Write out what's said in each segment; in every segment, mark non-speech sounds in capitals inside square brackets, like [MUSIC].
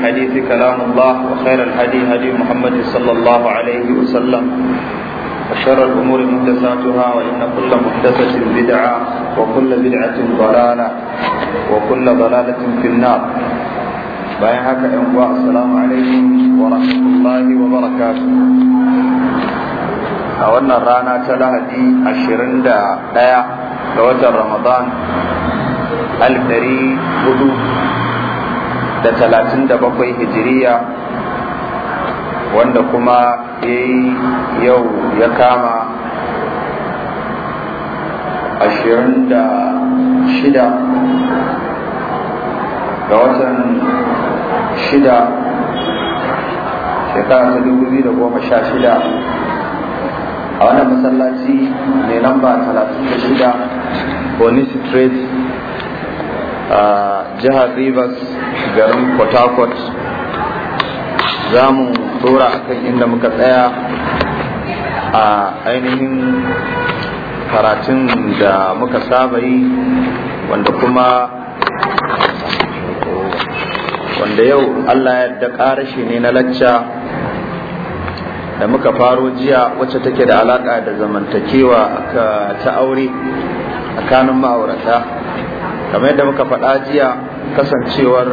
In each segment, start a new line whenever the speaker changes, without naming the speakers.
الحديث كلام الله وخير الهدي هدي محمد صلى الله عليه وسلم وشر الأمور محدثاتها وإن كل محدثة بدعة وكل بدعة ضلالة وكل ضلالة في النار bayan haka ‘yan uwa assalamu alaikum wa rahmatullahi wa barakatu a wannan rana ta lahadi 21 ga watan ramadan alfari hudu da talatin da bakwai hijiriya wanda kuma ya yi yau ya kama
ashirin
da shida ga watan shida shekara ta dubu biyu da goma sha shida a wannan masallaci mai lamba talatin da shida bonny street a jihar rivers garin port harcourt za mu dora akan inda muka tsaya a ainihin karatun da muka saba yi wanda kuma wanda yau allah ya da shi ne na lacca da muka faro jiya wacce take da alaƙa da zamantakewa ta aure tsakanin ma'aurata kamar yadda muka faɗa jiya kasancewar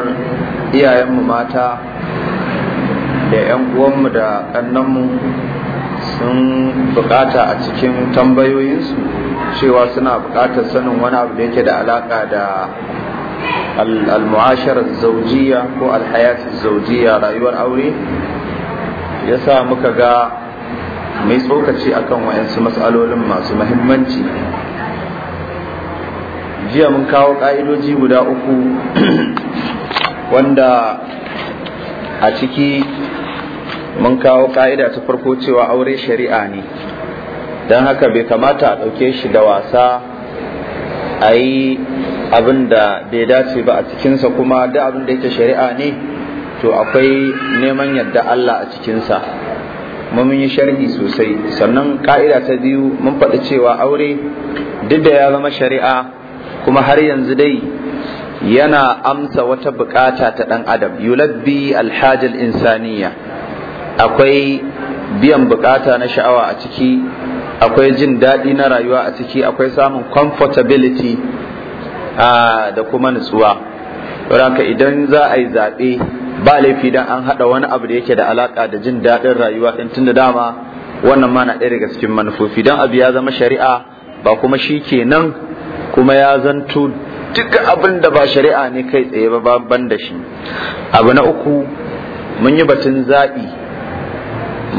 iyayenmu mata da 'yan uwanmu da ƙannanmu sun bukata a cikin tambayoyinsu cewa suna bukatar sanin wani abu da yake da alaka da al zaujiya ko alhayatun zaujiya rayuwar aure ya sa muka ga mai tsokaci akan wayansu matsalolin masu mahimmanci jiya mun kawo ƙa'idoji guda uku [CLEARS THROAT] wanda a ciki mun kawo ƙa'ida ta farko cewa aure shari'a ne don haka bai kamata a ɗauke shi da wasa a yi abin da bai dace ba a cikinsa kuma da abin da yake shari'a ne to akwai neman yadda Allah a cikinsa mun yi sharhi sosai sannan ka'ida ta biyu mun faɗi cewa aure duk da ya zama shari'a kuma har yanzu dai yana amsa wata bukata ta ɗan adam yulabbi alhajal insaniya akwai biyan bukata na sha'awa a ciki akwai jin daɗi na rayuwa a ciki akwai samun comfortability da kuma nutsuwa haka idan za a yi zaɓe ba laifi dan an haɗa wani abu da yake da alaƙa da jin daɗin rayuwa ɗin tun da dama wannan ma na ɗaya daga cikin manufofi don abu ya zama shari'a ba kuma shi kenan kuma ya zanto duk abin da ba shari'a ne kai tsaye ba ban da shi abu na uku mun yi batun zaɓi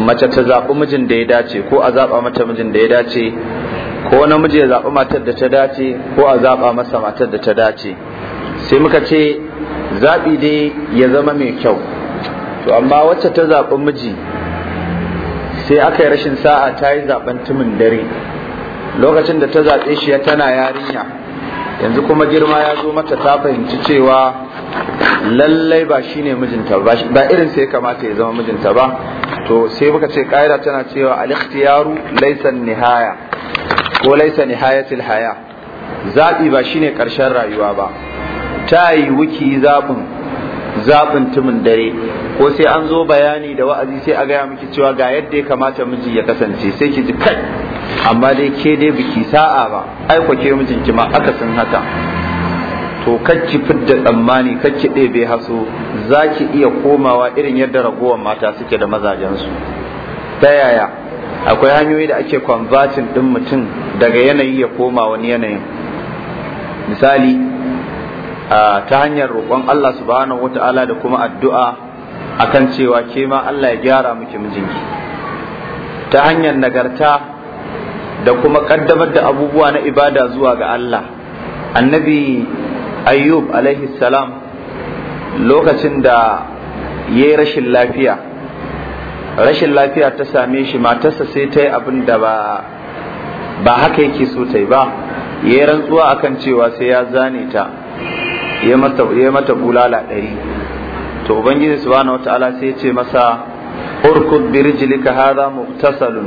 mace ta zaɓi mijin da ya dace ko a zaɓa mata mijin da ya dace ko namiji ya zaɓi matar da ta dace ko a zaɓa masa matar da ta dace sai muka ce zaɓi dai ya zama mai kyau to amma wacce ta zaɓi miji sai aka yi rashin sa'a ta yi zaɓen tumin dare lokacin da ta zaɓe shi ya tana yarinya yanzu kuma girma ya zo mata ta fahimci cewa lallai ba shi ne mijinta ba irin sai kamata ya zama mijinta ba to sai muka ce ƙa'ida tana cewa al-ikhtiyaru laysa nihaya ko laysa nihayatil haya zaɓi ba shi ne ƙarshen rayuwa ba ta yi wuki zaɓin zaɓin tumin dare ko sai an zo bayani da wa'azi sai a gaya miki cewa ga yadda ya kamata miji ya kasance sai ki ji kai amma dai ke dai biki sa'a ba ai ku ke mijinki ma aka san haka to kacci fidda tsammani kacci ɗebe haso za ki iya komawa irin yadda ragowar mata suke da mazajensu ta yaya akwai hanyoyi da ake kwambatin ɗin mutum daga yanayi ya koma wani yanayin misali ta hanyar roƙon Allah subhanahu wata'ala da kuma addu'a akan cewa ke ma Allah ya gyara miki mijinki ta hanyar nagarta da kuma kaddamar da abubuwa na ibada zuwa ga Allah annabi ayyub alaihi salam lokacin da ya yi rashin lafiya rashin lafiya ta same shi matarsa sai ta yi abin da ba ba haka yake so ta yi ba ya yi rantsuwa akan cewa sai ya zane ta ya mata bulala ɗari to ubangiji subhanahu wata'ala sai ya ce masa urkud birjilika rijlika hadha muktasalun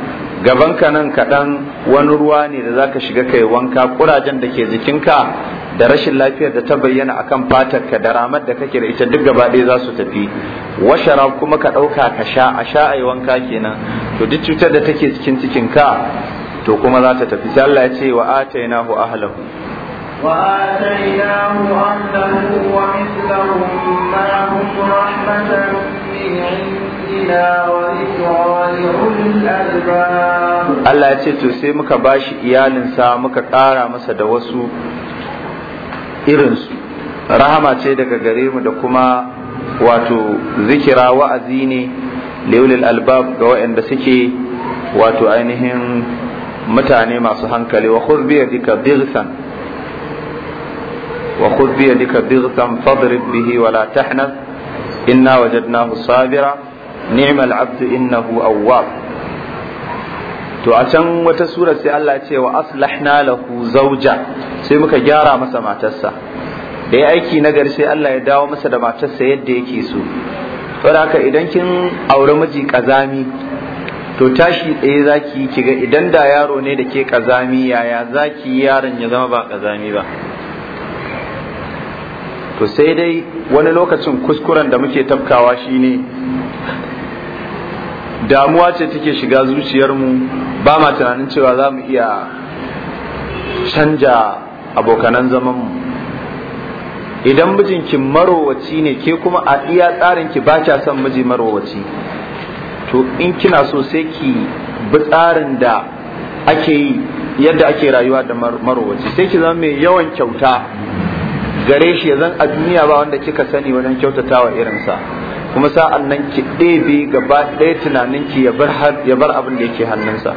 gaban ka nan kaɗan wani ruwa ne da zaka shiga kai wanka kurajen da ke jikinka da rashin lafiyar da ta bayyana akan ka da ramar da kake da ita duk gaba ɗaya za su tafi washara kuma ka ɗauka ka sha a sha a yi wanka kenan to duk cutar da take cikin cikinka to kuma za ta tafi sai Allah ya ce wa atainahu ahlahu wa atainahu ahlahu wa ma'ahum
rahmatan min
Allah ya ce to sai muka ba bashi sa muka ƙara masa da wasu irin irinsu rahama ce daga gare mu da kuma wato zikira wa'azi ne liulil albab ga waɗanda suke wato ainihin mutane masu hankali wa khurbiya dika dirsan wa khurbiya dika dirsan fadrib bihi wala tahnas inna wajadnahu sabira ni'mal abdu innahu awwab to a can wata sura sai Allah ya ce wa aslahna lahu zawja sai muka gyara masa matarsa da ya aiki nagari sai Allah ya dawo masa da matarsa yadda yake so saboda haka idan kin aure miji kazami to tashi ɗaya zaki ki ga idan da yaro ne da ke kazami yaya zaki yaron ya zama ba kazami ba to sai dai wani lokacin kuskuren da muke tafkawa shine damuwa ce take shiga zuciyarmu ba ma tunanin cewa za mu iya canja abokanan zamanmu idan mijinki marowaci ne ke kuma a iya tsarinki ba kya son miji marowaci to in kina so sai ki bi tsarin da ake yi yadda ake rayuwa da marowaci sai ki zama mai yawan kyauta gare shi ya zan a duniya ba wanda kika sani wajen kyautatawa irinsa kuma sa'an nan ki ɗebe gaba ɗaya ki ya bar abin da yake hannunsa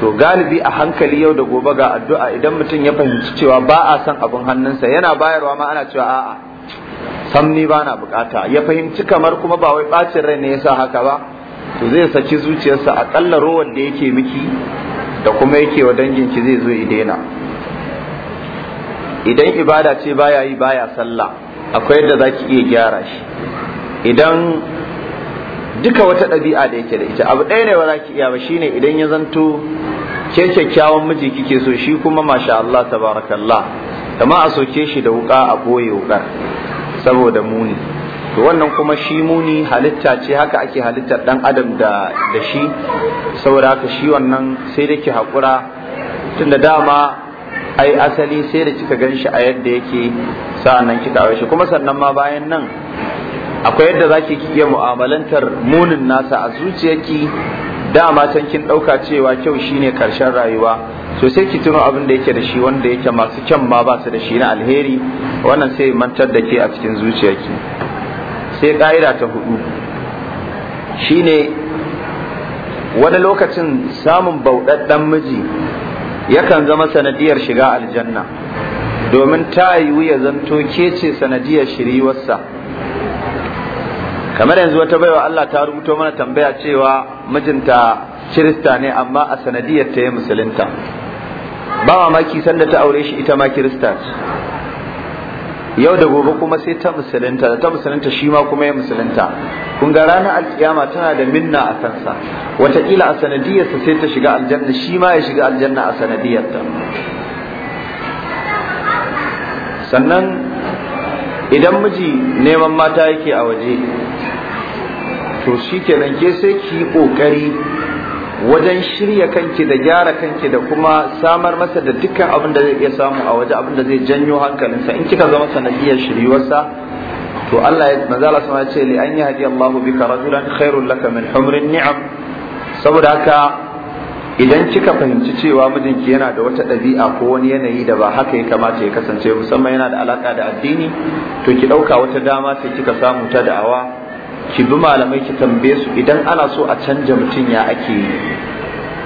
to galibi a hankali yau da gobe ga addu'a idan mutum ya fahimci cewa ba a son abin hannunsa yana bayarwa ma ana cewa a'a sam ni ba na bukata ya fahimci kamar kuma ba wai bacin rai ne yasa haka ba to zai saki zuciyarsa akalla rowan da yake miki da kuma yake wa danginki zai zo daina idan ibada ce baya yi baya sallah akwai yadda zaki iya gyara shi idan duka wata ɗabi'a da yake da ita abu ɗaya ne wara ki iya ba shine idan ya zanto ke kyakkyawan miji kike so shi kuma masha Allah tabarakallah kama a soke shi da wuka a boye wukar saboda muni to wannan kuma shi muni halitta ce haka ake halittar dan adam da da shi saboda haka shi wannan sai da ki hakura tunda dama ai asali sai da kika ganshi a yadda yake sa'annan kika aure shi kuma sannan ma bayan nan akwai yadda zaki iya mu'amalantar munin nasa a zuciyarki dama can kin ɗauka cewa kyau shine karshen rayuwa so sai ki tuno abin da yake da shi wanda yake masu kyan ma ba su da shi na alheri wannan sai mantar da ke a cikin zuciyarki sai ƙa'ida ta hudu shine wani lokacin samun bauɗaɗɗen miji yakan zama sanadiyar shiga aljanna domin ta yiwu ya zanto ke ce sanadiyar shiriwarsa kamar yanzu wata baiwa Allah ta rubuto mana tambaya cewa mijinta kirista ne amma a sanadiyar ta yi musulunta ba mamaki sanda ta aure shi ita ma kirista ce yau da gobe kuma sai ta musulunta da ta musulunta shi ma kuma ya musulunta kun ga ranar alkiyama tana da minna a kansa wataƙila a sanadiyarsa sai ta shiga aljanna shi ma ya shiga aljanna a sanadiyarta sannan idan miji neman mata yake a waje to shi ke sai ki yi kokari wajen shirya kanki da gyara kanki da kuma samar masa da dukkan abin da zai iya samu a waje abin da zai janyo hankalinsa in kika zama sanadiyar shiryuwarsa to Allah ya manzala sama ce li an yahdi Allah bika rajulan khairul laka min humrin ni'am saboda haka idan kika fahimci cewa mijinki yana da wata ɗabi'a ko wani yanayi da ba haka ya kamata ya kasance musamman yana da alaka da addini to ki ɗauka wata dama sai kika samu ta da'awa ki bi malamai ki tambaye su idan ana so a canja mutum ya ake yi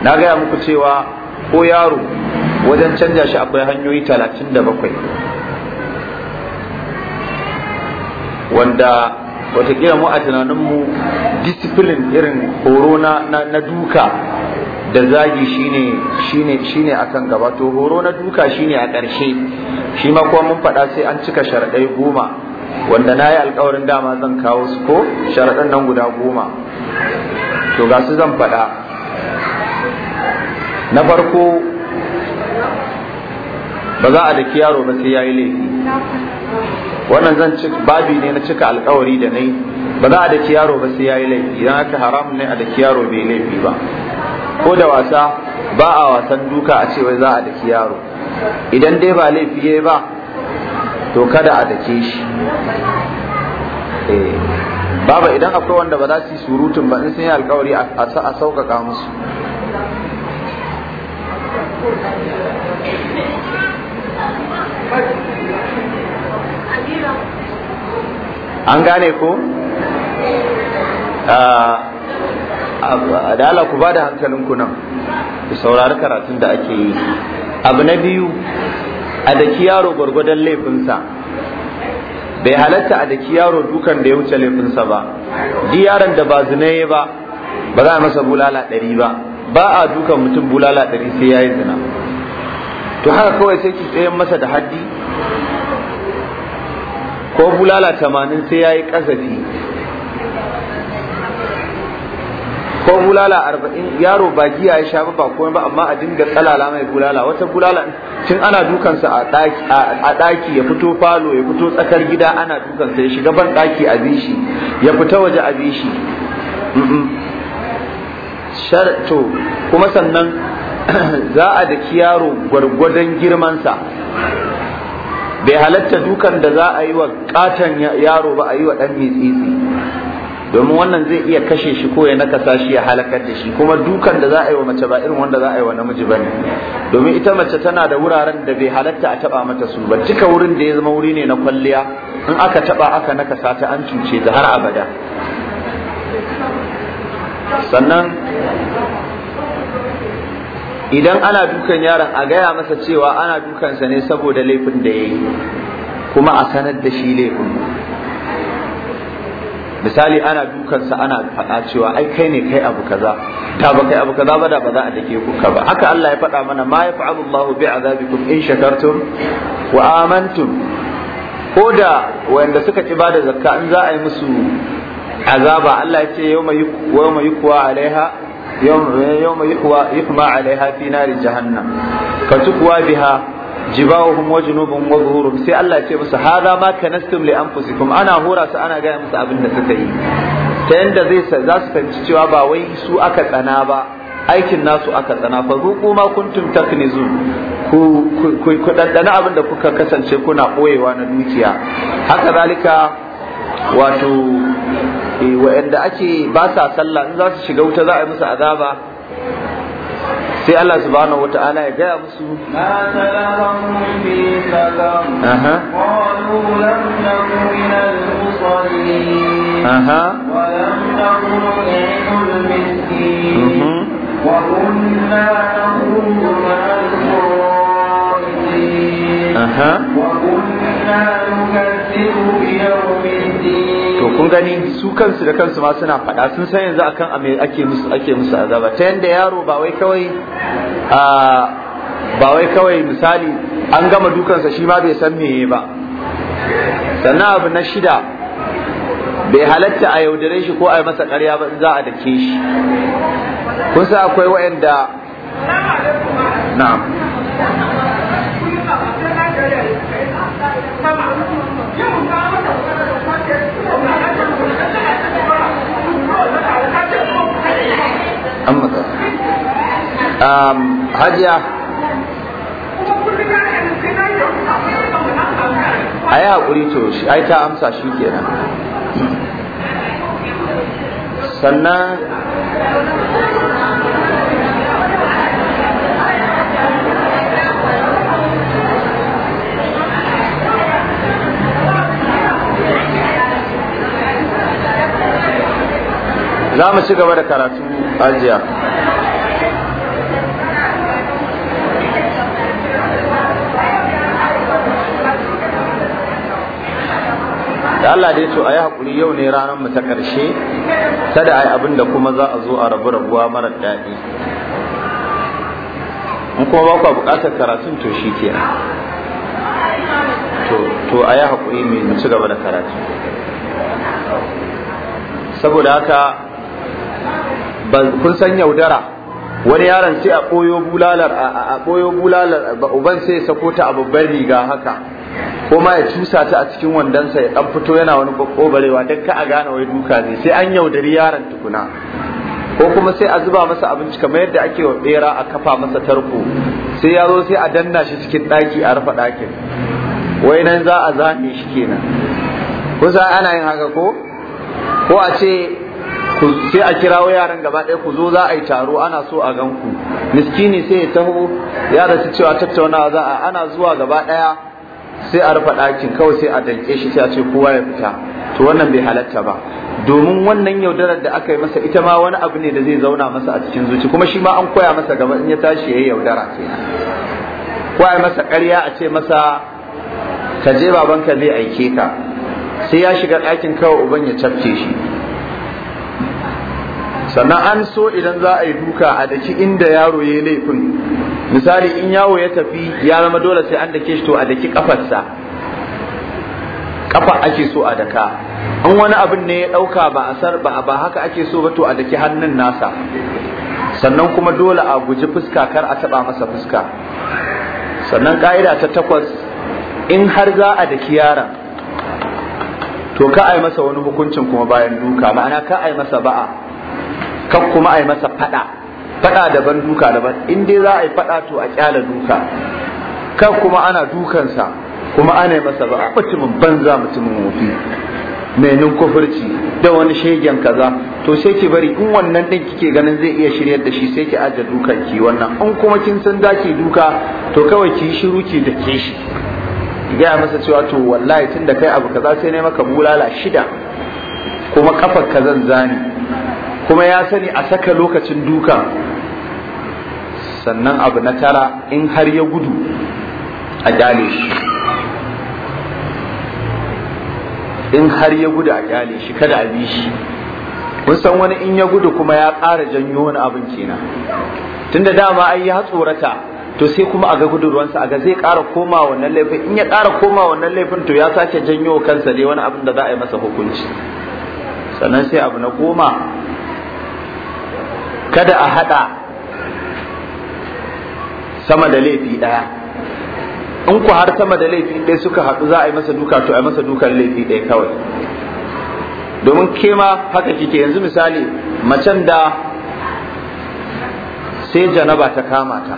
na gaya muku cewa ko yaro wajen canja shi akwai hanyoyi talatin da bakwai wanda watakila mu a tunaninmu discipline irin horo na duka da zagi shine shine shine akan gaba to horo na duka shine a ƙarshe shi ma kuma mun faɗa sai an cika sharaɗai goma wanda na yi alkawarin dama zan kawo su ko sharaɗin nan guda goma
to ga su zan faɗa na farko ba za a
daki yaro ba sai ya yi laifi wannan zan ci babi ne na cika alkawari da nai ba za a daki yaro ba sai ya yi laifi idan aka haram ne a daki yaro bai laifi ba ko da wasa ba a wasan duka a ce za a daki yaro idan dai ba laifi ya ba to kada a dake shi eh, baba idan akwai wanda ba za su yi surutun ba in sun yi alkawari a sauƙaƙa musu an gane ko? Ah, ah, da ku ba da hankalinku nan ku saurari karatun da ake yi abu na biyu a daki yaro gwargwadon laifinsa bai halatta a daki yaro dukan da ya wuce laifinsa ba
di yaron da ba
zinaye ba ba za a masa bulala ɗari ba ba a dukan mutum bulala ɗari sai ya yi zina to haka kawai sai ki tsayen masa da haddi ko bulala tamanin sai ya yi ƙazafi ko bulala arba'in yaro ba giya ya sha ba ba komai ba amma a dinga tsalala mai bulala wata bulala tun ana sa a ɗaki ya fito falo ya fito tsakar gida ana sa ya shiga ban ɗaki a bishi ya fita waje a bishi to kuma sannan [CLEARS THROAT] za a daki yaro gwargwadon sa bai halatta dukan da za a yi wa katon yaro ba a yi wa ɗan tsitsi? domin wannan zai iya kashe shi ko ya nakasa shi ya halakar da shi kuma dukan da za a yi wa mace ba irin wanda za a yi wa namiji bane domin ita mace tana da wuraren da bai halatta a taba mata su ba cika wurin da ya zama wuri ne na kwalliya in aka taba aka nakasa ta an cuce ta har abada sannan idan ana dukan yaron a gaya masa cewa ana dukansa ne saboda laifin da ya yi kuma a sanar da shi laifin misali ana dukansa ana faɗa cewa ai kai ne kai abu kaza ta ba kai abu kaza ba da ba za a dake ku ka ba haka Allah ya faɗa mana ma Allah bi azabikum in shakartum wa amantum ko da wanda suka ci bada zakka in za a yi musu azaba Allah ya ce yawma yukwa alaiha yawma يوم يحوى alaiha fi في jahannam جهنم biha jibawuhum wa junubum wa zuhurum sai Allah ya ce musu hada ma kanastum li anfusikum ana hura su ana gaya musu abin da suka yi ta yanda zai za su fanci cewa ba wai su aka tsana ba aikin nasu aka tsana fa zuqu ma kuntum taknizun ku ku dandana abin da kuka kasance kuna boyewa na dukiya haka zalika wato eh, wa'anda ake ba sa sallah in za su shiga wuta za a yi musu azaba sai Allah subhanahu wa ta'ala ya gaya musu
aha aha
وكنا نكذب بيوم gani su kansu da kansu ma suna faɗa sun san yanzu akan ake musu ake musu azaba ta yanda yaro ba wai kawai ba wai kawai misali an gama dukansa shi ma bai san meye ba sannan abu na shida bai halatta a yaudare shi ko a yi masa ƙarya ba za a dake shi kun sa akwai waɗanda na'am Um, hajiya
a yi haƙuri to shi ai ta
amsa shi kenan sannan za mu ci gaba da karatu ajiya da Allah dai to ayi hakuri yau ne ranar mu ta karshe kada ayi abin da kuma za a zo a rabu rabuwa mara daɗi in kuma ba ku buƙatar karatun to shi ke to to ayi hakuri mai mu ci gaba da karatu saboda haka kun san yaudara wani yaron sai a ɓoyo bulalar a ɓoyo bulalar uban sai sakota sako ta a riga haka ko ma ya cusa ta a cikin wandonsa ya dan fito yana wani kokobarewa duk ka a gane wai duka ne sai an yaudari yaron tukuna ko kuma sai a zuba masa abinci kamar yadda ake wa bera a kafa masa tarko sai yaro sai a danna shi cikin daki a rufe dakin wai nan za a zame shi kenan kusa ana yin haka ko ko a ce sai a kirawo yaran gaba ɗaya ku zo za a yi taro ana so a gan ku miskini sai ya taho ya rasu cewa tattaunawa za a ana zuwa gaba ɗaya sai a rufe ɗakin kawai sai a danke shi sai a ce kowa ya fita to wannan bai halatta ba domin wannan yaudarar da aka yi masa ita ma wani abu ne da zai zauna masa a cikin zuci kuma shi ma an koya masa gaba in ya tashi ya yi yaudara ce ko a masa ƙarya a ce masa ka je babanka zai aike ka sai ya shiga ɗakin kawai uban ya cafke shi sannan an so idan za a yi duka a daki inda yaro ya laifin misali in yawo ya tafi ya zama dole sai an dake shi to a daki kafarsa
kafa ake
so a daka in wani abin ne ya dauka ba a sar ba ba haka ake so ba to a daki hannun nasa sannan kuma dole a guji fuska kar a taba masa fuska sannan ka'ida ta takwas in har za a daki yaron to ka ai masa wani hukuncin kuma bayan duka ma'ana ka ai masa ba'a kan kuma ai masa fada fada daban duka daban in dai za a yi fada to a kyala duka kan kuma ana dukansa kuma ana yi masa ba mutumin banza mutumin wofi mai kufurci da wani shegen kaza to sai ki bari in wannan din kike ganin zai iya shiryar da shi sai ki aje dukan ki wannan in kuma kin san zaki duka to kawai ki yi shiru ki da ke shi gaya masa cewa to wallahi tun da kai abu kaza sai ne maka bulala shida kuma kafar kazan zan zani kuma ya sani a saka lokacin duka. sannan abu na tara in har ya gudu a kyale shi in har ya gudu a kyale shi kada a bi shi kun san wani in ya gudu kuma ya ƙara janyo wani abin kenan tunda dama ai ya tsorata to sai kuma a ga gudurwansa a ga zai ƙara koma wannan laifin in ya ƙara koma wannan laifin to ya sake janyo kansa dai wani abin da za a yi masa hukunci sannan sai abu na goma kada a haɗa sama da laifi ɗaya in ku har sama da laifi ɗaya suka haɗu za a yi masa duka to a yi masa dukan laifi ɗaya kawai domin ke ma haka kike yanzu misali macen da sai janaba ta kama ta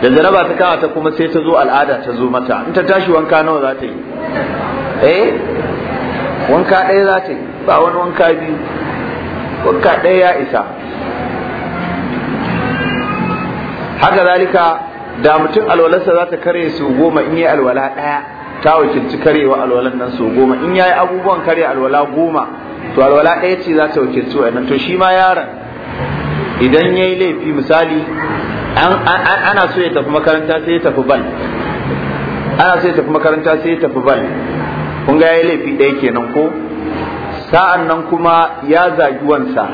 da janaba ta kama ta kuma sai ta zo al'ada ta zo mata in ta tashi wanka nawa za ta yi eh wanka ɗaya za ta yi ba wani wanka
biyu wanka
ɗaya ya isa haka zalika da mutum alwalarsa za ta kare su goma in yi alwala ɗaya ta wakilci karewa alwalan nan su goma in yayi abubuwan kare alwala goma to alwala ɗaya ce za ta wakilci wa'annan to shi ma yaron idan ya yi laifi misali ana so ya tafi makaranta sai ya tafi bal ana so ya tafi makaranta sai ya tafi bal kun ga ya yi laifi ɗaya kenan ko sa'an nan kuma ya zagi wansa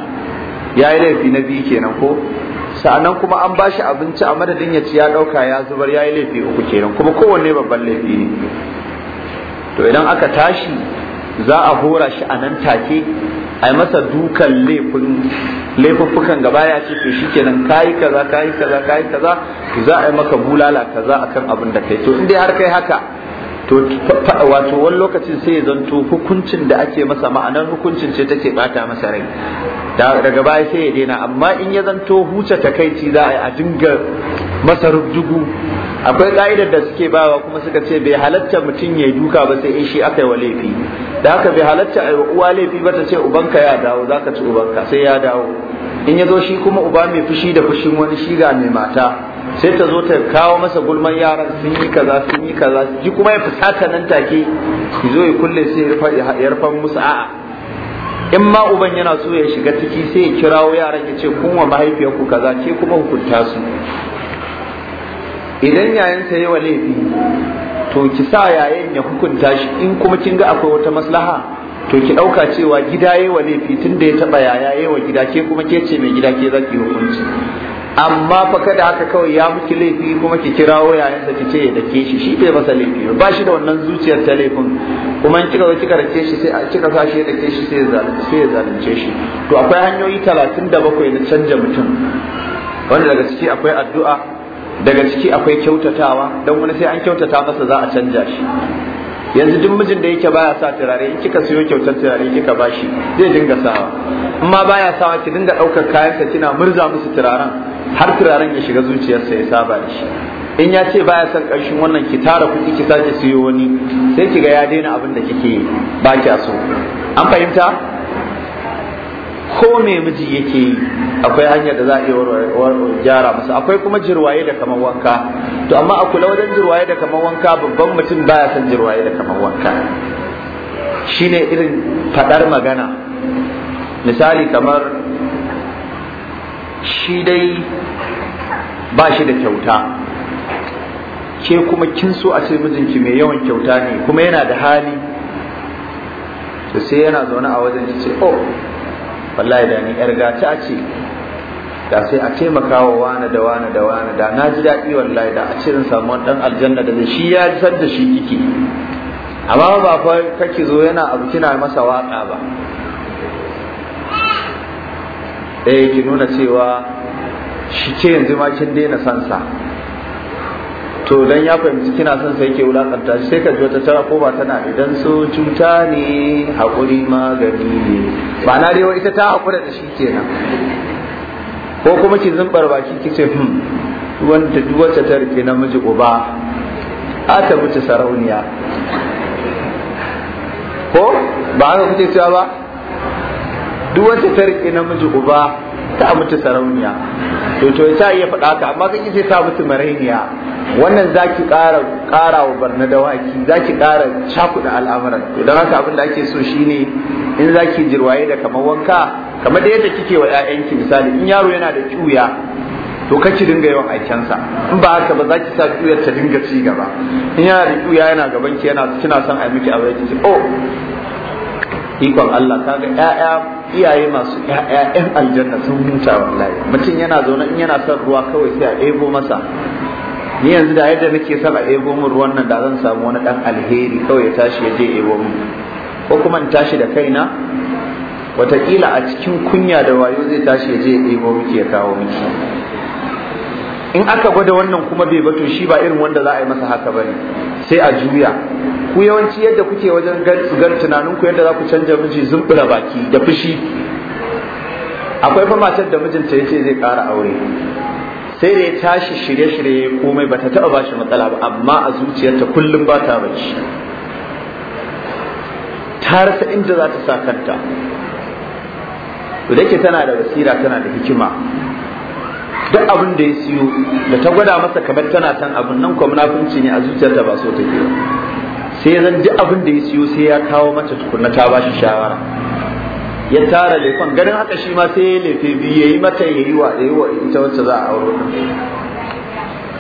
ya yi laifi na biyu kenan ko sa'annan kuma an ba shi abinci a madadin ya ci ya ɗauka ya zubar ya yi laifi uku kenan kuma kowanne babban laifi ne to idan aka tashi za a hora shi a nan take a yi masa dukan laifuffukan gaba ya ce to shikenan kayi kaza kayi kaza kayi kaza za a yi maka bulala kaza akan abin da kai to in dai har kai haka to wato wani lokacin sai ya zanto hukuncin da ake masa ma'anar hukuncin ce take bata masa rai daga baya sai ya daina amma in ya zanto huce takaici za a dinga masa rubdugu akwai ka'idar da suke bawa kuma suka ce bai halatta mutum ya duka ba sai in shi aka yi wa laifi da haka bai halatta a uwa laifi ba ta ce ubanka ya dawo za ka ci ubanka sai ya dawo in ya zo shi kuma uba mai fushi da fushin wani shiga mai mata sai ta zo ta kawo masa gulman yaran sun yi kaza sun yi kaza ji kuma ya fusata nan take ki zo ya kulle sai ya rufa musu a'a in ma uban yana so ya shiga ciki sai ya kirawo yaran ya ce kun wa mahaifiyarku kaza ke kuma hukunta su idan yayan sa yawa laifi to ki sa yayan ya hukunta shi in kuma kin ga akwai wata maslaha to ki ɗauka cewa gida yi wa laifi tun da ya taɓa yaya yi wa gida ke kuma ke ce mai gida ke za ki hukunci amma fa kada haka kawai ya miki laifi kuma ki kirawo yayansa ki ce ya dake shi shi bai masa laifi ba shi da wannan zuciyar ta laifin kuma in kika zo kika rake shi sai kika sa shi ya dake shi sai ya sai ya zalunce shi to akwai hanyoyi 37 na canja mutum wanda daga ciki akwai addu'a
daga ciki akwai
kyautatawa don wani sai an kyautata masa za a canja shi yanzu duk mijin da yake baya sa turare in kika siyo kyautar turare kika bashi zai dinga sawa amma baya sawa ki dinga daukar ka kina murza musu turaren har turaren ya shiga zuciyarsa ya saba da shi in ya ce baya son ƙarshen wannan ki tara kuɗi ki sake siyo wani sai ki ga ya daina abin da kike yi ba kya so an fahimta ko me miji yake yi akwai hanyar da za a iya gyara masa akwai kuma jirwaye da kamar wanka to amma a kula wajen jirwaye da kamar wanka babban mutum baya son jirwaye da kamar wanka shine irin fadar magana misali kamar shi
dai ba shi da
kyauta ke kuma kin so a ce mijinki mai yawan kyauta ne kuma yana da hali to sai yana zaune a wajen ce oh wallahi da ni yar a ce da sai a taimaka wa wani da wani da wani da na ji daɗi wallahi da a cirin samuwan ɗan aljanna da shi ya san da shi
kike amma ba fa kake zo
yana abu kina masa waka ba eh ki nuna cewa shi ke yanzu ma kin daina sansa to dan ya fahimci kina son sai ke wulakanta shi sai ka ji wata tara ko ba tana idan su cuta ne haƙuri magani ne ba na dai ita ta haƙura da shi kenan ko kuma ki zumbar baki kice hmm wanda duk wacce ta rike namiji uba a ta wuce sarauniya ko ba haka kuke cewa ba duk wacce ta rike namiji uba ta mutu sarauniya to to ya iya faɗa ka amma kan sai ta mutu marainiya
wannan zaki
ƙara ƙara wa barna dawaki zaki ƙara cakuɗa al'amuran to don haka abin da ake so shine in zaki jirwaye da kamar wanka kamar da yadda kike wa 'ya'yanki misali in yaro yana da ƙuya to kaci dinga yawan aikensa in ba haka ba za ki sa kuyar ta dinga ci gaba in yana da kuya yana gaban ki yana kina son a miki abu ki oh ikon Allah kaga ƴaƴa iyaye masu ƴaƴa ƴan aljanna sun huta wallahi mutum yana zaune in yana son ruwa kawai sai a ebo masa ni yanzu da yadda nake son a ebo min ruwan nan da zan samu wani ɗan alheri kawai ya tashi ya je ebo min ko kuma in tashi da kaina watakila a cikin kunya da wayo zai tashi ya je ya miki ya kawo miki in aka gwada wannan kuma bai bato shi ba irin wanda za a yi masa haka bane sai a juya ku yawanci yadda kuke wajen gar tunanin ku yadda za ku canja miji zumbura baki da fushi akwai fa matar da mijinta yace zai ƙara aure sai da ya tashi shirye-shirye komai bata taɓa ba shi matsala ba amma a zuciyarta kullum ba ta bacci ta rasa inda za ta sa kanta to da tana da basira tana da hikima duk abin da ya siyo da ta gwada masa kamar tana san abin nan kuma munafunci ne a zuciyarta ba so take ba sai zan duk abin da ya siyo sai ya kawo mata tukunna ta ba shi shawara ya tara lefan ganin haka shi ma sai ya lefe biyu ya yi mata ya yi wa yi wa ita wacce za a aure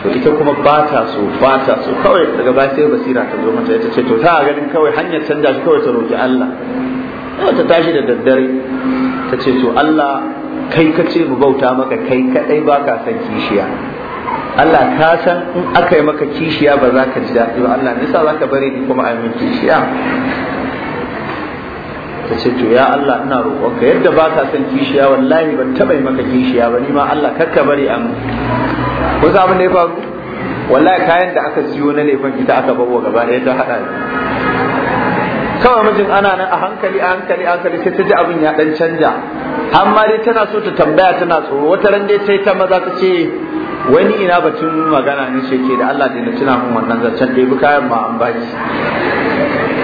to ita kuma ba ta so ba ta so kawai
daga ba sai basira ta zo mata ita ce to ta ganin kawai hanyar canja shi kawai ta roki Allah ta tashi da daddare ta ce to Allah kai ka ce mu bauta maka kai kadai ba ka san kishiya Allah ka san in aka yi maka kishiya ba za ka ji daɗi ba Allah nisa za ka bari ni kuma a min kishiya ta ce to ya Allah ina roƙonka yadda ba ka san kishiya wallahi ban taɓa yi maka kishiya ba ni ma Allah kar bari bare min ko za mu ne faru wallahi kayan da aka siyo na lefan ita aka bawa gaba ɗaya ta haɗa kawai mijin ana nan a hankali a hankali a hankali sai ta ji abin ya dan canja amma dai tana so ta tambaya tana tsoro wata ran dai sai ta maza ta ce wani ina batun magana ne shi ke da Allah dai na tuna mun wannan zancen dai kayan ma an baki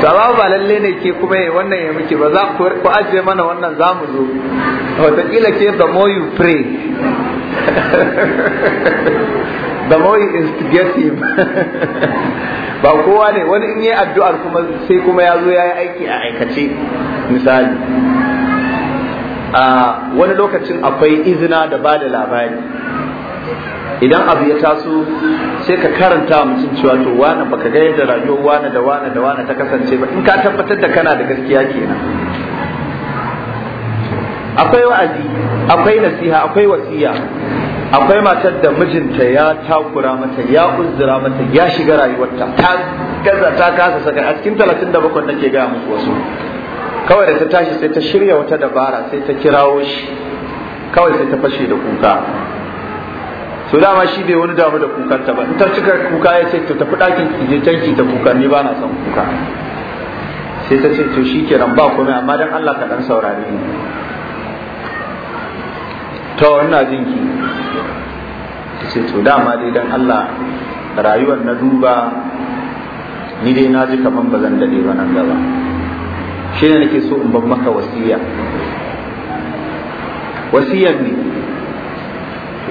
to ba lalle ne ke kuma yi wannan ya muke ba za ku ajiye mana wannan za mu zo kila ke the more you pray [LAUGHS] the mawai Instigative [LAUGHS] ba kowa ne wani in yi addu'ar kuma sai kuma ya zo ya yi aiki a aikace misali a wani lokacin akwai izina da ba da labari idan abu ya taso sai ka karanta mutum cewa to wane baka ga yadda rayuwar wane da wane da wane ta kasance ba in ka tabbatar da kana da gaskiya kenan akwai wa'azi akwai nasiha akwai wasiya akwai matar da mijinta ya takura mata ya uzura mata ya shiga rayuwarta ta gaza ta kasa saka a cikin talatin da bakwai nake gaya muku wasu kawai da ta tashi sai ta shirya wata dabara sai ta kirawo shi kawai sai ta fashe da kuka so dama shi bai wani damu da ta ba in ta cika kuka ya ce to tafi ɗakin ki je can ki ta kuka ni ba na son kuka sai ta ce to shi kenan ba komai amma dan Allah ka dan saurare ni to ina jin ki ce to dama dai dan Allah rayuwar na duba ni dai na ji kaman ba zan dade ba nan gaba shi ne nake so in ban maka wasiya wasiyar ne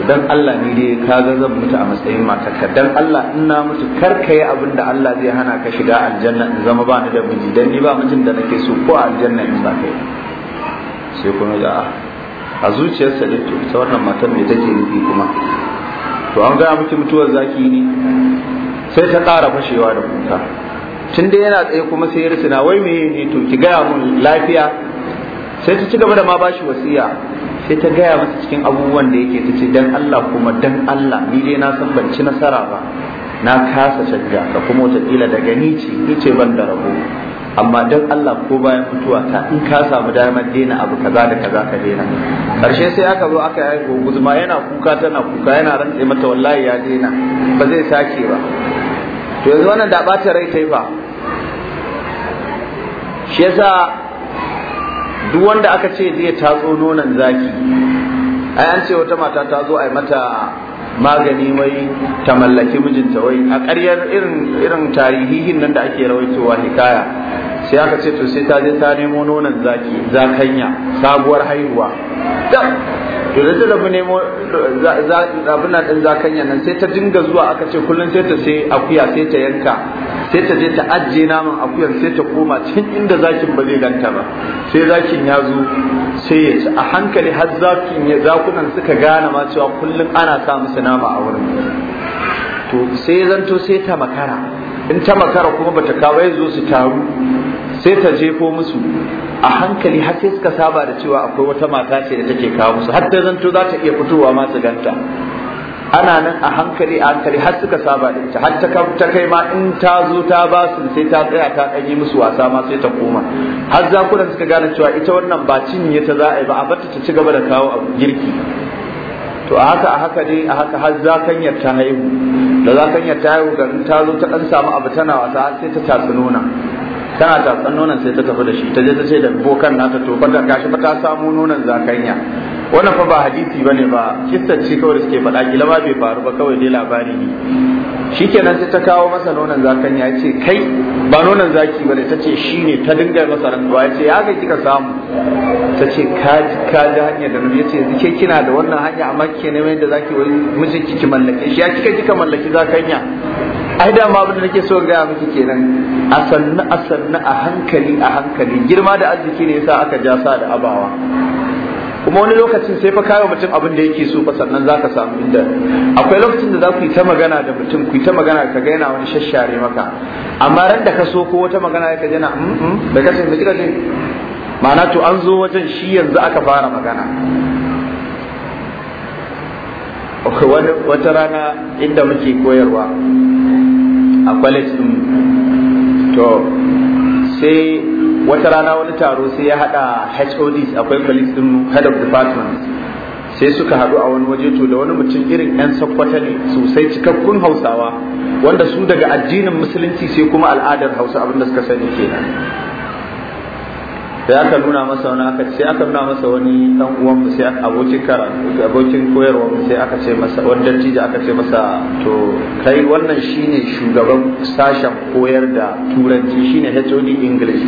dan Allah ni dai ka ga zan mutu a matsayin ka dan Allah in na mutu kar ka yi abin da Allah zai hana ka shiga aljanna in zama ba ni da miji dan ni ba mutum da nake so ko aljanna in ba kai sai kuma ga a zuciyarsa da ta wannan matar me take nufi kuma to an gaya miki mutuwar zaki ne sai ta ƙara fashewa da kuka tun da yana tsaye kuma sai ya na wai me ne to ki gaya mun lafiya sai ta ci gaba da ma bashi wasiya sai ta gaya masa cikin abubuwan da yake ta ce dan Allah kuma dan Allah ni dai na san ban ci nasara ba na kasa shagga ka kuma kila daga ni ce ni ce ban da rabo amma dan Allah ko bayan mutuwa ta in ka samu damar daina abu kaza da kaza ka daina karshe sai aka zo aka yi guzuma yana kuka tana kuka yana rantse mata wallahi ya daina ba zai sake ba to yanzu wannan da bata rai ta yi fa shi yasa duk wanda aka ce zai tatso nonon zaki ai an ce wata mata ta zo ai mata magani wai ta mallaki mijinta wai a ƙaryar irin irin tarihihin nan da ake rawaitowa hikaya sai aka ce to sai ta je ta nemo nonon zaki zakanya sabuwar haihuwa to da ta tafi nemo abin na zakanya nan sai ta dinga zuwa aka ce kullum sai ta sai akuya sai ta yanka sai ta je ta ajiye naman akuyan sai ta koma cikin inda zakin ba zai ganta ba sai zakin ya zo sai ya ci a hankali har zakin ya zakunan suka gane ma cewa kullum ana sa musu nama a wurin to sai zanto sai ta makara in ta makara kuma bata kawo ya zo su taru sai ta jefo musu a hankali har sai suka saba da cewa akwai wata mata ce da take kawo musu har ta zanto za ta iya fitowa ma su ganta ana nan a hankali a hankali har suka saba da ita har ta kai ma in ta zo ta ba su sai ta tsaya ta ɗanyi musu wasa ma sai ta koma har za da suka gane cewa ita wannan ba cinye ta za a yi ba a bata ta ci gaba da kawo abu girki to a haka a haka dai a haka har za zakanyar ta haihu da za zakanyar ta haihu garin ta zo ta ɗan samu abu tana wasa sai ta tatsi nuna tana tatsan nonon sai ta tafi da shi ta je ta ce da bokan nata to fa gashi fa ta samu nonon zakanya wannan fa ba hadisi bane ba kissa ce kawai suke faɗa kila ba bai faru ba kawai dai labari ne shikenan sai ta kawo masa nonon zakanya ya ce kai ba nonon zaki bane ta ce shi ne ta dinga masa rantsuwa ya ce ya ga kika samu ta ce ka ji ka ji hanyar da ya ce ke kina da wannan hanya amma kina neman yadda zaki wai mijinki ki mallake shi ya kika kika mallaki zakanya ai da ma abin da nake so gaya miki kenan a sannu a sannu a hankali a hankali girma da arziki ne yasa aka ja sa da abawa kuma wani lokacin sai fa kawo mutum abin da yake so fa sannan zaka samu inda akwai lokacin da za ku yi ta magana da mutum ku yi ta magana ka ga yana wani shashare maka amma ran da ka so ko wata magana ka jana da mm, mm, ka sai kika ce ma'ana to an zo wajen shi yanzu aka fara magana wata rana inda muke koyarwa a college din to sai wata rana wani taro sai ya hada HODs akwai college din head of department sai suka haɗu a wani waje to da wani mutum irin 'yan sakkwata ne sosai cikakkun hausawa wanda su daga addinin musulunci sai kuma al'adar hausa abinda suka sani kenan sai aka nuna masa wani aka sai aka nuna masa wani dan uwan mu sai abokin kara abokin koyarwa mu sai aka ce masa wani dattijo aka ce masa to kai wannan shine shugaban sashen koyar da turanci shine HOD English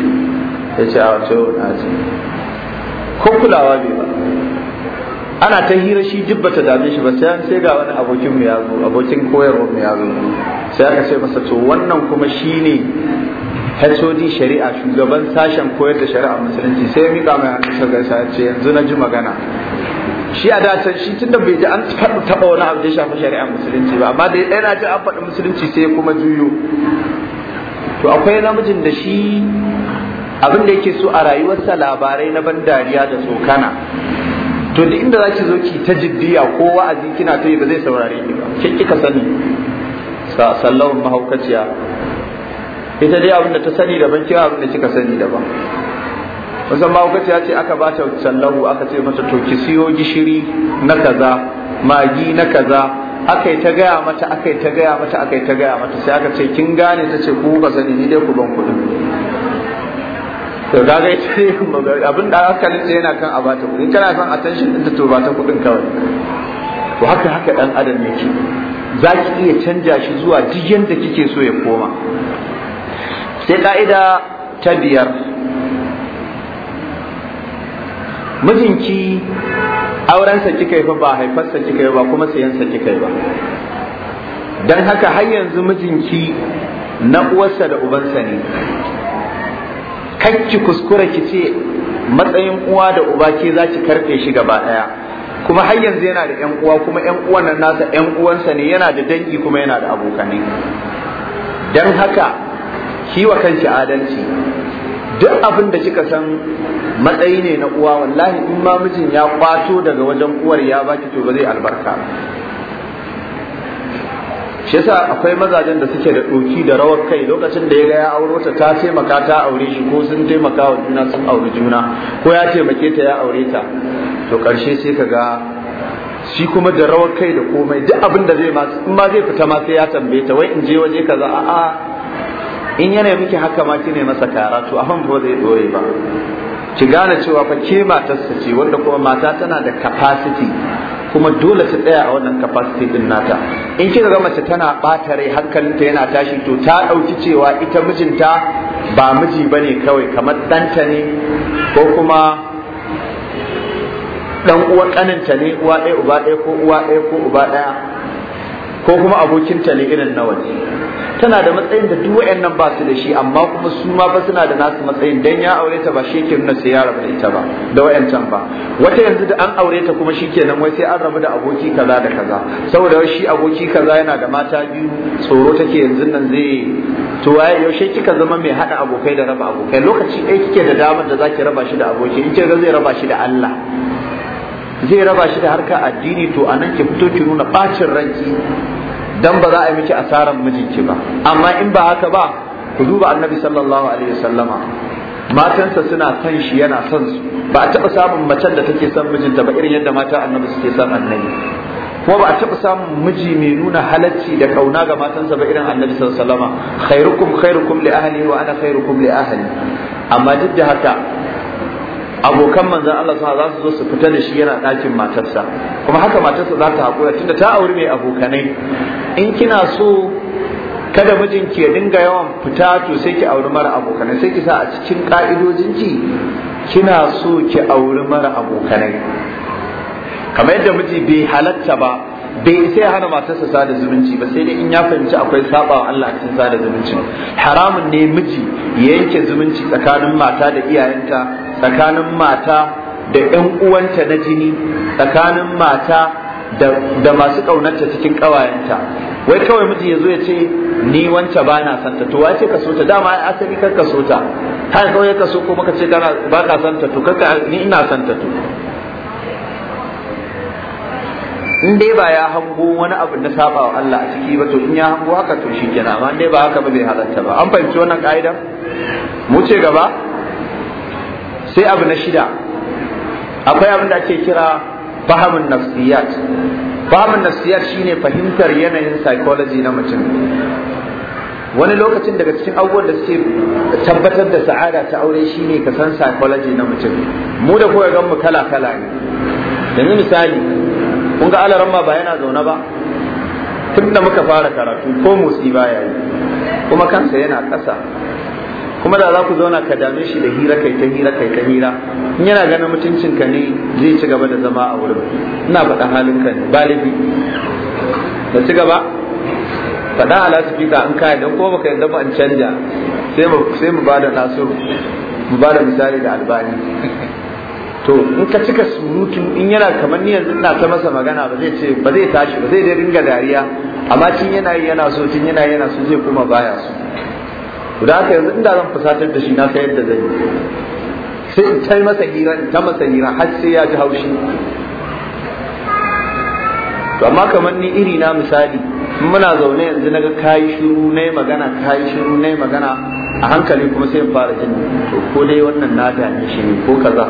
ya ce a wato na ce ko kulawa bai ba ana ta hira shi duk bata dame shi ba sai sai ga wani abokin mu ya zo abokin koyarwa mu ya zo sai aka ce masa to wannan kuma shine HOD shari'a shugaban sashen koyar da shari'a musulunci sai ya mika mai hannu shagarsa ya ce yanzu na ji magana shi a dace shi tun da bai ji an faɗi taɓa wani abu da shafi shari'a musulunci ba amma da ya ji an faɗi musulunci sai ya kuma juyo to akwai namijin da shi abin da yake so a rayuwarsa labarai na ban dariya da tsokana to da inda za ki zo ki ta jiddiya ko wa'azi kina ta yi ba zai saurare ki ba kin kika sani sallawar mahaukaciya ita dai abin da ta sani daban kira abin da kika sani daban wasan mahaukaci ya ce aka ba ta sallahu aka ce mata to ki siyo gishiri na kaza magi na kaza aka yi ta gaya mata aka yi ta gaya mata aka yi ta gaya mata sai aka ce kin gane ta ce ku ba sani ni dai ku ban kuɗin to ga ita [LAUGHS] ne abin da aka nitsa yana kan a bata kuɗi kana son attention ta to ba ta kuɗin kawai to haka haka dan adam yake za ki iya canja shi zuwa duk yanda kike so ya koma sai ka'ida ta biyar mijinki aurensa kika yi fa ba haifarsa kika yi ba kuma sayansa kika yi ba don haka har yanzu mijinki na uwarsa da ubansa ne ki kuskura ki ce matsayin uwa da uba ke za ki karfe shi gaba ɗaya kuma har yanzu yana da yan uwa kuma yan uwan nan nasa yan uwansa ne yana da dangi kuma yana da abokanai
don haka
shi wa kanshi adalci duk abin da kika san matsayi ne na uwa wallahi in ma mijin ya kwato daga wajen uwar ya baki to ba zai albarka shi yasa akwai mazajen da suke da ɗoki da rawar kai lokacin da ya ga ya auro ta ta taimaka ta aure shi ko sun taimaka wa juna sun auri juna ko ya taimake ta ya aure ta to ƙarshe sai ka ga shi kuma da rawar kai da komai duk abin da zai ma in ma zai fita ma sai ya tambaye ta wai in je waje kaza a'a in yana miki haka ma kine masa kara to abin ba zai dore ba ki gane cewa fa ke matarsa ce wanda kuma mata tana da capacity kuma dole ta tsaya a wannan capacity din nata in kika ga mace tana bata rai hankalinta yana tashi to ta dauki cewa ita mijinta ba miji bane kawai kamar danta ne ko kuma dan uwa kaninta ne uwa ɗaya uba ɗaya ko uwa ɗaya ko uba ɗaya ko kuma abokinta ne irin na waje tana da matsayin da duk wayannan ba su da shi amma kuma su ma ba suna da nasu matsayin dan ya aure ta ba shi ke nuna sai ya rabu da ita ba da wayancan ba wata yanzu da an aure ta kuma shikenan wai sai an rabu da aboki kaza da kaza saboda shi aboki kaza yana da mata biyu tsoro take yanzu nan zai to waye yaushe kika zama mai haɗa abokai da raba abokai lokaci ɗaya kike da damar da zaki raba shi da aboki in ga zai raba shi da Allah zai raba shi da harka addini to anan ki fito ki nuna bacin ranki dan ba za a yi miki asaran mijinki ba amma in ba haka ba ku duba annabi sallallahu alaihi wasallama matansa suna son shi yana son su ba a taba samun macen da take son mijinta ba irin yadda mata annabi suke son annabi kuma ba a taba samun miji mai nuna halacci da kauna ga matansa ba irin annabi sallallahu alaihi wasallama khairukum khairukum li ahli wa ana khairukum li ahli amma duk da haka abokan manzan Allah sa za su zo su fita da shi yana ɗakin matarsa kuma haka matarsa za ta haƙura tunda ta auri mai abokanai in kina so kada mijinki ya dinga yawan fita to sai ki auri mara abokanai sai ki sa a cikin ƙa'idojin ki, kina so ki auri mara abokanai kamar yadda miji bai halatta ba bai isa ya hana matarsa sada zumunci ba sai dai in ya fahimci akwai sabawa Allah cikin sa sada zumunci haramun ne miji ya yanke zumunci tsakanin mata da iyayenta tsakanin mata da ƴan uwanta na jini tsakanin mata da masu ƙaunarta cikin ƙawayenta wai kawai miji ya zo ya ce ni wancan ba na santa to wace ka so ta dama ai asali kar ka so ta har kawai ka so kuma ka ce ba ka santa to kaka ni ina santa to in dai ba ya hango wani abu na saba wa Allah a ciki ba to in ya hango haka to shi kenan amma dai ba haka ba bai halatta ba an fahimci wannan ka'ida mu ce gaba sai abu na shida akwai abin da ake kira fahimin nafsiyat fahimin nafsiyat shine fahimtar yanayin psychology na mutum wani lokacin daga cikin abubuwan da suke tabbatar da sa'ada ta aure shine ka san psychology na mutum mu da koyar mu kala kala ne yanzu misali kun ga alaran ba yana zaune ba tun da muka fara karatu ko motsi baya yi kuma kansa yana ƙasa kuma da za ku zauna ka dame shi da hira kai ta hira kai ta hira in yana ganin mutuncinka ne zai ci gaba da zama a wurin ina faɗa halinka ne balibi da ci gaba faɗa ala su fika an kayan don kuma baka yadda ba an canja sai mu ba da nasu mu ba da misali da albani to in ka cika surutu in yana kamar ni yanzu ina ta masa magana ba zai ce ba zai tashi ba zai dai ringa dariya amma kin yana yi yana so kin yana yana so zai kuma baya so Guda haka yanzu inda zan fusatar da shi na san yadda zai yi sai in ta masa hira in ta masa hira har sai ya ji haushi to amma kamar ni iri na misali muna zaune yanzu naga kayi shiru nayi magana kayi shiru nayi magana a hankali kuma sai in fara jin to ko dai wannan na ni shi ne ko kaza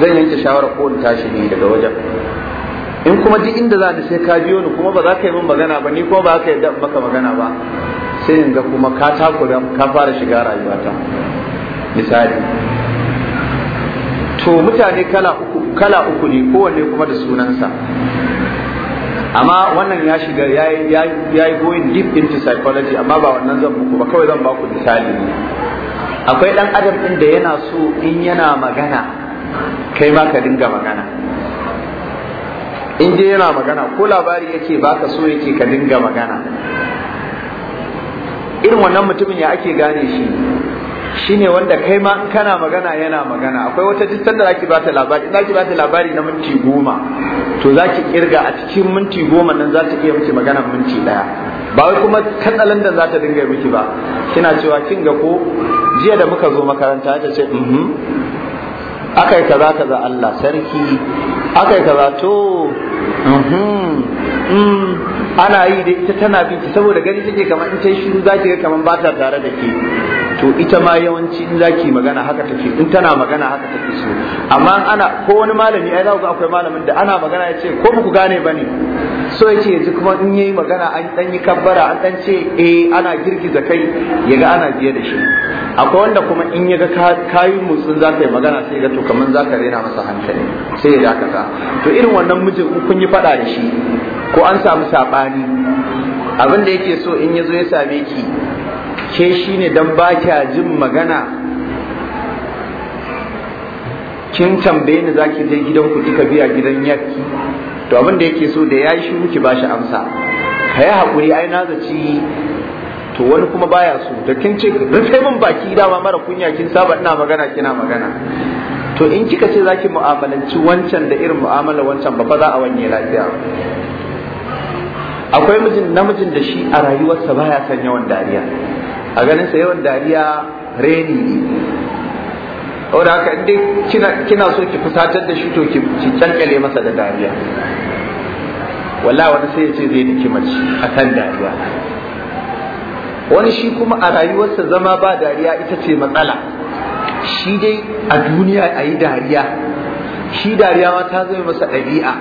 zan yanke shawara ko in tashi ne daga wajen in kuma duk inda za ni sai ka biyo ni kuma ba za ka yi min magana ba ni kuma ba za ka yi maka magana ba sai in ga kuma ka takura ka fara shiga rayuwata misali to mutane kala uku kala uku ne kowanne kuma da sunansa amma wannan ya shiga ya yi going deep into psychology amma ba wannan zan muku ba kawai zan ba ku misali ne akwai dan adam din da yana so in yana magana kai ma ka dinga magana in je yana magana ko labari yake baka so yake ka dinga magana irin wannan mutumin ya ake gane shi shine wanda kai ma kana magana yana magana akwai wata jittar da zaki bata labari zaki bata labari na minti goma to zaki kirga a cikin minti goma nan za iya miki magana minti daya ba wai kuma katsalan da za ta dinga miki ba kina cewa kin ga ko jiya da muka zo makaranta ta ce mhm akai kaza kaza Allah sarki akai kaza to mm-hmm, mm, ana yi da ita tana binki saboda gani take kamar in tai shiru za ki ga kamar ba ta tare da ke to ita ma yawanci in zaki magana haka take in tana magana haka take so amma ana ko wani malami ai za ku akwai malamin da ana magana ya ce ko muku gane bane so yace yanzu kuma in yayi magana an dan yi kabbara an dan ce eh ana girgiza kai yaga ana biye da shi akwai wanda kuma in yaga kayi mutsun za ka yi magana sai ga to kaman za ka rena masa hankali sai ya kaza to irin wannan mijin kun yi fada da shi ko an samu sabani abin da yake so in yazo ya same ki ke shi ne don ba kya jin magana kin tambaye ni za ki je gidan ku kika biya gidan yaki? to abin da yake so da ya shi shiru ba shi amsa ka yi haƙuri ai na zaci to wani kuma baya so da kin ce rufe min baki dama mara kunya kin saba ina magana kina magana to in kika ce zaki mu'amalanci wancan da irin mu'amala wancan ba fa za a wanye lafiya akwai mijin namijin da shi a rayuwarsa baya son yawan dariya a ganin sa yawan dariya reni ne saboda haka in kina so ki fusatar da shi to ki kyankyale masa da dariya walla wani sai ya ce zai daki mace akan dariya wani shi kuma a rayuwarsa zama ba dariya ita ce matsala shi dai a duniya ayi dariya shi dariya ma ta zama masa ɗabi'a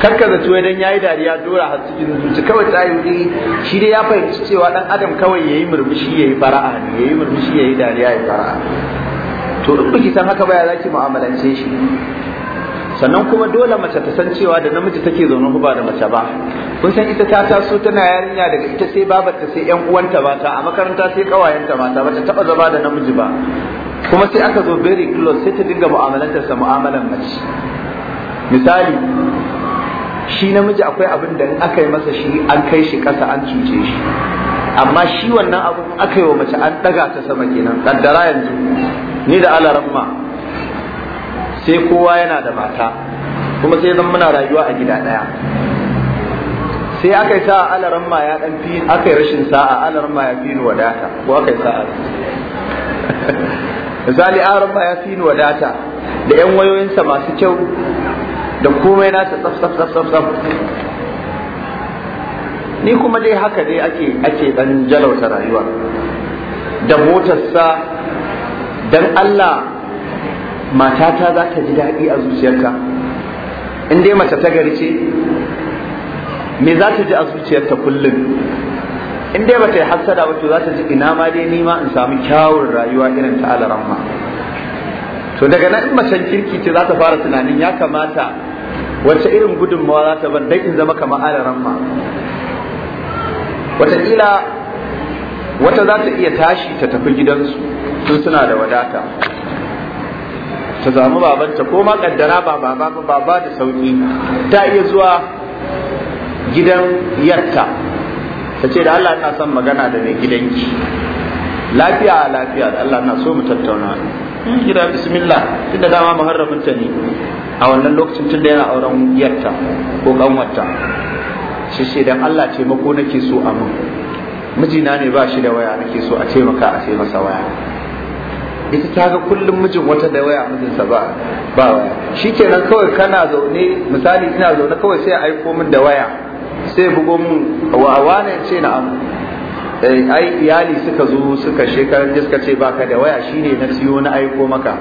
karka da tuwai dan yayi dariya dora har cikin zuci kawai ta yi shi dai ya fahimci cewa dan adam kawai yi murmushi yayi fara'a ne yayi murmushi yayi dariya yayi fara'a to in biki san haka baya zaki mu'amalance shi sannan kuma dole mace ta san cewa da namiji take zaune ba da mace ba kun san ita ta taso tana yarinya daga ita sai babarta sai yan uwanta mata a makaranta sai kawayenta mata bata taba zama da namiji ba kuma sai aka zo very close sai ta dinga mu'amalantar sa mu'amalan mace misali shi namiji akwai abin da in aka yi masa shi an kai shi ƙasa an cuce shi amma shi wannan abin aka yi wa mace an ɗaga ta sama kenan kaddara yanzu ni da alaramma sai kowa yana da mata kuma sai zan muna rayuwa a gida ɗaya sai aka yi sa'a alaramma ya ɗan fi aka yi rashin sa'a alaramma ya fi ni wadata ko aka yi sa'a [LAUGHS] misali alaramma ya fi ni wadata da 'yan wayoyinsa masu kyau da komai na ta tsaf tsaf tsaf tsaf ni kuma dai haka dai ake ake dan jalauta rayuwa da motarsa dan Allah matata za ta ji daɗi a zuciyarka in dai mace ta gari ce me za ta ji a zuciyarta kullum in dai bata yi hassada wato to za ta ji ina ma dai ni ma in samu kyawun rayuwa irin ta alaramma to daga nan in macen kirki ce za ta fara tunanin ya kamata wacce irin gudunmawa za ta ban dan in zama kama alaran ma wataƙila wata za ta iya tashi ta tafi gidansu tun suna da wadata ta zamu babanta ko ma kaddara ba baba ba baba da sauki ta iya zuwa gidan yarta ta ce da Allah ina son magana da mai gidanki lafiya lafiya da Allah na so mu tattauna kira bismillah tunda dama muharramin ta ne a wannan lokacin tunda yana auren yarta ko kanwarta shi shi dan Allah taimako nake so a mun mijina ne ba shi da waya nake so a taimaka a sai masa waya ita ta ga kullum mijin wata da waya mijinsa ba ba waya nan kawai kana zaune misali ina zaune kawai sai a aiko min da waya sai bugo min wa wane ce na amu Eh, ai iyali suka zo suka shekarar da suka ce baka da waya shine na siyo na aiko maka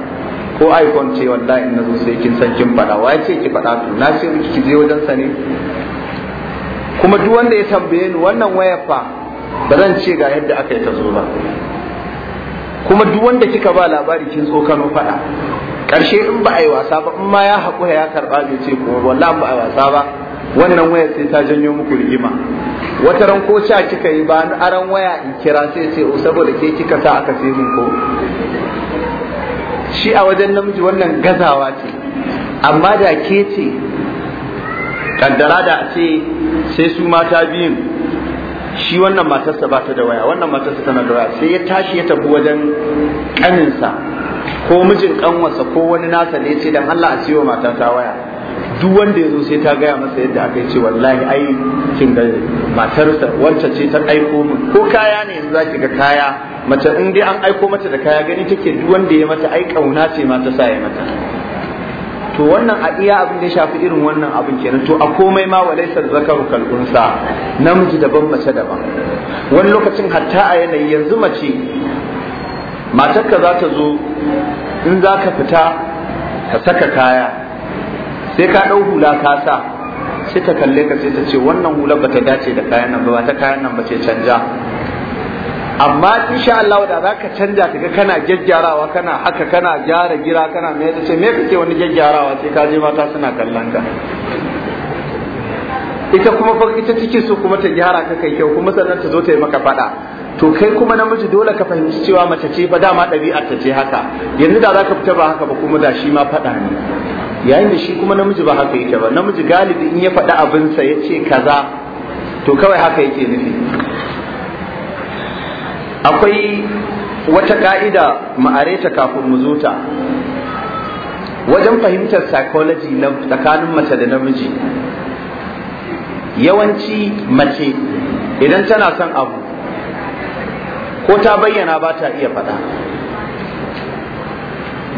ko aikon ce wallahi in nazo sai kin san kin faɗa Waya ce ki faɗa to na ce miki ki je wajen sa ne kuma duk wanda ya tambaye ni wannan wayar fa ba zan ce ga yadda aka yi ta zo ba kuma duk wanda kika ba labari kin kano faɗa karshe in ba a yi wasa ba in ma ya haƙura ya karba bai ce ko wallahi ba a wasa ba wannan waya sai ta janyo muku rigima wata ran ko sha kika yi ba aran waya in kira sai ce o oh, saboda ke kika sa aka sai mun ko shi a wajen namiji wannan gazawa ce amma da ke ce kaddara da a ce sai su mata biyun shi wannan matarsa ba ta da waya wannan matarsa tana da waya sai ya tashi ya tafi wajen kaninsa ko mijin kanwarsa ko wani nasa ne ce dan Allah a siyo matata waya duk wanda ya zo sai ta gaya masa yadda aka yi ce wallahi ai kin ga matarsa wacce ce ta aiko min ko kaya ne yanzu zaki ga kaya mace in dai an aiko mata da kaya gani take duk wanda ya mata ai kauna ce ma ta sa ya mata to wannan a iya abin da ya shafi irin wannan abin kenan to a komai ma walaisar zakaru kal unsa namiji daban mace daban wani lokacin hatta a yanayi yanzu mace matarka za ta zo in za ka fita ka saka kaya sai ka ɗau hula ka sa sai ta kalle ka sai ta ce wannan hula ba ta dace da kayan nan ba ta kayan nan ba ce canja
amma insha
Allah da za ka canja kaga kana gyaggyarawa kana haka kana gyara gira kana me ta ce me kake wani gyaggyarawa sai ka je mata suna kallon ka ita kuma fa ita cikin su kuma ta gyara ka kai kyau kuma sannan ta zo ta yi maka fada to kai kuma namiji dole ka fahimci cewa mace ce fa dama ɗabi'ar ta ce haka yanzu da za ka fita ba haka ba kuma da shi ma fada ne yayin da shi kuma namiji ba haka yake ba namiji galibi in ya faɗi abinsa ya ce kaza to kawai haka yake nufi akwai wata ka'ida ma'areta kafin mu zuta wajen fahimtar psychology na tsakanin mace da namiji yawanci mace idan tana son abu ko ta bayyana ba ta iya faɗa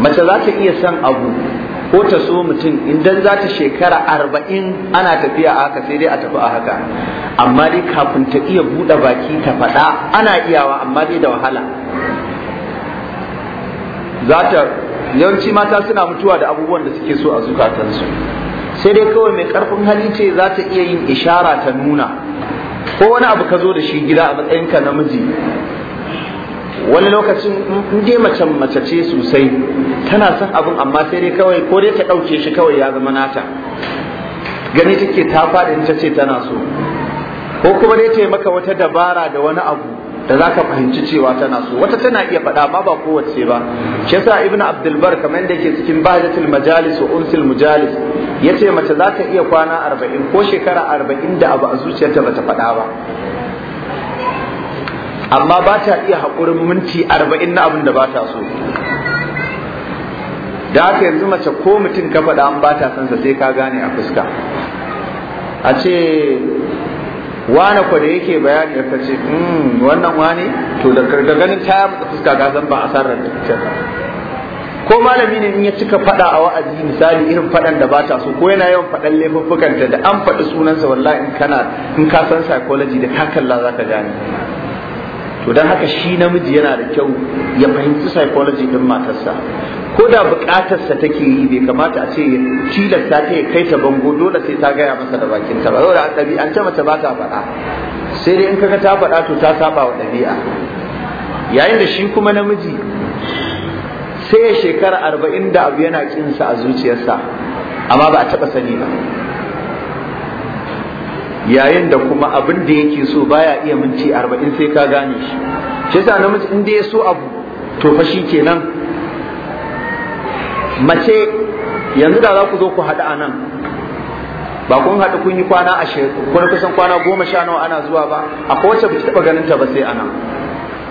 mace za ta iya son abu ko ta so mutum idan za ta shekara arba'in ana tafiya a haka sai dai a tafi a haka amma dai kafin ta iya buɗe baki ta faɗa ana iyawa amma dai da wahala za ta yawanci mata suna mutuwa da abubuwan da suke so a zukatansu sai dai kawai mai ƙarfin hali ce za ta iya yin ishara ta nuna ko wani abu ka zo da shi gida a matsayinka namiji wani lokacin in dai mace mace ce sosai tana son abin amma sai dai kawai ko dai ta ɗauke shi kawai ya zama nata
gani take ta
faɗi ta ce tana so ko kuma dai ta maka wata dabara da wani abu da za ka fahimci cewa tana so wata tana iya faɗa ma ba kowace ba shi yasa ibnu abdulbar kamar yadda yake cikin bahajatul majalis wa unsul mujalis yace mace za ta iya kwana arba'in ko shekara arba'in da abu a zuciyarta ba ta faɗa ba amma ba ta iya haƙurin minti arba'in na abin da ba ta so da haka yanzu mace ko mutum ka faɗa an bata son sa sai ka gane a fuska a ce wane ku da yake bayani ka ce hmm, wannan wane to da ganin ta yaba fuska ka san ba a sarar da ko malami ne in ya cika faɗa a wa'azi misali irin faɗan da bata so ko yana yawan faɗan laifuffukanta da an faɗi sunansa wallahi in kana in ka san psychology da ka kalla zaka gane to don haka shi namiji yana da kyau ya fahimci psychology din matarsa ko da bukatarsa take yi bai kamata a ce tilasta ta ya kai ta bango dole sai ta gaya masa da bakin ta ba saboda ta mace ba ta faɗa sai dai in kaga ta faɗa to ta saba wa ɗabi'a yayin da shi kuma namiji sai ya shekara arba'in da abu yana kinsa a zuciyarsa amma ba a taɓa sani ba yayin da kuma abin da yake so baya iya minti arba'in sai ka gane shi shi yasa namiji in da ya so abu to fa shi kenan mace yanzu da za ku zo ku haɗu a nan ba kun haɗu kun yi kwana ashirin kun kusan kwana goma sha nawa ana zuwa ba akwai wacce ba ki taɓa ganin ta ba sai a nan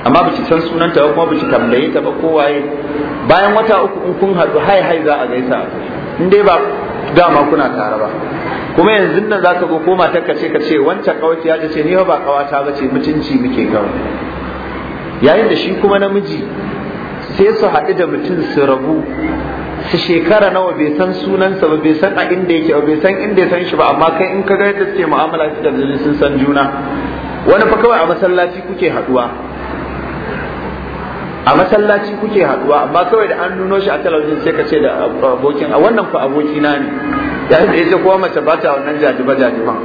amma ba ki san sunanta ba kuma ba ki tambaye ta ba kowaye bayan wata uku in kun haɗu hai hai za a gaisa in dai ba dama kuna tare ba kuma yanzu nan za ka go koma ta kace ka ce wancan kawai ya ce ni ba kawata ba ce mutunci muke kawai yayin da shi kuma namiji sai su haɗu da mutum su rabu su shekara nawa bai san sunansa ba bai san a inda yake ba bai san inda ya san shi ba amma kai in ka ga yadda suke mu'amala su da sun san juna wani fa kawai a masallaci kuke haɗuwa a masallaci kuke haɗuwa amma kawai da an nuno shi a talabijin sai ka ce da abokin a wannan fa abokina ne ya da ita kuma mace ba ta wannan jajiba jajiban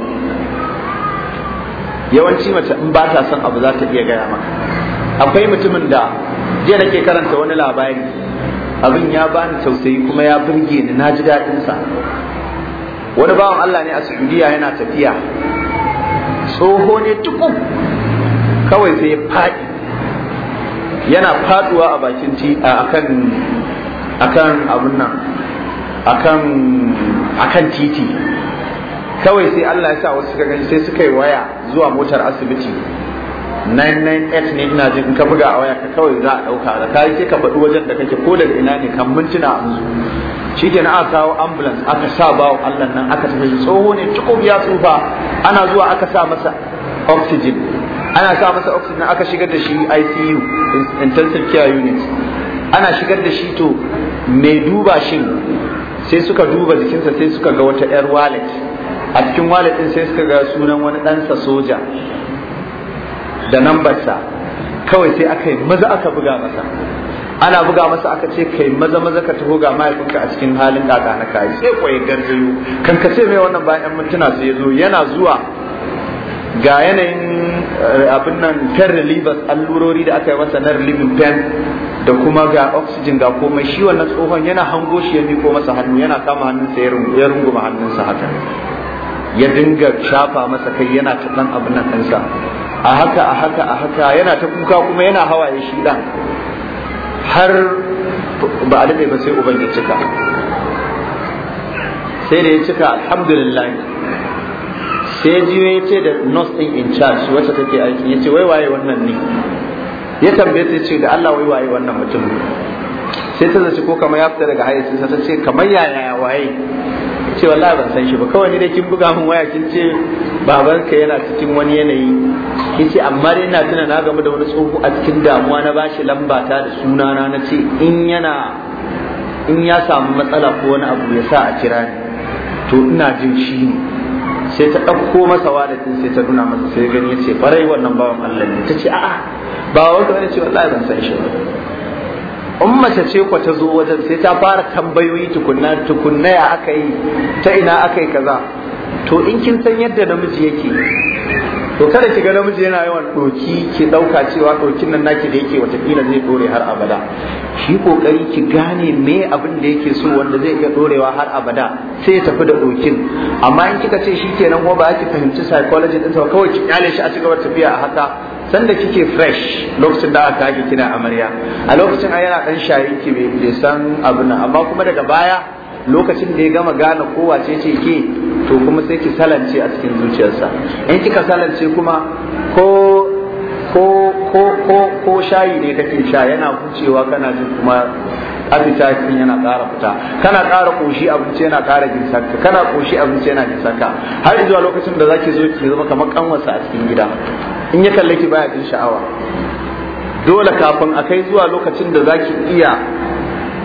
yawanci mace in ba ta son abu za ta iya gaya maka akwai mutumin da jiya nake karanta wani labari abin ya bani tausayi kuma ya burge ni na ji daɗin sa. wani bawan Allah ne a Saudiya yana tafiya tsoho ne tukun kawai sai ya faɗi yana faduwa a bakin ti a kan akan abun nan akan akan titi kawai sai Allah ya sa wasu suka gani sai suka yi waya zuwa motar asibiti 998 ne ina jin in ka buga a waya ka kawai za a ɗauka da kayi sai ka faɗi wajen da kake ko daga ina ne kan mintuna an zo shi ke aka kawo ambulance aka sa bawo Allah nan aka tafi tsoho ne tukub ya tsufa ana zuwa aka sa masa oxygen ana sa masa oxygen aka shigar da shi ICU intensive care unit ana shigar da shi to mai duba shi. sai suka duba jikinsa sai suka ga wata 'yar walet a cikin walet ɗin sai suka ga sunan wani ɗansa soja
da nambarsa
kawai sai aka yi maza aka buga masa ana buga masa aka ce kai maza maza ka taho ga mahaifinka a cikin halin kaka na kayi sai kwaye garzayo kan ka ce mai wannan bayan mintuna sai ya zo yana zuwa ga yanayin eh, abin nan ten relievers allurori da aka yi masa na relieving pen da kuma ga oxygen ga komai shi wannan tsohon yana hango shi ya miko masa hannu yana kama hannunsa ya runguma hannunsa haka ya dinga shafa masa kai yana ta dan abin nan ɗansa a haka a haka a haka yana ta kuka kuma yana hawaye shi dan har ba a daɗe ba sai uban ya cika sai da ya cika alhamdulillah sai ji ya ce da nurse in charge wacce take aiki ya ce wai waye wannan ne ya tambaye ta ce da Allah wai waye wannan mutum sai ta zaci ko kamar ya fita daga hayyacin sai ta ce kamar yaya waye ce wallahi ban san shi ba kawai ne da kin buga min waya kin ce babanka yana cikin wani yanayi kin ce amma dai ina tuna na gamu da wani tsoho a cikin damuwa na bashi lamba ta da sunana na ce in yana in ya samu matsala ko wani abu ya sa a kira ni to ina jin shi ne sai ta ɗauko masa wadatin sai ta nuna masa sai gani ya ce farai wannan bawan Allah ne ta ce a'a ba wanda wani ce wallahi ban san shi ba in mace ce ko ta zo wajen sai ta fara tambayoyi tukunna tukunna ya aka yi ta ina aka yi kaza to in kin san yadda namiji yake to kada ki ga namiji yana yawan doki ki dauka cewa dokin nan naki da yake watakila zai dore har abada shi kokari ki gane me abin da yake so wanda zai iya dorewa har abada sai ya tafi da dokin amma in kika ce shi kenan ko ba ki fahimci psychology din sa kawai ki kyale shi a cikin tafiya a haka sanda kike fresh lokacin da aka kage kina amarya a lokacin ai yana dan shayin ki bai san abin amma kuma daga baya lokacin da ya gama gane ko ce ce ke to kuma sai ki salance a cikin zuciyarsa in kika salance kuma ko ko ko ko ko shayi ne kake sha yana kucewa kana jin kuma kin yana ƙara fita kana ƙara koshi abinci yana ƙara ginsaka kana koshi abinci yana ginsaka har zuwa lokacin da zaki zo ki zama kamar kanwarsa a cikin gida in ya kalle ki baya jin sha'awa dole kafin a kai zuwa lokacin da zaki iya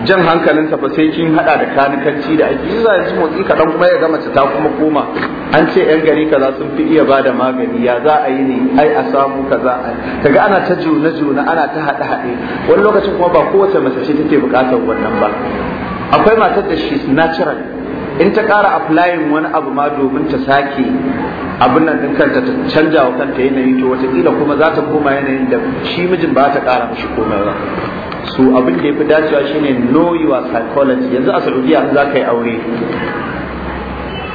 jan ta ta sai kin hada da kanikanci da ake za ji motsi kaɗan kuma ya gama ta kuma koma an ce yan gari kaza sun fi iya bada magani ya za a yi ne ai a samu kaza kaga ana ta juna juna ana ta haɗe haɗe wani lokacin kuma ba kowace mace ce take bukatar wannan ba akwai matar da shi natural in ta kara applying wani abu ma domin ta sake abin nan din kanta ta canja wa kanta yanayi to wata kila kuma za ta koma yanayin da shi mijin ba ta ƙara mishi komai ba su abin da ya fi dacewa shine know your psychology yanzu a saudiya za ka yi aure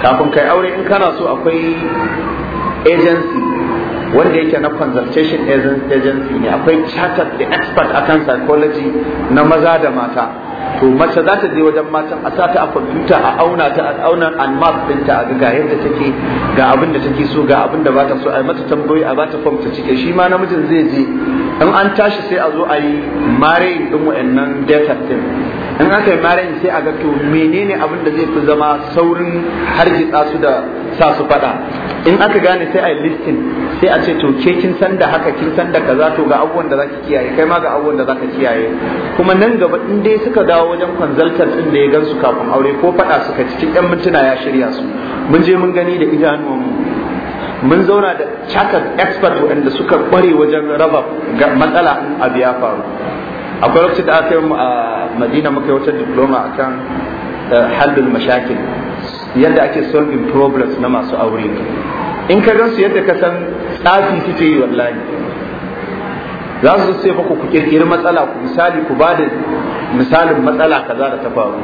kafin kai aure in kana so akwai agency wanda yake na consultation agency ne akwai chartered the expert akan psychology na maza da mata to mace za ta je wajen matan a sata a kwamfuta a auna ta a auna an map ɗinta a ga yadda take ga abin da take so ga abin da ba ta so a mata tambayoyi a ba form ta cike shi ma namijin zai je in an tashi sai a zo a yi mare ɗin wa'annan data ɗin in aka yi marayin sai a ga to menene abin da zai fi zama saurin hargitsa su da sa su faɗa in aka gane sai a yi listin sai a ce to ke kin san da haka kin san da kaza to ga abubuwan da zaki kiyaye kai ma ga abubuwan da zaka kiyaye kuma nan gaba in dai suka dawo wajen consultant din da ya gansu kafin aure ko faɗa suka cikin ɗan mintuna ya shirya su mun je mun gani da idanuwanmu mun zauna da chartered expert waɗanda suka kware wajen raba matsala in abu ya faru akwai lokacin da aka yi a madina muka yi wata diploma a kan eh, halin mashakin yadda ake solving problems na masu aure in ka gansu yadda ka san tsafi suke yi wallahi za su sai ku ku kirkiri matsala ku misali ku ba da misalin matsala kaza da ta faru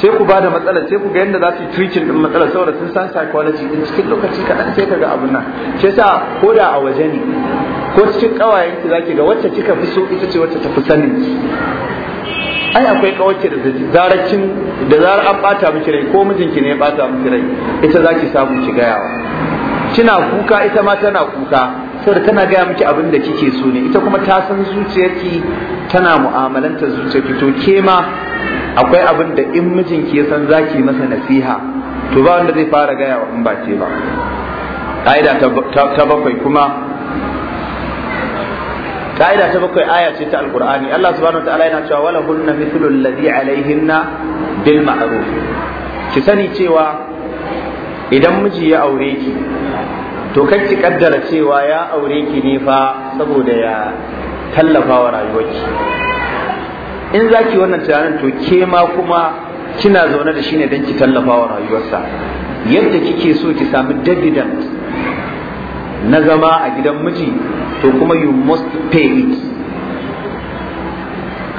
sai ku ba da matsala sai ku ga yadda za su yi treating din matsala saboda sun san psychology din cikin lokaci kaɗan sai ka ga abin nan Ke sa ko da a waje ne ko cikin za ki zaki ga wacce kika fi so ita ce wacce ta fi sanin ai akwai kawace da zarakin da zarar an bata miki rai ko mijinki ne ya bata miki rai ita zaki samu ki gayawa kina kuka ita ma tana kuka saboda tana gaya miki abin da kike so ne ita kuma ta san zuciyarki tana mu'amalanta zuciyarki to ke ma akwai abin da in mijinki ya san zaki masa nasiha to ba wanda zai fara gaya wa in ba ce ba ƙa'ida ta bakwai kuma ka'ida ta bakwai aya ce ta alqur'ani Allah subhanahu wa yana cewa wala hunna mithlu alladhi alaihinna bil ma'ruf ki sani cewa idan miji ya aure ki to kan ki kaddara cewa ya aure ki ne fa saboda ya tallafa wa rayuwarki in za ki wannan tunanin to ke ma kuma kina zaune da shi ne don ki tallafa wa rayuwarsa yadda kike so ki sami dividend na zama a gidan miji to kuma you must pay it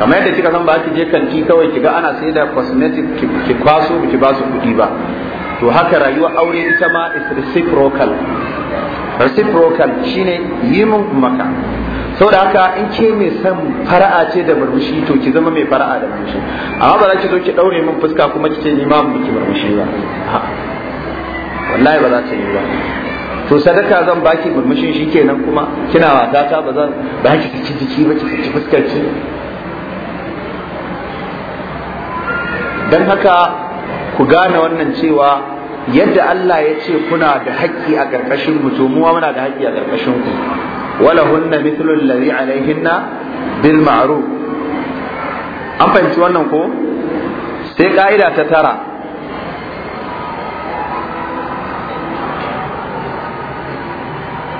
kamar yadda kika san ba ki je kanti kawai ki ga ana sai da cosmetic ki kwaso ki ba su kuɗi ba to haka rayuwar aure ita ma is reciprocal reciprocal shine yi mun maka da haka in ke mai san fara'a ce da murmushi to ki zama mai fara'a da murmushi amma ba za ki zo ki daure min fuska kuma ki ce ni ma miki murmushi ba wallahi ba za ta yi ba to sadaka zan baki murmushin shi kenan kuma kina wata ta ba zan ba ki
jiki ba ki ci fuskar ki
dan haka ku gane wannan cewa yadda Allah ya ce kuna da haƙƙi a ƙarƙashin mu to muwa muna da haƙƙi a ƙarƙashin ku wala hunna mithlu ladhi alayhinna bil ma'ruf an fahimci wannan ko sai ka'ida ta tara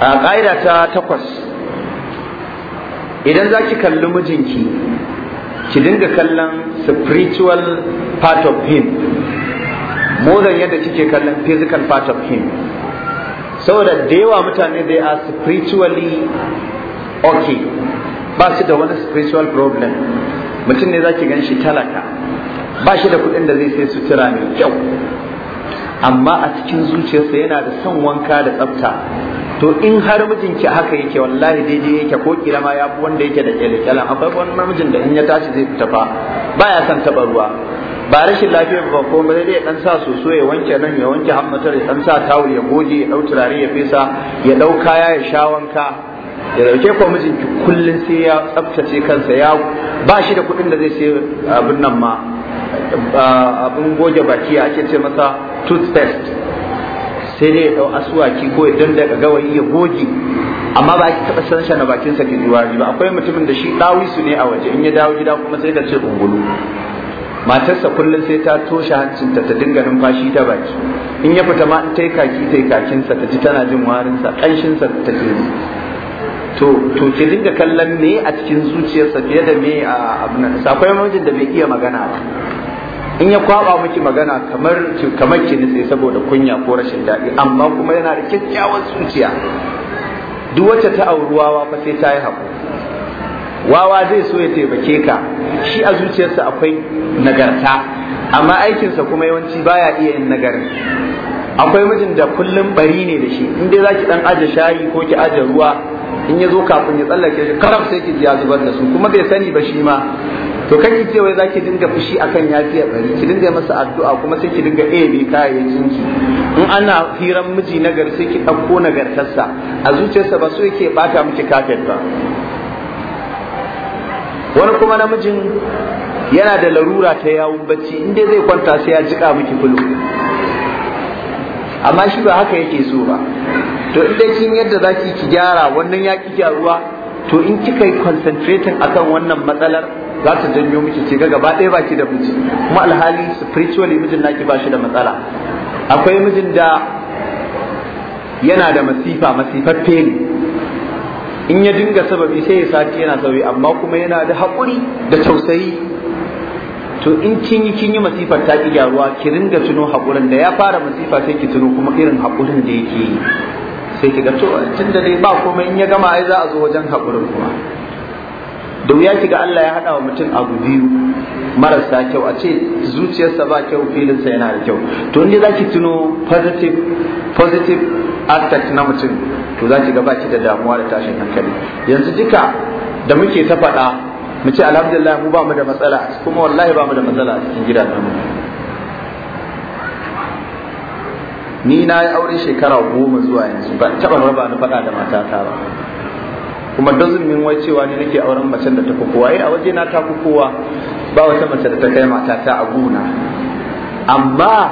a ka'ida ta takwas idan za ki kalli mijinki ki dinga kallon spiritual part of him Mozan yadda kike kallon physical part of him saboda da yawa mutane they are spiritually okay ba su da wani spiritual problem mutum ne zaki ki gan talaka ba shi da kuɗin da zai sai sutura mai kyau amma a cikin zuciyarsa yana da son wanka da tsafta to in har mijinki haka yake wallahi daidai yake ko kira ma ya wanda yake da kyale akwai wani namijin da in ya tashi zai fita fa baya son taba ruwa ba rashin lafiyar ba ko ba zai dan sa soso ya wanke nan ya wanke hammatar ya dan sa tawul ya goge ya dau turare ya fesa ya dau kaya ya sha wanka ya dauke ko mijinki kullun sai ya tsaftace kansa ya ba shi da kuɗin da zai sai abin nan ma abin goge baki ake ce masa toothpaste sai dai ya dau asuwaki ko ya dandaka gawayi ya goge amma ba ki taba san shan bakin sa ki ba akwai mutumin da shi dawisu ne a waje in ya dawo gida kuma sai da ce ungulu matarsa kullum sai ta toshe hancinta ta dinga numfashi ta baki in ya fita ma ta yi kaki ta yi kakinsa ta ji tana jin warinsa ƙanshinsa ta ke to to ke dinga kallon me a cikin zuciyarsa fiye da me a abin akwai mamajin da bai iya magana ba in ya kwaba miki magana kamar kamar ki nitse saboda kunya ko rashin daɗi amma kuma yana da kyakkyawan zuciya duk wacce ta auruwa fa sai ta yi haƙuri wawa zai so ya taimake ka shi a zuciyarsa akwai nagarta amma aikinsa kuma yawanci baya iya yin nagarin akwai mijin da kullum bari ne da shi in dai zaki dan aje shayi ko ki aje ruwa in ya zo kafin ya tsallake shi karaf sai ki ji ya zubar da su kuma bai sani ba shi ma to kake ce wai zaki dinga fushi akan yafiya bari ki dinga masa addu'a kuma sai ki dinga ebe kayayyakin ki in ana hiran miji nagar sai ki dauko nagartarsa a zuciyarsa ba so yake bata miki kafet ba wani kuma namijin yana da larura ta yawun bacci inda zai kwanta sai ya jika miki fulo amma shi ba haka yake so ba to inda kin yadda zaki ki gyara wannan ya ki gyaruwa to in kika yi concentrating akan wannan matsalar za ta janyo miki ki ga gaba ɗaya baki da miji kuma alhali spiritually mijin naki ba shi da matsala akwai mijin da yana da masifa masifar ne in ya dinga sababi sai ya sati yana sauri, amma kuma yana da haƙuri da tausayi to in kin yi kin yi masifar ta ki gyaruwa ki ringa tuno haƙurin da ya fara masifa sai ki tuno kuma irin haƙurin da yake yi sai ki ga to tun dai ba komai in ya gama ai za a zo wajen haƙurin kuma da wuya ga Allah ya hada wa mutum abu biyu marasa kyau a ce zuciyarsa ba kyau filinsa yana da kyau to inda zaki tuno positive positive aspect na mutum to zaki ga baki da damuwa da tashin hankali yanzu duka da muke ta faɗa mu ce alhamdulillah mu ba mu da matsala kuma wallahi ba mu da matsala a cikin gidan mu ni na yi aure shekara goma zuwa yanzu ba taɓa raba ni faɗa da matata ba kuma dozumin wai cewa ne nake auren macen da ta kowa eh a waje na ta kowa ba wata mace da ta kai mata ta a gona amma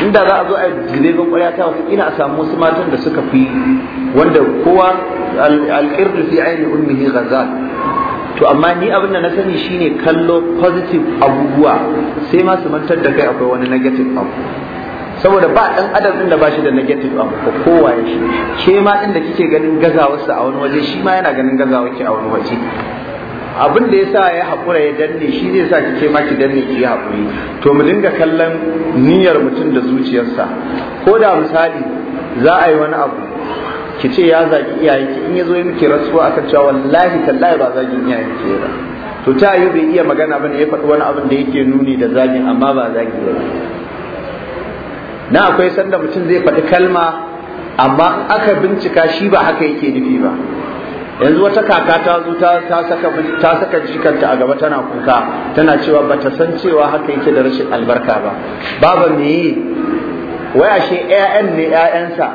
inda za a zo a yi kwarya ta wasu ina samu wasu matan da suka fi wanda kowa alƙirdu fi aini ummihi ghazal to amma ni abin da na sani shine kallo positive abubuwa sai ma su mantar da kai akwai wani negative abu saboda ba dan adam din da ba shi da negative abu ko kowa ya shi ke ma din da kike ganin gazawarsa a wani waje shi ma yana ganin gazawarki a wani waje abin da yasa ya haƙura ya danne shi zai sa kike ma ki danne ki haƙuri to mu dinga kallon niyyar mutum da zuciyarsa ko da misali za a yi wani abu ki ce ya zagi iyayenki in ya zo ya miki rasuwa akan cewa wallahi tallahi ba zagin iyayenki ba to ta yi bai iya magana bane ya faɗi wani abin da yake nuni da zagin amma ba zagi ba na akwai sanda mutum zai faɗi kalma amma aka bincika shi ba haka yake nufi ba yanzu wata kaka ta zo ta saka ta jikanta a gaba tana kuka tana cewa bata san cewa haka yake da rashin albarka ba baba me yi waya ashe 'ya'yan ne 'ya'yansa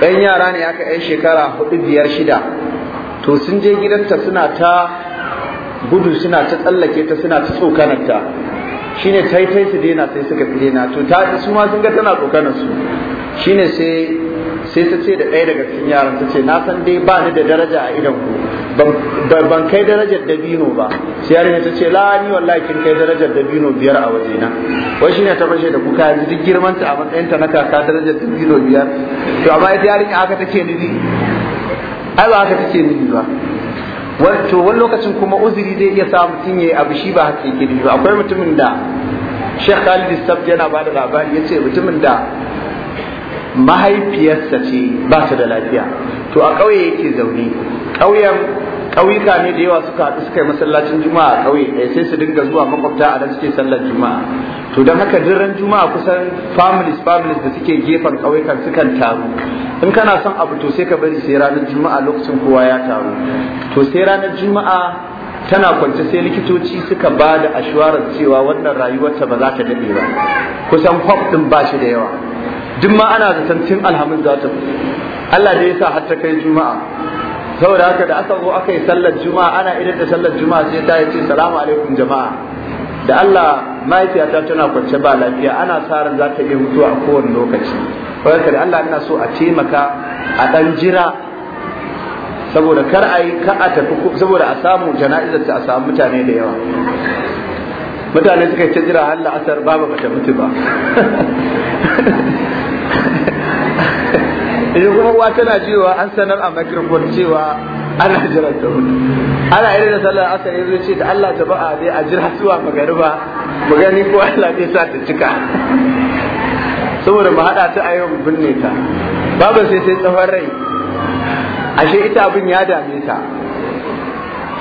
ɗan yara ne aka 'yan shekara hudu biyar shida to sun je gidanta suna ta gudu suna ta tsallake ta suna ta tsokanarta shine tai tai su daina sai suka fi daina to ta su ma sun ga tana kokarin su shine sai sai ta ce da ɗaya daga cikin yaran ta ce na san dai ba ni da daraja a idan ku ban kai darajar dabino ba sai yarinya ta ce la ni wallahi kin kai darajar dabino biyar a waje na wai shine ta fashe da kuka yanzu duk girman ta a matsayin ta na kaka darajar dabino biyar to amma ita yarinya aka take ni ai ba haka take ni ba wato wani lokacin kuma uzuri zai iya samu mutum ya abu shi ba haka yake ba akwai mutumin da Sheikh Khalid sab yana ba da labari ya ce mutumin da mahaifiyarsa ce ba ta da lafiya to a ƙauye yake zaune ƙauyen ƙauyuka ne da yawa suka haɗu suka yi masallacin juma'a a ƙauye ɗaya sai su dinga zuwa makwabta a nan suke sallar juma'a to don haka duk ran juma'a kusan families families da suke gefen ƙauyukan sukan taru in kana son abu to sai ka bari sai ranar juma'a lokacin kowa ya taru to sai ranar juma'a tana kwance sai likitoci suka ba da ashwarar cewa wannan rayuwarta ba za ta daɗe ba kusan kwaf ɗin ba shi da yawa duk ma ana zaton tun alhamis za ta Allah da ya sa har ta kai juma'a saboda haka da aka zo aka yi sallar juma'a ana irin da sallar juma'a sai ta ce salamu alaikum jama'a da Allah mahaifiyata tana kwance ba lafiya ana sa ran za ta iya mutuwa a kowane lokaci barka da Allah ina so a taimaka a dan jira saboda kar a yi ka a tafi saboda a samu jana'izar ta a samu mutane da yawa mutane suka ta jira har la'asar baba bata mutu ba
[LAUGHS] idan
eh, kuma uwa tana cewa an sanar a microphone cewa ana jiran ta hudu ana irin da sallar aka zai ce da Allah ba'a dai a jira zuwa magariba mu gani ko Allah zai sa ta cika saboda mu haɗa ta a yau binne ta babu sai sai tsawon rai ashe ita abin ya dame ta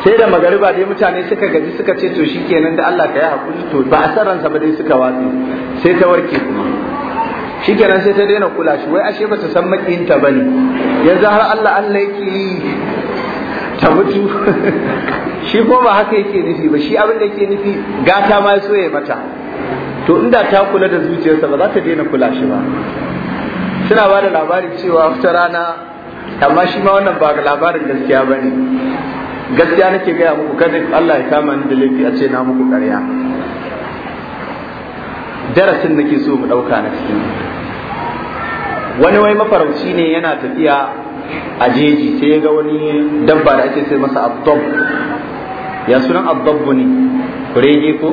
sai da magariba dai mutane suka gaji suka ce to shikenan da Allah ka yi hakuri to ba a san ransa ba dai suka watsi sai ta warke kuma shikenan sai ta daina kula shi wai ashe ba ta san makiyinta bane yanzu har Allah Allah yake yi ta mutu [LAUGHS] shi ko ba haka yake nufi ba shi abin da yake nufi gata ma so ya mata to inda ta kula da zuciyarsa ba za ta daina kula shi ba suna ba da labari cewa wata rana amma shi ma wannan ba labarin gaskiya bane gaskiya nake gaya muku kada Allah ya kama ni da laifi a ce na muku ƙarya darasin da ke so mu ɗauka na cikin wani wai mafarauci ne yana tafiya a jeji sai ya ga wani dabba da ake sai masa abdob ya sunan abdobbu ne kurege ko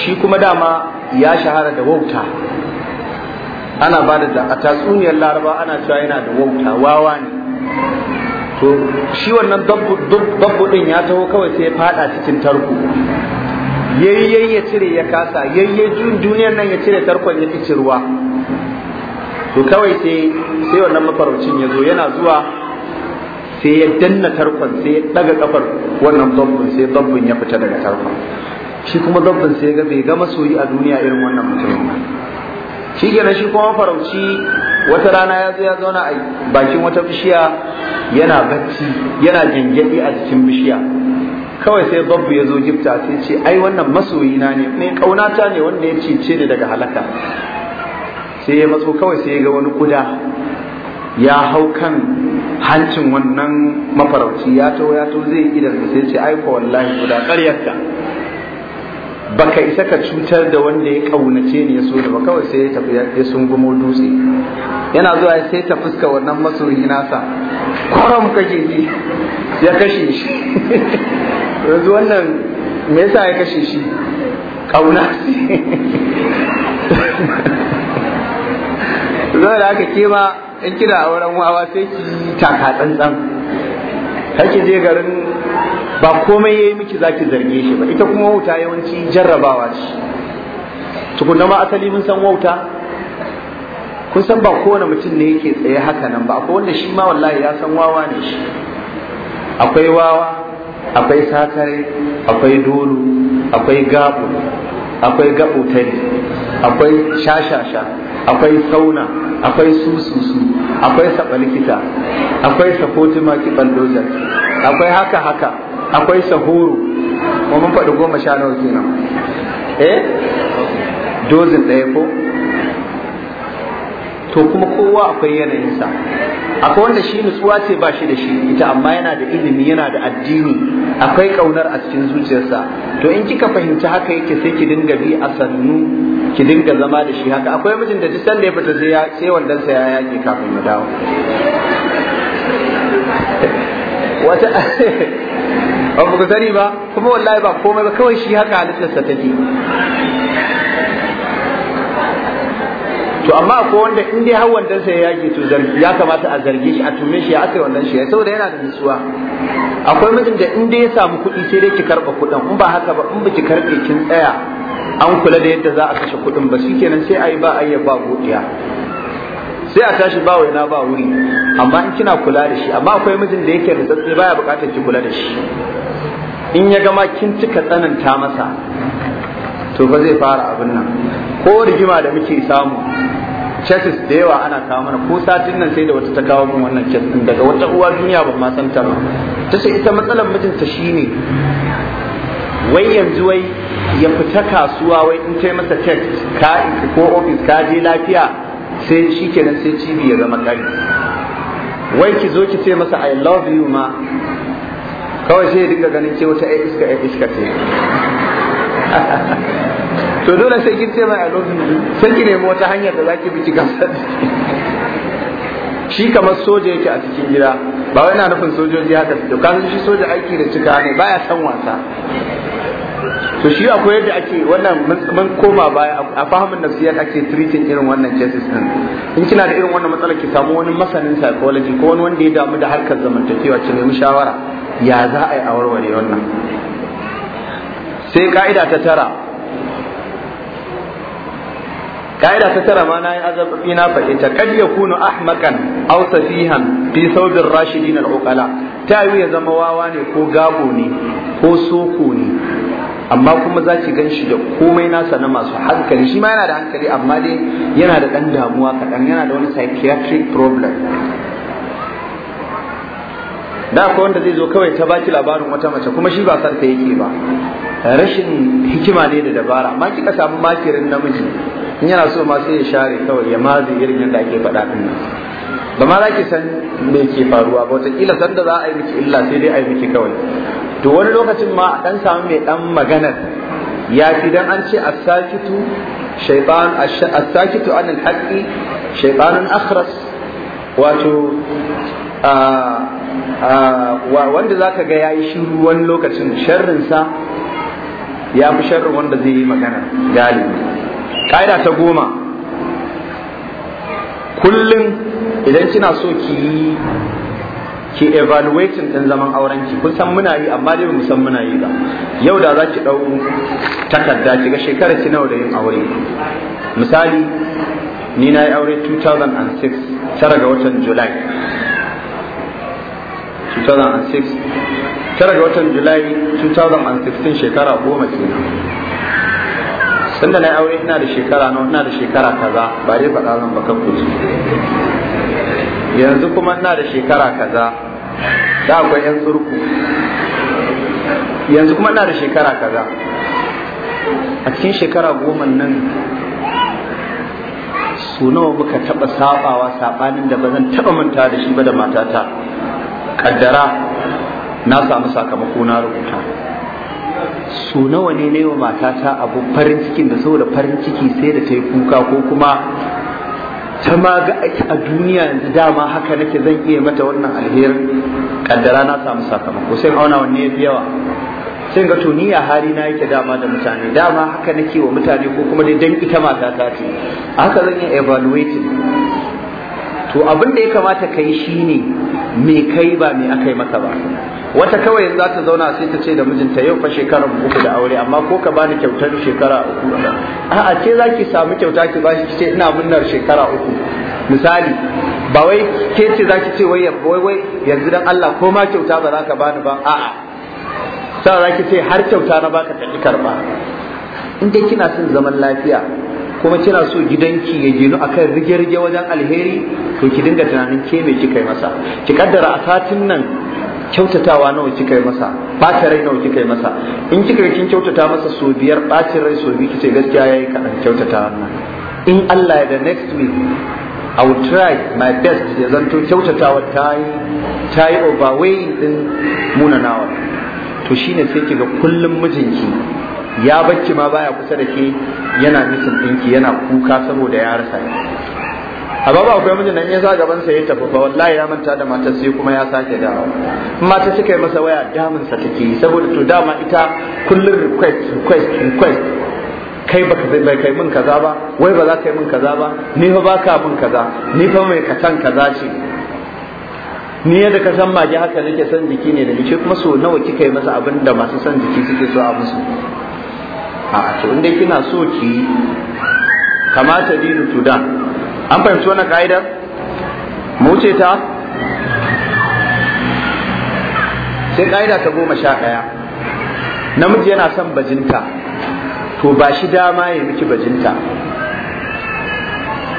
shi kuma dama ya shahara da wauta ana ba da a tatsuniyar laraba ana cewa yana da wauta wawa ne to shi wannan dabbu din ya taho kawai sai ya fada cikin tarko yayye ya cire ya kasa yayye duniyar nan ya cire tarkon ya ci ruwa to kawai sai sai wannan mafaraucin ya zo yana zuwa sai ya danna tarkon sai ya daga kafar wannan dabbun sai dabbun ya fita daga tarkon shi kuma dabbun sai ga bai ga masoyi a duniya irin wannan mutumin ba shi kenan shi kuma farauci wata rana ya zo ya zauna a bakin wata bishiya yana bacci yana gyangyaɗi a jikin bishiya kawai sai babu ya zo gifta sai ce ai wannan masoyina ne ne kaunata ne wanda ya cece ni daga halaka sai ya matso kawai sai ya ga wani kuda ya hau kan hancin wannan mafarauci ya to ya to zai idan sai ce ai ko wallahi kuda ƙaryarka baka isa ka cutar da wanda ya kaunace ni ya so da ba kawai sai ya tafi ya sungumo dutse yana zuwa sai ta fuska wannan masoyi nasa kwaram kake ji ya kashe shi [LAUGHS] yanzu wannan me yasa ya kashe shi kauna zo da aka kema in kina a wurin wawa sai ki taka tsantsan kake je garin ba komai yayi miki zaki zarge shi ba ita kuma wauta yawanci jarrabawa ce tukunna ma asali mun san wauta kun san ba kowane mutum ne yake tsaye haka nan ba akwai wanda shi ma wallahi ya san wawa ne shi akwai wawa akwai sakare akwai dolu akwai gabu akwai gabutari akwai shashasha akwai sauna akwai sususu akwai sabalikita akwai safotima kiban dojar akwai haka haka akwai sahuru mun faɗi goma sha nawa kenan eh dozin ɗaya ko to kuma kowa akwai yanayinsa akwai wanda shi nutsuwa ce ba shi da shi ita amma yana da ilimi yana da addini akwai kaunar a cikin zuciyarsa to in kika fahimci haka yake sai ki dinga bi a sannu ki dinga zama da shi haka akwai mijin da duk sanda ya fita sai ya sai sa ya yake kafin ya dawo wata [LAUGHS] ba ku sani ba kuma wallahi ba komai ba kawai shi haka halittarsa take to amma ko wanda in dai har wandan sai yaki to ya kamata a zargi shi a tume shi a akai wannan shi saboda yana da nutsuwa akwai mijin da in dai ya samu kuɗi sai dai ki karɓa kuɗin in ba haka ba in biki karɓe kin tsaya an kula da yadda za a kashe kuɗin ba shikenan sai ayi ba ayya ba godiya sai a tashi ba waina ba wuri amma in kina kula da shi amma akwai mijin da yake rutsatsi baya bukatar ki kula da
shi
in ya gama kin cika tsananta masa to ba zai fara abin nan ko rigima da muke samu cases da yawa ana kawo mana ko satin nan sai da wata ta kawo min wannan kes din daga wata uwa duniya ba ma san ta ba ta ce ita matsalar mijinta shine wai yanzu wai ya fita kasuwa wai in ta masa text ka ko office ka je lafiya sai kenan sai cibi ya zama kari wai ki zo ki ce masa i love you ma kawai sai ya dinga ganin ke wata ai iska ai iska ce [LAUGHS] to dole sai kin ce mai i sai ki nemi wata hanyar da zaki bi ki gamsar shi kamar soja yake a cikin gida ba wai yana nufin sojoji haka to kasan shi soja aiki da cika ne baya san wasa to shi akwai yadda ake wannan mun koma baya a fahimin nafsiyar ake treating irin wannan cases din in kina da irin wannan matsalar ki samu wani masanin psychology ko wani wanda ya damu da harkar zamantakewa ki nemi shawara ya za a yi a warware wannan sai ka'ida ta tara ka'ida ta tara ma na yi azabi na fahimta kad yakunu ahmakan aw safihan fi saubir rashidin al-uqala ta yi ya zama wawa ne ko gabo ne ko soko ne amma kuma za ki gan shi da komai nasa na masu hankali shi ma yana da hankali amma dai yana da ɗan damuwa kaɗan yana da wani psychiatric problem da akwai wanda zai zo kawai ta baki labarin wata mace kuma shi ba sarta yake ba rashin hikima ne da dabara ma kika samu makirin namiji in yana so ma sai ya share kawai ya mazi irin yadda ake faɗa din nan ba ma za ki san me ke faruwa ba wataƙila san da za a yi miki illa sai dai a yi miki kawai to wani lokacin ma dan samu mai dan maganar ya fi dan an ce as-sakitu shaytan as-sakitu an al-haqqi akhras wato wanda zaka ga yayi shiru wani lokacin sharrin sa ya fi sharri wanda zai yi magana galibi ƙa'ida ta goma kullum idan kina so ki yi ki evaluating ɗin zaman aurenki kun san muna yi amma dai mu san muna yi ba yau da za ki ɗau takarda ki ga shekara ki nawa da yin aure misali ni na yi aure 2006 tara ga watan july 2006 tara ga watan Julai 2016 shekara goma kenan sun da na aure ina da shekara na ina da shekara kaza ba dai faɗa zan ba kan yanzu kuma ina da shekara kaza da akwai yan surku yanzu kuma ina da shekara kaza a cikin shekara goma nan su nawa muka taɓa sabawa sabanin da ba zan taɓa manta da shi ba da matata
kaddara? na samu
sakamako na rubuta su nawa ne na yi wa matata abu farin cikin da saboda farin ciki sai da ta yi kuka ko kuma ta ma ga a duniya yanzu dama haka nake zan iya mata wannan alherin kaddara na samu sakamako sai auna wanne ya fi yawa sai ga to ni ya hali na yake dama da mutane dama haka nake wa mutane ko kuma dai dan ita matata ce haka zan iya evaluating to abin da ya kamata ka yi shine me kai ba me akai yi maka ba wata kawai za ta zauna sai ta ce da mijinta yau fa shekarar uku da aure amma ko ka bani kyautar shekara uku a'a ce za samu kyauta ki bashi ki ce ina munnar shekara uku misali ba wai ke ce za ce wai wai wai yanzu dan Allah ko ma kyauta ba za ka bani ba a'a sai zaki ce har kyauta na baka ka karba in dai kina son zaman lafiya kuma kina so gidanki ya ginu akan rige-rige wajen alheri to ki dinga tunanin ke me kika yi masa ki kaddara a satin nan kyautatawa nawa kika yi masa bata rai nawa kika yi masa in kika kin kyautata masa so biyar bacin rai so biyu kice gaskiya yayi kaɗan kyautata wannan in Allah ya da next week I will try my best ya zanto kyautatawa ta yi ta yi overweight din munanawa to shine sai kiga kullum mijinki ya bacci ma baya kusa da ke yana nisan ɗinki yana kuka saboda ya rasa a baba akwai mijin nan ya sa gaban sa ya tafi fa wallahi ya manta da matar sai kuma ya sake dawo mata suka yi masa waya damin sa take saboda to dama ita kullun request request request kai baka bai kai min kaza ba wai ba za ka yi min kaza ba ni fa baka min kaza ni fa mai katan kaza ce ni yadda ka san mage haka nake son jiki ne da ni kuma so nawa kika yi masa abin da masu son jiki suke so a musu a to inda kina so ki kamata dinu tuda. an fahimci wannan ka'idar mu ce ta sai ka'ida ta goma sha ɗaya namiji yana son bajinta to ba shi dama ya miki bajinta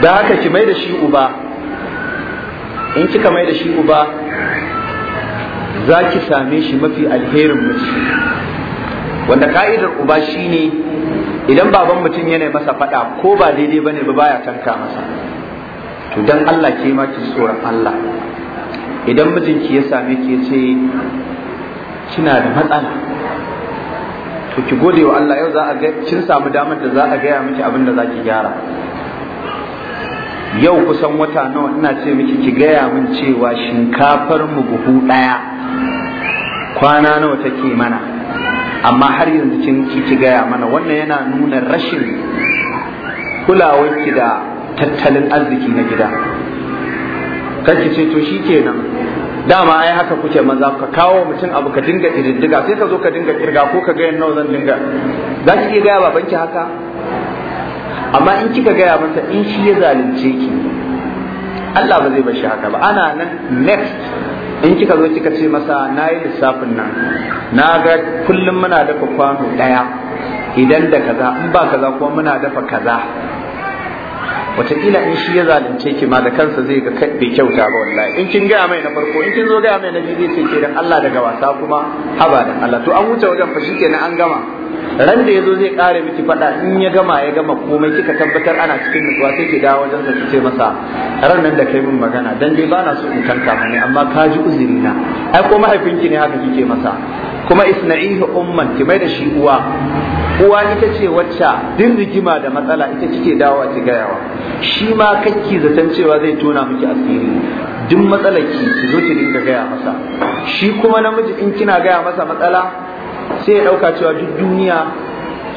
da haka ki mai da shi uba in kika mai da shi uba za ki same shi mafi alherin mace wanda ka'idar uba shine idan baban mutum yana masa faɗa ko ba daidai bane ba baya tanka masa to dan Allah ke ma tsoron Allah idan mijinki ya same ki ce kina da matsala to ki gode wa Allah yau za a ga kin samu damar da za a gaya miki abin da za ki gyara yau kusan wata nawa ina ce miki ki gaya min cewa shinkafar mu buhu ɗaya kwana nawa take mana amma har yanzu kin kici gaya mana wannan yana nuna rashin ki da tattalin arziki na gida kanki ce to shi kenan dama ai haka kuke maza ka kawo mutum abu ka dinga ididdiga sai ka zo ka dinga kirga ko ka gaya nawa zan dinga
za ki iya gaya babanki haka amma in
kika gaya masa in shi ya zalunce ki Allah ba zai bashi haka ba ana nan next in kika zo kika ce masa na yi lissafin nan na ga kullum muna dafa kwano ɗaya idan da kaza in ba kaza kuma muna dafa kaza wataƙila in shi ya zalunce ki ma da kansa zai ga bai kyauta ba wallahi in kin gaya mai na farko in kin zo gaya mai na biyu zai ce ke dan Allah daga wasa kuma haba dan Allah to an wuce wajen fa shikenan an gama ran da ya zo zai kare miki fada in ya gama ya gama komai kika tabbatar ana cikin nutsuwa sai ki dawo wajen sa ce masa ran nan da kai min magana dan dai ba na so in tanka mani amma ka ji uzuri na ai ko mahaifinki ne haka kike masa kuma isna'ihu umman ki mai da shi uwa uwa ita ce wacce din rigima da matsala ita kike dawo ci gayawa shi ma kakki zaton cewa zai tona miki asiri duk matsalar ki ki zo ki dinga gaya masa shi kuma namiji in kina gaya masa matsala sai ya ɗauka cewa duk duniya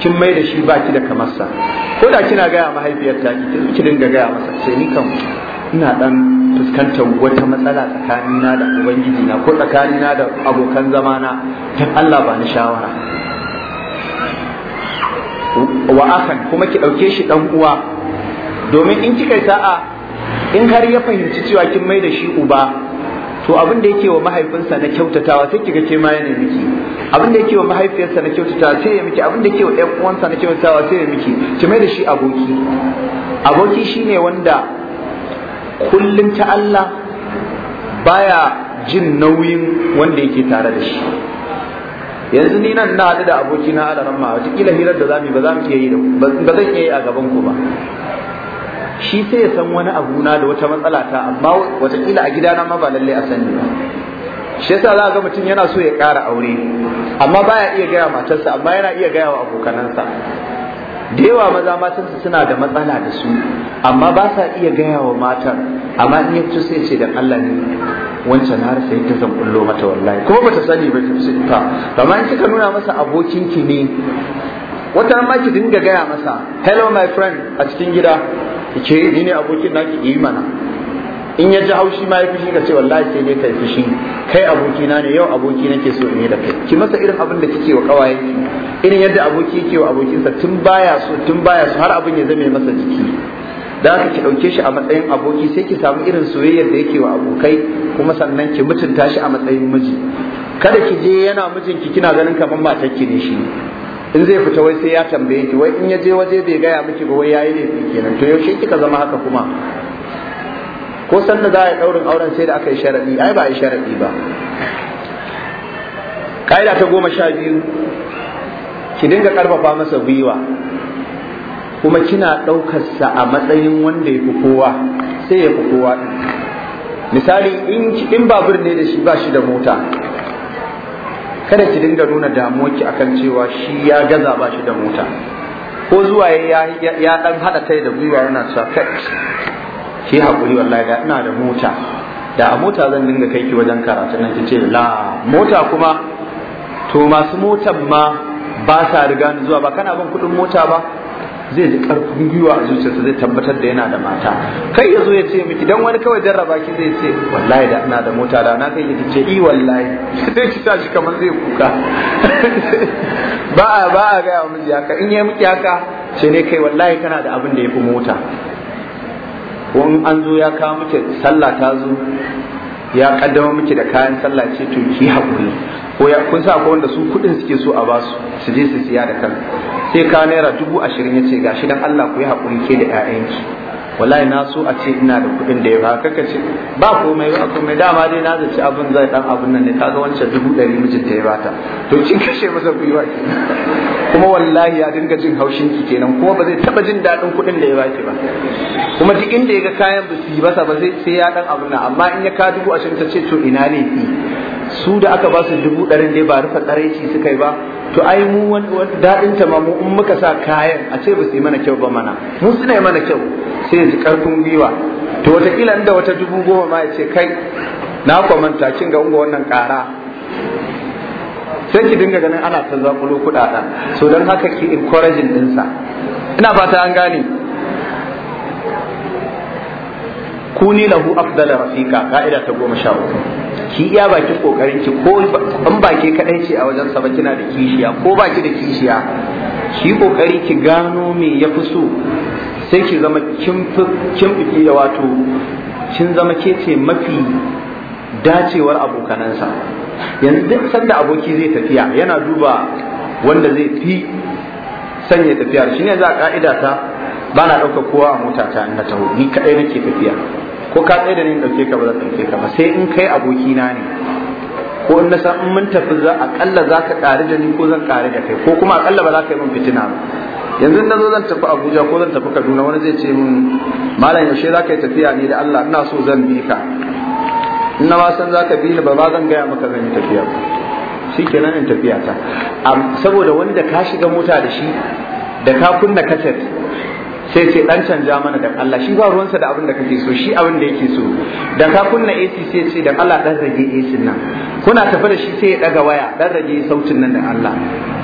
kin mai da shi baki da kamarsa ko da kina gaya mahaifiyar ta ki dinga gaya masa sai ni kan ina dan fuskantar wata matsala tsakanina da ubangiji na ko tsakanina da abokan zamana dan Allah ba ni shawara wa akan kuma ki ɗauke shi ɗan uwa domin in kika sa'a in har ya fahimci cewa kin mai da shi uba to abin da yake wa mahaifinsa na kyautatawa sai kiga ce ma yana miki abin da yake wa mahaifiyarsa na kyautatawa sai ya miki abin da yake wa ɗan uwansa na kyautatawa sai ya miki ki mai da shi aboki
aboki shine
wanda kullum ta Allah baya jin nauyin wanda yake tare da shi yanzu ni nan na haɗu da abokina a daren ma kila hirar da zamu ba za mu iya yi da ba zan iya yi a gaban ku ba shi sai ya san wani abu na da wata matsala ta amma watakila a gida na ma ba lallai a sani ba shi yasa za ga mutum yana so ya ƙara aure amma baya iya gaya matarsa amma yana iya gaya wa abokanansa da yawa maza su suna da matsala da su amma ba sa iya gaya wa matar amma in ya sai ce dan Allah ne wancan har sai ta zan kullo mata wallahi kuma bata sani ba ta ta amma in kika nuna masa abokin ki ne wata ma ki dinga gaya masa hello my friend a cikin gida ke eh, ni ne abokin naki yi eh mana in ya ji haushi ma ya fushi ka ce wallahi sai ne kai fushi kai abokina ne yau aboki nake so ne da kai ki masa irin abin da kike wa kawaye irin yadda aboki yake wa abokinsa tun baya so tun baya so har abin ya zame masa jiki da aka ki ɗauke shi a matsayin aboki sai ki samu irin soyayyar da yake wa abokai kuma sannan ki mutunta shi a matsayin miji kada ki je yana mijinki kina ganin kamar matar ki ne shi in zai fita wai sai ya tambaye ki wai in ya je waje bai gaya miki ba wai yayi laifi kenan to yaushe kika zama haka kuma ko sanda za a yi ɗaurin auren sai da aka yi sharaɗi ai ba a yi sharaɗi ba kaida ta goma sha biyu ki dinga karfafa masa gwiwa kuma kina ɗaukarsa a matsayin wanda ya fi kowa sai ya fi kowa misali in babur ne da shi ba shi da mota kada ki dinga nuna ki akan cewa shi ya gaza ba shi da mota ko zuwa ya ya dan hada tai da gwiwa yana cewa kai ki hakuri wallahi da ina da mota da a mota zan dinga kai ki wajen karatu nan ki ce la mota kuma to masu motan ma ba sa riga zuwa ba kana bin kudin mota ba zai ji karfin gwiwa a zuciyarsa zai tabbatar da yana da mata kai ya zo ya ce miki dan wani kawai jarraba ki zai ce wallahi da ina da mota da na kai ki ce i wallahi [LAUGHS] sai ki tashi kamar zai kuka [LAUGHS] ba a ba a ga miji haka in ya miki haka ce ne kai wallahi kana da abin da yafi mota wani an zo ya kawo miki sallah ta zo ya kaddama miki da kayan sallah ce to ki hakuri ko ya kun sa wanda su kudin suke so a basu su je su siya da kan sai ka naira dubu ashirin ya ce gashi dan Allah ku yi hakuri ke da 'ya'yanki wallahi na so a ce ina da kuɗin da ya ba kaka ce ba komai ba komai dama dai na zaci abin zai dan abin nan ne kaga wancan dubu ɗari mijin ta ya bata to kin kashe masa gwiwa kuma wallahi ya dinga jin haushin ki kenan kuma ba zai taba jin daɗin kuɗin da ya ki ba kuma duk inda ya ga kayan ba su yi basa ba sai ya dan abin nan amma in ya ka dubu ashirin ta ce to ina ne su da aka ba su dubu ɗarin dai ba rufe tsaraici suka yi ba to ai mu daɗin ta ma mu in muka sa kayan a ce ba su yi mana kyau ba mana mu suna yi mana kyau sai ji karfin gwiwa to wataƙila inda wata dubu goma ma ya ce kai na kwamanta kin ga unga wannan ƙara sai ki dinga ganin ana ta zaƙulo kuɗaɗen so don haka ki encouraging ɗinsa ina fata an gane kuni lahu afdala rafiqa ka'ida ta goma sha uku ki iya baki kokarin ki ko in baki kadai ce a wajen sa ba kina da kishiya ko baki da kishiya ki kokari ki gano me ya fi so sai ki zama kin fi da wato kin zama ke ce mafi dacewar abokanansa yanzu duk sanda aboki zai tafiya yana duba wanda zai fi sanya tafiyar shi ne za a ka'ida ta ba na ɗauka kowa a mota ta na taho ni kaɗai nake tafiya ko ka tsaye da ni ɗauke ka ba zan ɗauke ka ba sai in kai abokina ne ko in na san in mun tafi za kalla za ka ƙari da ni ko zan ƙari da kai ko kuma kalla ba za ka yi min fitina ba yanzu na zo zan tafi abuja ko zan tafi kaduna wani zai ce min malam yaushe za ka yi tafiya ni da allah ina so zan bi ka in na san za ka bi ni ba ba zan gaya maka zan yi tafiya ba shi kenan in tafiya
ta
saboda wanda ka shiga mota da shi da ka kunna kaset sai ce dan canja mana da Allah shi ba ruwansa da abin da kake so shi abin da yake so da ka kunna AC sai ce da Allah dan rage AC nan kuna tafi da shi sai ya daga waya dan rage sautin nan da Allah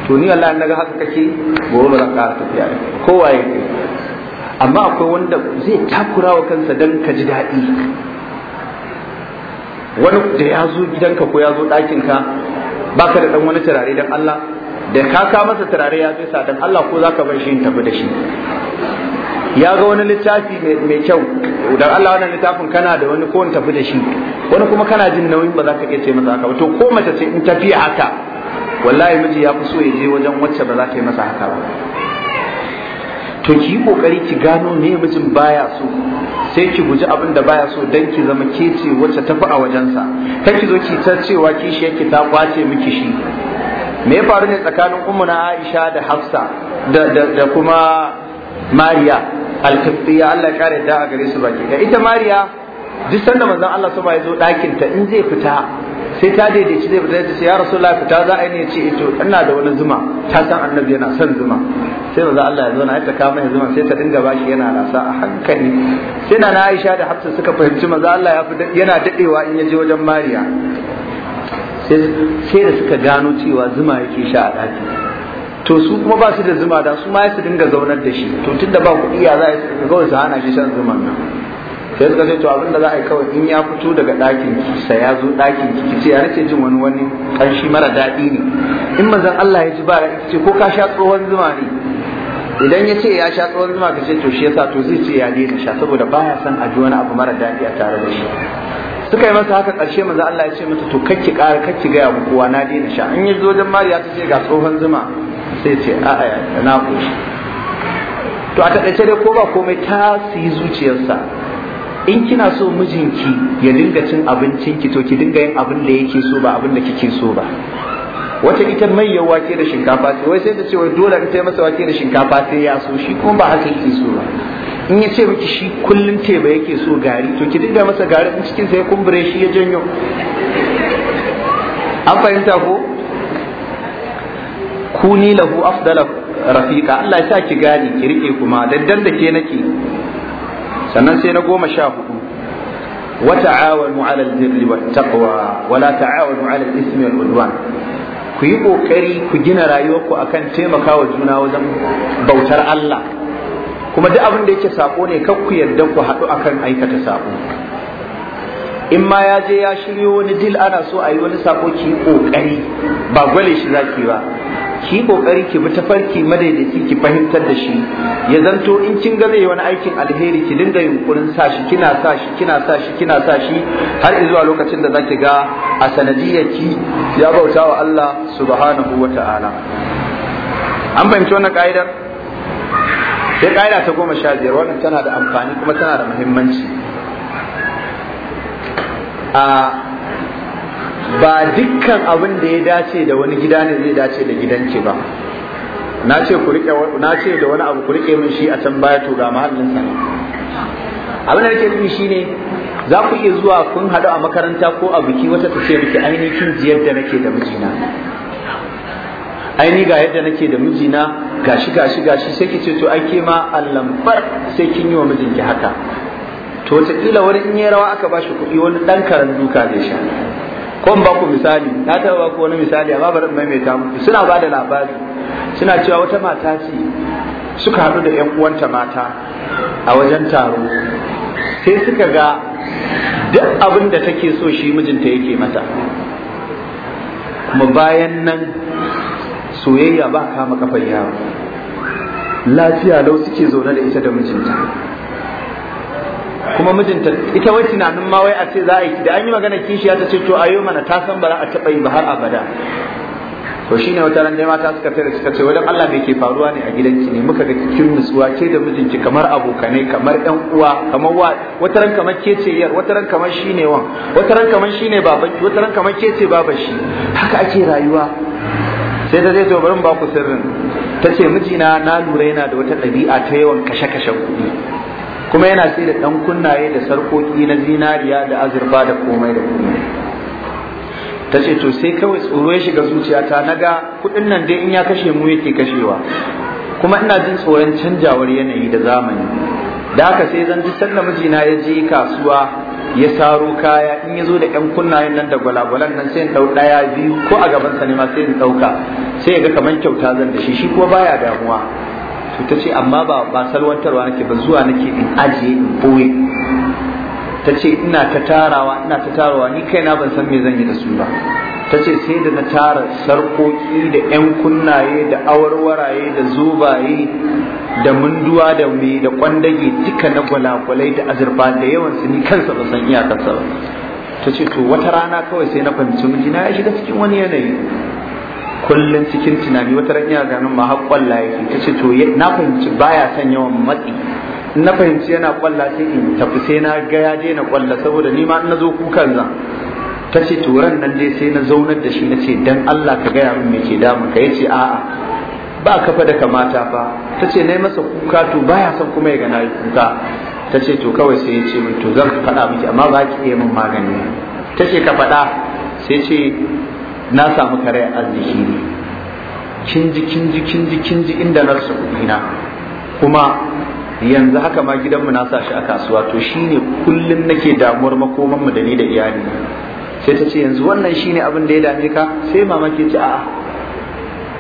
to ni Allah naga haka kake gobe ba zan ƙara tafiya waye ya amma akwai wanda zai takura wa kansa dan ka ji daɗi wani da ya zo gidanka ko ya zo ɗakinka baka da dan wani turare dan Allah da ka ka masa turare ya zai sa dan Allah ko zaka bar shi in tafi da shi ya ga wani littafi mai kyau da Allah wannan littafin kana da wani ko tafi da shi wani kuma kana jin nauyin ba za ka iya ce masa haka ba ko mace ce in tafi haka wallahi miji ya fi so ya je wajen wacce ba za ta yi masa haka ba to ki yi kokari ki gano me mijin baya so sai ki guji abin da baya so dan ki zama ke ce wacce tafi a wajensa kar ki zo ki ta cewa kishi yake ta kwace miki shi me ya faru ne tsakanin ummu na Aisha da Hafsa da, da kuma Mariya alkiftiya Allah ya kare da a gare su baki da ita mariya duk sanda manzon Allah sama ya zo dakin ta in zai fita sai ta daidaici zai fita sai ya rasulullah fita za a yi ne ce ito ina da wani zuma ta san annabi yana son zuma sai manzon Allah ya zo na ta kama ya zuma sai ta dinga bashi yana rasa a hankali sai na Aisha da Hafsa suka fahimci manzon Allah ya yana dadewa in ya je wajen mariya sai da suka gano cewa zuma yake sha a ɗakin to su kuma ba su da zuma da su ma ya su dinga zaunar da shi to tun da ba kuɗi ya za a yi kawai su hana shi shan zuman nan sai suka ce to abin da za a yi kawai in ya fito daga ɗakin sa ya zo ɗakin ki ce ya rike jin wani wani ƙanshi mara daɗi ne in manzon Allah ya ji ba ya ce ko ka sha tsohon zuma ne idan ya ce ya sha tsohon zuma ka ce to shi yasa to zai ce ya daina sha saboda baya son a ji wani abu mara daɗi a tare da shi suka yi masa haka ƙarshe manzon Allah ya ce mata to kakki ƙara kakki gaya mu kowa na daina sha in ya zo wajen Mariya ta ce ga tsohon zuma sai ce a'a na koshi to a takaice dai ko ba komai ta yi zuciyarsa in kina so mijinki ya dinga cin abincin ki to ki dinga yin abin da yake so ba abin da kike so ba wata ita mai yawa wake da shinkafa ce wai sai ta ce wai dole in ta masa wake da shinkafa sai ya so shi kuma ba haka yake so ba in ya ce miki shi kullum ba yake so gari to ki dinga masa gari in cikin sai kumbure shi ya janyo an fahimta ko kuni lahu afdala rafiqa Allah ya sa ki gani ki rike kuma daddan da ke nake sannan sai na goma sha hudu wa ta'awanu 'ala al-birri wa taqwa wa la ta'awanu 'ala al ismi wal 'udwan ku yi kokari ku gina rayuwarku akan taimakawa juna wajen bautar Allah kuma duk abin da yake sako ne kar ku yarda ku haɗu akan aikata sako in ma ya je ya shiryo wani dil ana so a yi wani sako ki yi kokari ba gwale shi zaki ba ki yi kokari ki bi tafarki madaidaici ki fahimtar da shi ya zanto in kin ga zai wani aikin alheri ki dinga yunkurin sa shi kina sa shi kina sa shi kina sa shi har zuwa lokacin da zaki ga a sanadiyyarki ya bauta wa Allah subhanahu wa ta'ala an fahimci wannan ka'idar sai ka'ida ta goma sha biyar wannan tana da amfani kuma tana da muhimmanci a ba dukkan abin da ya dace da wani gida ne zai dace da gidanki ba na ce ku rike na ce da wani abu ku rike min shi a can baya to ga mahallin sa abin da nake nufi shine za ku iya zuwa kun haɗu a makaranta ko a biki wata ta ce miki ainihin jiyar da nake da mijina aini ga yadda nake da mijina gashi gashi gashi sai ki ce to ai ke ma allambar sai kin yi wa mijinki haka to wataƙila wani in yi rawa aka ba shi kuɗi wani ɗan karan duka zai sha ko ba ku misali na taɓa ba ku wani misali amma bari maimaita muku suna ba da labari suna cewa wata mata ce suka haɗu da ƴan uwanta mata a wajen taro sai suka ga duk abin da take so shi mijinta yake mata kuma bayan nan soyayya ba kama kafar yaro. lafiya lau suke zaune da ita da mijinta kuma mijinta ita wai tunanin ma wai a ce za a yi da an yi magana kishiya ta ce to ayo mana ta san ba za a taɓa yi ba har abada to shine wata ran dai mata suka tare suka ce wajen Allah me ke faruwa ne a gidanki ne muka ga kin nutsuwa ke da mijinki kamar abokanai kamar ɗan uwa kamar wa wata ran kamar ke ce yar wata ran kamar shine wan wata ran kamar shine baban wata ran kamar ke ce baban shi haka ake rayuwa sai ta ce to bari ba ku sirrin ta ce mijina na lura yana da wata ɗabi'a ta yawan kashe-kashen kuɗi kuma yana sai da ɗan kunnaye da sarkoki na zinariya da azurfa da komai da komai ta ce to sai kawai tsoro ya shiga zuciyata na ga kuɗin nan dai in ya kashe mu yake kashewa kuma ina jin tsoron canjawar yanayi da zamani da haka sai zan ji sanda mijina ya je kasuwa ya saro kaya in ya zo da ƴan kunnayen nan da gwalagwalan nan sai in ɗau ɗaya biyu ko a gaban sa ne ma sai in ɗauka sai ya ga kamar kyauta zan da shi shi kuma baya damuwa ta ce amma ba ba salwantarwa nake ba zuwa nake in ajiye in boye ta ce ina ta tarawa ina ta tarawa ni kaina ban san me zan yi da su ba ta ce sai da na tara Sarkoki, da 'yan kunnaye da awarwaraye da Zubaye, da munduwa da me da kwandage duka na gwalagwalai da azurfa da yawan su ni kansa ba san iyakarsa ba ta ce to wata rana kawai sai na fahimci mijina ya shiga cikin wani yanayi kullum cikin tunani wata ran ina ganin ma har kwalla yake tace to na fahimci baya son yawan matsi na fahimci yana kwalla sai in tafi sai na ga ya daina kwalla saboda ni ma na nazo kukan zan ta ce ran nan dai sai na zaunar da shi na ce dan Allah ka gaya min me ke damu ka yace a'a ba kafa da kamata fa ta ce na masa kuka to baya son kuma ya na kuka ta ce to kawai sai ya ce min to zan faɗa miki amma ba ki iya min magani ta ce ka faɗa sai ce na samu kare arziki ne kin ji kin ji kin ji kin ji inda na rasa na. kuma yanzu haka ma gidanmu na sa shi a kasuwa to shine kullum nake damuwar makoman mu da ni da iyali sai ta ce yanzu wannan shine abin da ya dame ka sai mama ke ce a'a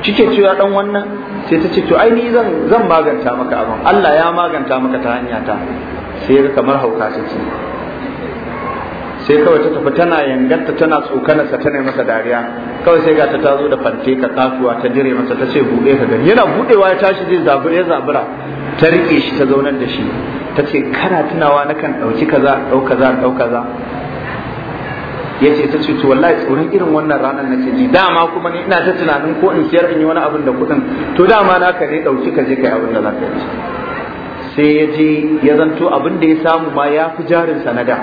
kike cewa dan wannan sai ta ce to ai ni zan zan maganta maka abin Allah ya maganta maka ta hanya ta sai kamar hauka ce sai kawai ta tafi tana yangarta tana sa tana masa dariya kawai sai ga ta tazo da fante ka kasuwa ta dire masa ta ce buɗe ka gani yana buɗewa ya tashi zai zabura ya zabura ta riƙe shi ta zaunar da shi ta ce kana tunawa na kan ɗauki kaza ɗau kaza ɗau kaza ya ce ta ce to wallahi tsoron irin wannan ranar na ce ji dama kuma ni ina ta tunanin ko in siyar in yi wani abin da kuɗin to dama ka ne ɗauki ka je ka yi abin da za ka yi sai ya je ya zanto abin da ya samu ma ya fi jarinsa na da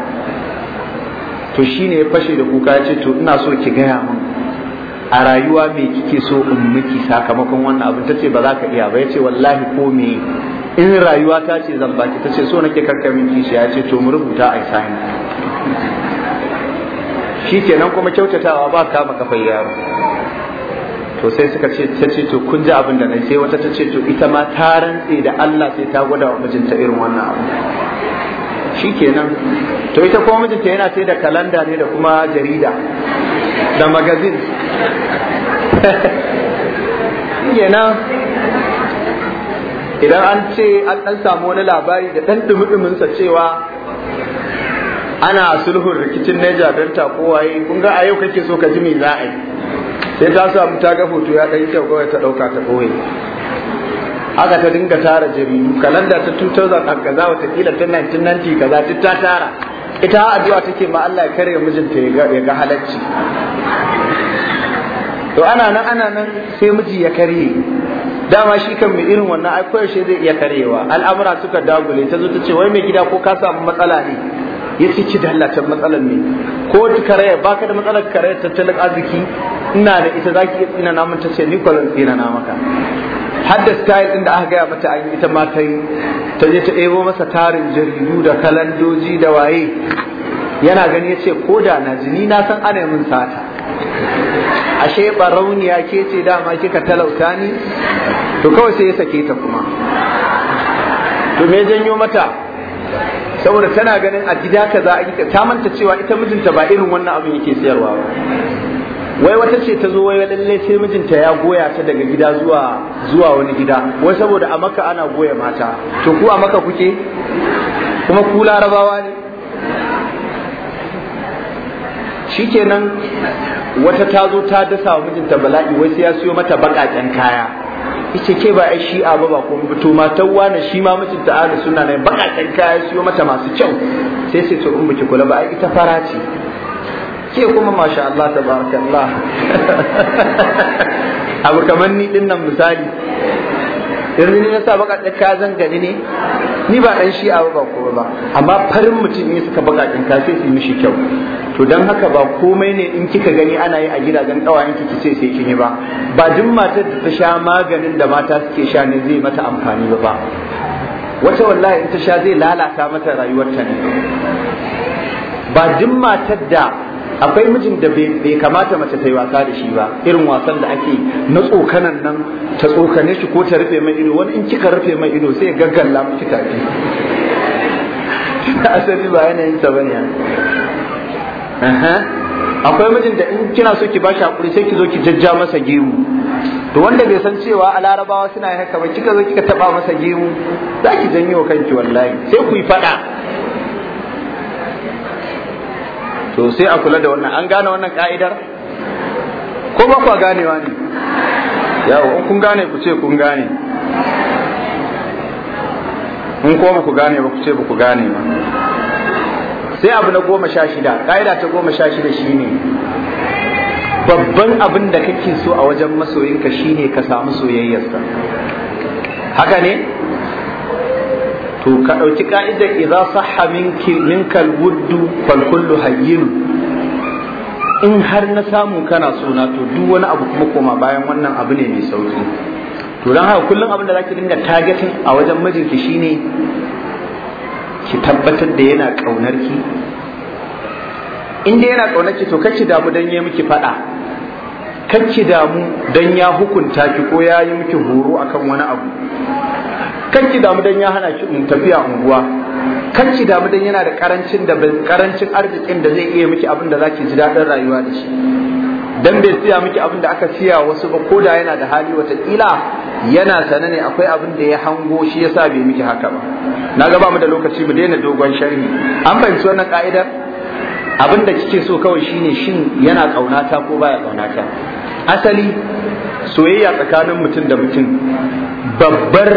to shi ne ya fashe da kuka ya ce to ina so ki gaya min a rayuwa me kike so in miki sakamakon wannan abin tace ba za ka iya ba yace wallahi ko me in rayuwa ta ce zan baki tace so nake karkamin kishi ya ce to mu rubuta a sign shi kenan kuma kyautatawa ba kama kafar yaro to sai suka ce ta ce to kun ji abin da na sai wata ta ce to ita ma ta rantse da Allah sai ta gwada wa mijinta irin wannan abu Shi kenan, to ita kuma mijinta yana sai da kalanda ne da kuma jarida da magazin [LAUGHS] kenan idan an ce an dan samu wani labari da dan ɗuminsa cewa ana sulhun rikicin Niger Delta kowaye kun ga a yau kake so ka ji me za yi sai ta samu ta ga hoto ya dan kyau kawai ta ɗauka ta ɓoye haka ta dinga tara jaridu kalanda ta 2000 an kaza watakila ta 1990 kaza duk ta tara ita addu'a take ma Allah ya kare mijinta ya ga halacci
to ana nan ana nan sai
miji ya karye dama shi kan mai irin wannan ai koyaushe zai iya karewa al'amura suka dagule ta zo ta ce wai mai gida ko ka samu matsala ne ya ce ci da ta matsalar ne ko karaya baka da matsalar karayar tattalin arziki ina da ita zaki iya tsina naman ta ce ni kwalin tsina na maka har da style din da aka gaya mata an ita ma ta yi ta je ta ebo masa tarin jaridu da kalandoji da waye yana gani ya ce ko da na jini na san ana min sata ashe barauniya ke ce dama kika talauta ni to kawai sai ya sake ta kuma to me janyo mata saboda tana ganin a gida kaza ta manta cewa ita mijinta ba irin wannan abin yake siyarwa
ba
wai wata ce ta zo wai lalle sai mijinta ya goya ta daga gida zuwa zuwa wani gida wai saboda a maka ana goya mata to ku a maka kuke kuma ku larabawa ne shikenan wata ta zo ta dasa wa mijinta bala'i wai sai ya siyo mata baƙaƙen kaya ita ke ba ai shi'a ba ba kuma to matan wani shi ma mijinta ana sunna ne baƙaƙen kaya siyo mata masu kyau sai sai to in biki kula ba ai ita fara ce ke kuma masha Allah ta Allah. [LAUGHS] abu kamar ni din nan misali yanzu ni na baka da ka gani ne ni ba dan shi abu ba ko ba amma farin mutum ne suka baka din ka sai su mishi kyau to dan haka ba komai ne in kika gani ana yi a gida gidajen kawayen ki ce sai kin yi ba ba duk matar da ta sha maganin da mata suke sha ne zai mata amfani ba wata wallahi in ta sha zai lalata mata rayuwarta ne ba duk matar da akwai mijin da bai kamata mace ta yi wasa da shi ba irin wasan da ake na tsokanan nan ta tsokane shi ko ta rufe mai ido wani in kika rufe mai ido sai gaggalla miki tafi [LAUGHS] asali ba yanayin sa bane akwai mijin da in kina so ki bashi hakuri sai ki zo ki jajja masa gemu to wanda bai san cewa a larabawa suna yi haka ba kika zo kika taba masa gemu za ki janyo kanki wallahi sai ku yi fada to sai a kula da wannan an gane wannan ka'idar ko ba kwa ganewa ne yawo in kun gane ku ce kun gane in ko ba ku gane ba ku ce ba ku gane ba sai abu na goma sha shida ka'ida ta goma sha shida shi ne. babban abin da kake so a wajen masoyinka shine ka samu soyayyarsa haka ne to ka ɗauki ka'idar idza sahha minkal wuddu fal kullu hayyin in har na samu kana suna to duk wani abu kuma koma bayan wannan abu ne mai sauki to don haka kullum abin da zaki dinga targeting a wajen mijinki shine ki tabbatar da yana kaunar ki in dai yana kaunar ki to kacci damu dan yayi miki fada kacci damu dan ya hukunta ki ko ya yi miki horo akan wani abu kan ki damu dan ya hana ki tafiya unguwa kan ki damu dan yana da karancin da karancin arzikin da zai iya miki abin da zaki ji daɗin rayuwa da shi dan bai siya miki abin da aka siya wasu ba koda yana da hali watakila yana sana ne akwai abin da ya hango shi yasa bai miki haka ba na ga mu da lokaci mu daina dogon sharhi an fahimci wannan ka'idar abin da kike so kawai shine shin yana kaunata ko baya kaunata asali soyayya tsakanin mutum da mutum babbar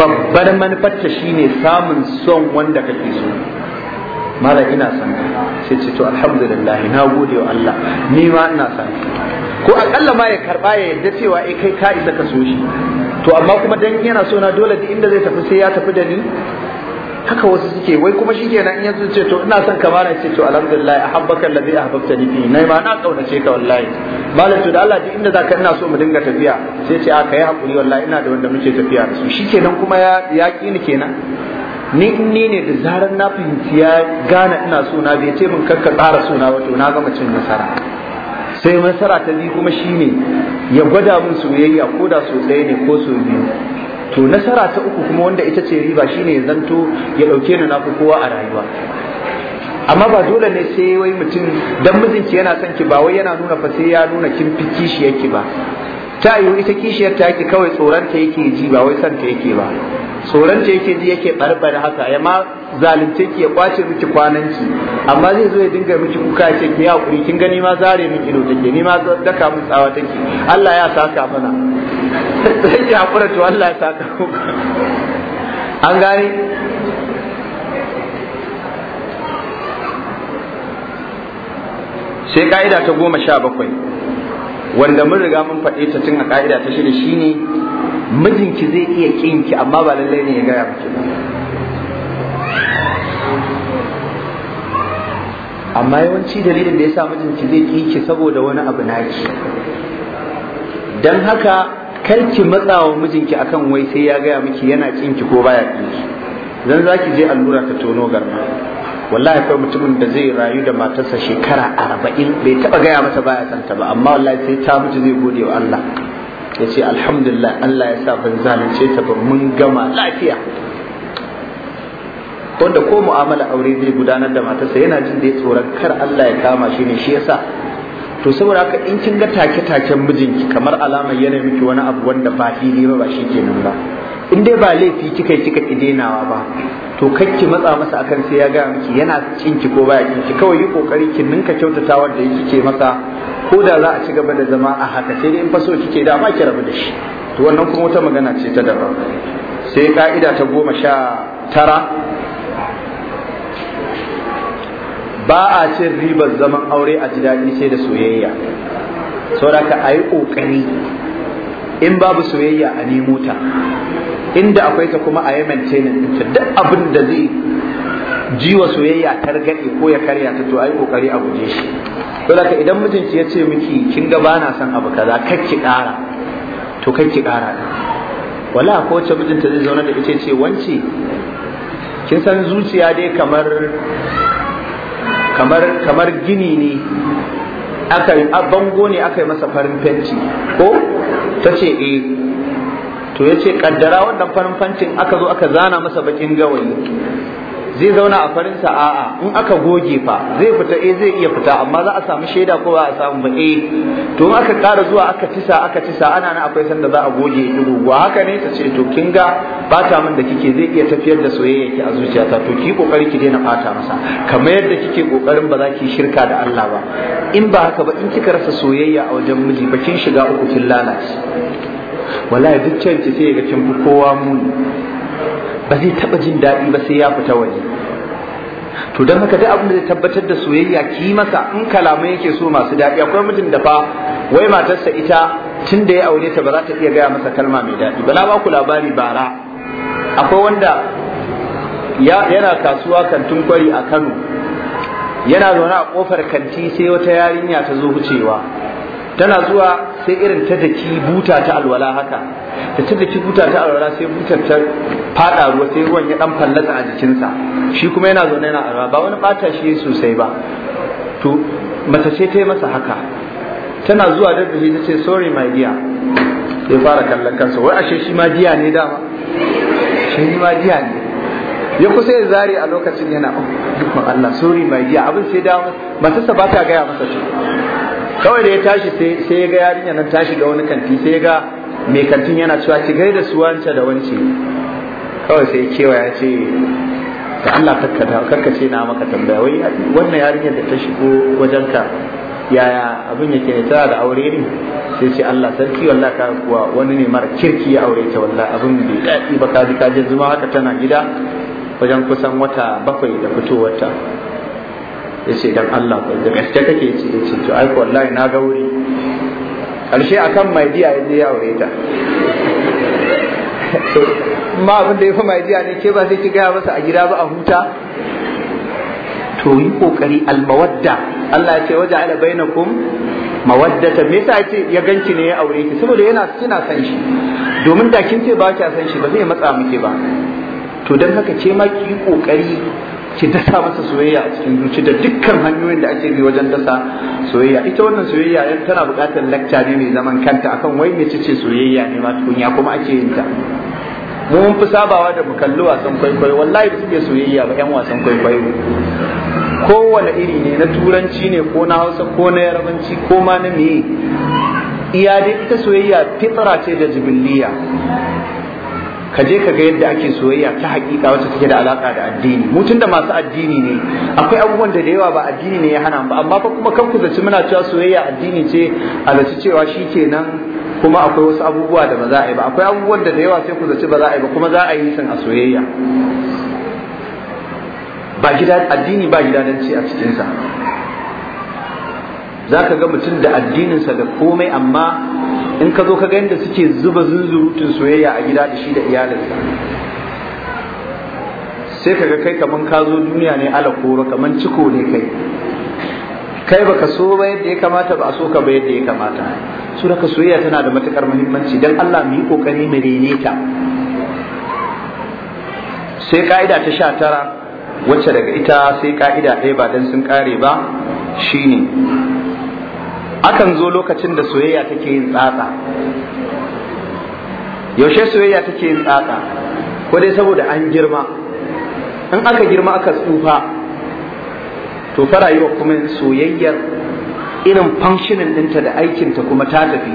babbar manufarta shine samun son wanda kake so mala ina son ka sai ce to alhamdulillah na gode wa Allah ni ma ina son ko akalla ma ya karba ya yadda cewa eh kai ka isa ka so shi to amma kuma dan yana so na dole da inda zai tafi sai ya tafi da ni haka wasu suke wai kuma shi kenan in yanzu ce to ina son ka bana ce to alhamdulillah ahabbaka allazi ahabbta ni fi nai ma na kaunace ka wallahi malam to da Allah duk inda zaka ina so mu dinga tafiya sai ce a kai hakuri wallahi ina da wanda muke tafiya da su shi kenan kuma ya ya ni kenan ni in ni ne da zarar na fahimci ya gane ina so na bai ce min karka tsara so na wato na gama cin nasara sai nasara ta biyu kuma shine ya gwada min soyayya ko da so ɗaya ne ko so biyu to nasara ta uku kuma wanda ita ce riba shine ya zanto ya dauke ni na kowa a rayuwa amma ba dole ne sai wai mutum dan mijinki yana son ki ba wai yana nuna fa sai ya nuna kin fiki shi yake ba ta yiwu ita kishiyar ta yake kawai tsoronta yake ji ba wai santa yake ba tsoronta yake ji yake barbara haka ya ma zalunce ki ya kwace miki kwananki amma zai zo ya dinga miki kuka ya ce ki kuri kin gani ma zare min ido take ni ma daka mun tsawa take Allah ya saka mana [LAUGHS] sai ki hakura to Allah ya saka an gane sai ka'ida ta goma sha bakwai wanda mun riga mun faɗe ta tun a ƙa'ida ta shida ne mijinki zai iya ƙinki amma ba lallai ne ya gaya miki amma yawanci dalilin da ya sa mijinki zai ƙinki saboda wani abu na naki don haka karki matsa wa mijinki akan wai sai ya gaya miki yana kinki ko baya zan za ki je allura ta tono garba. wallahi akwai mutumin da zai rayu da matarsa shekara arba'in bai taɓa gaya mata baya santa ba amma wallahi sai ta mutu zai gode wa Allah ya ce alhamdulillah Allah ya sa ban zalunce ta ba mun gama lafiya wanda ko mu'amala aure zai gudanar da matarsa yana jin da ya tsoron kar Allah ya kama shi ne shi yasa to saboda haka in kin ga take-taken mijinki kamar alamar yana miki wani abu wanda ba fili ba ba shi kenan ba in dai ba laifi kika kika ki ba to kakki matsa masa akan sai ya gaya miki yana cinki ko baya cinki kawai yi kokari ki ninka kyautata wanda yake kike masa ko da za a ci gaba da zama a haka sai dai in faso kike da ma ki rabu da shi to wannan kuma wata magana ce ta daban sai ka'ida ta goma sha tara ba a cin ribar zaman aure a ji daɗi sai da soyayya saboda ka a yi ƙoƙari in babu soyayya a nemo ta inda akwai ta kuma a yi maintenance ta duk abin da zai ji wa soyayya targaɗe ko ya karya ta to ai kokari a guje shi to laka idan mijinki ya ce miki kin ga bana son abu kaza kakki ƙara to kakki ƙara wala ko wace mijinta zai zauna da ita ce wance kin san zuciya dai kamar kamar kamar gini ne aka yi bango ne aka yi masa farin fenti ko ta ce eh to ya ce kaddara wannan farin fentin aka zo aka zana masa bakin gawayi zai zauna a farin farinsa a'a in aka goge fa zai fita eh zai iya fita amma za a samu shaida ko ba a samu ba eh to in aka kara zuwa aka tisa aka tisa ana nan akwai sanda za a goge ido wa haka ne ta ce to kin ga bata min da kike zai iya tafiyar da soyayya ki a zuciyata to ki kokari ki daina fata masa kamar yadda kike kokarin ba za ki shirka da Allah ba in ba haka ba in kika rasa soyayya a wajen miji ba kin shiga uku kin lalace wallahi duk canci sai ga kin fi kowa muni ba zai taba jin daɗi ba sai ya fita waje to don haka duk abin da zai tabbatar da soyayya ki masa in kalamai yake so masu daɗi akwai mutum da fa wai matarsa ita tun da ya aure ta ba za ta iya gaya masa kalma mai daɗi ba na ba ku labari bara akwai wanda yana kasuwa kantin kwari a Kano yana zaune a kofar kanti sai wata yarinya ta zo wucewa tana zuwa sai irin ta daki buta ta alwala haka da ta daki buta ta alwala sai butar ta fada ruwa sai ruwan ya dan fallasa a jikinsa shi kuma yana zaune yana alwala ba wani bata shi sosai ba to mace ce ta yi masa haka tana zuwa da shi ta ce sorry my dear sai fara kallon kansa wai ashe shi ma diya ne dama
shi ma diya
ne ya kusa ya zare a lokacin yana oh, dukkan Allah sorry my dear abin sai da matarsa ba ta gaya masa
ce
kawai da ya tashi sai ya ga yarinya nan tashi da wani kanti sai ya ga mai kantin yana cewa ki gai su wance da wance kawai sai kewa ya ce da Allah karka ce na maka tambaya wai wannan yarinyar da ta shigo wajenka yaya abin yake ne tana da aure ne sai ce Allah sarki wallahi ka kuwa wani ne mara kirki ya aure ta wallahi abin bai daɗi ba kaji kaji zuma haka tana gida wajen kusan wata bakwai da fitowarta ya ce dan Allah ko da gaske kake ce ya ce to ai wallahi na ga wuri karshe akan mai diya ya je ya aure ta [LAUGHS] ma abin da ya fi mai diya ne ke ba sai ki gaya masa a gida ba a huta to yi kokari almawadda Allah ya ce waje ala bainakum mawaddata me yasa yace ya ganki ne ya aure ki saboda yana kina san shi domin da kin ce ba kya san shi ba zai matsa muke ba to dan haka ce ma ki kokari ki dasa masa soyayya a cikin zuci da dukkan hanyoyin da ake bi wajen dasa soyayya ita wannan soyayya yan tana buƙatar lakcari ne mai zaman kanta akan wai ne ce soyayya ne ma tukunya kuma ake yin ta mun fi sabawa da mu kalli wasan kwaikwayo wallahi ba su ke soyayya ba yan wasan kwaikwayo kowane iri ne na turanci ne ko na hausa ko na yarabanci ko ma na meye iya dai ita soyayya fitra ce da jibiliya ka je ka ga yadda ake soyayya ta hakika wacce take da alaka da addini mutun da masu addini ne akwai abubuwan da da yawa ba addini ne ya hana ba amma fa kuma kan ku zaci muna cewa soyayya addini ce a zaci cewa shikenan kuma akwai wasu abubuwa da ba za a yi ba akwai abubuwan da da yawa sai ku zaci ba za a yi ba kuma za a yi sun a soyayya ba gida addini ba gidadanci a cikin sa za ka ga mutum da addininsa da komai amma in ka zo ka ga yadda suke zuba zunzurutun soyayya a gida da shi da iyalinsa sai ka ga kai kaman ka zo duniya ne ala koro kaman ciko ne kai kai baka so ba yadda ya kamata ba a so ka ba yadda ya kamata su da soyayya tana da matukar muhimmanci dan Allah mu yi kokari mu rene ta sai ka'ida ta sha tara wacce daga ita sai ka'ida ɗaya ba dan sun kare ba shine akan zo lokacin da soyayya take yin tsatsa yaushe soyayya take yin tsatsa ko dai saboda an girma in aka girma aka tsufa to yi rayuwa kuma soyayyar irin functioning ɗinta da aikinta kuma ta tafi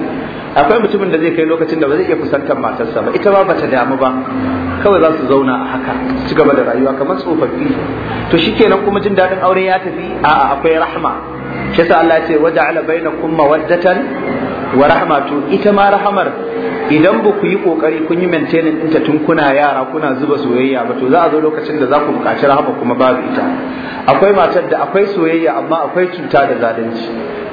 akwai mutumin da zai kai lokacin da ba zai iya kusantar matarsa ba ita ba bata damu ba kawai za su zauna a haka su ci gaba da rayuwa kamar tsofaffi to shikenan kuma jin daɗin aure ya tafi a'a akwai rahma shi yasa Allah ya wa ja'ala bainakum mawaddatan wa rahmatu ita ma rahamar idan ba ku yi kokari kun yi din ta tun kuna yara kuna zuba soyayya ba to za a zo lokacin da za ku buƙaci rahama kuma babu ita akwai matar da akwai soyayya amma akwai cuta da zalunci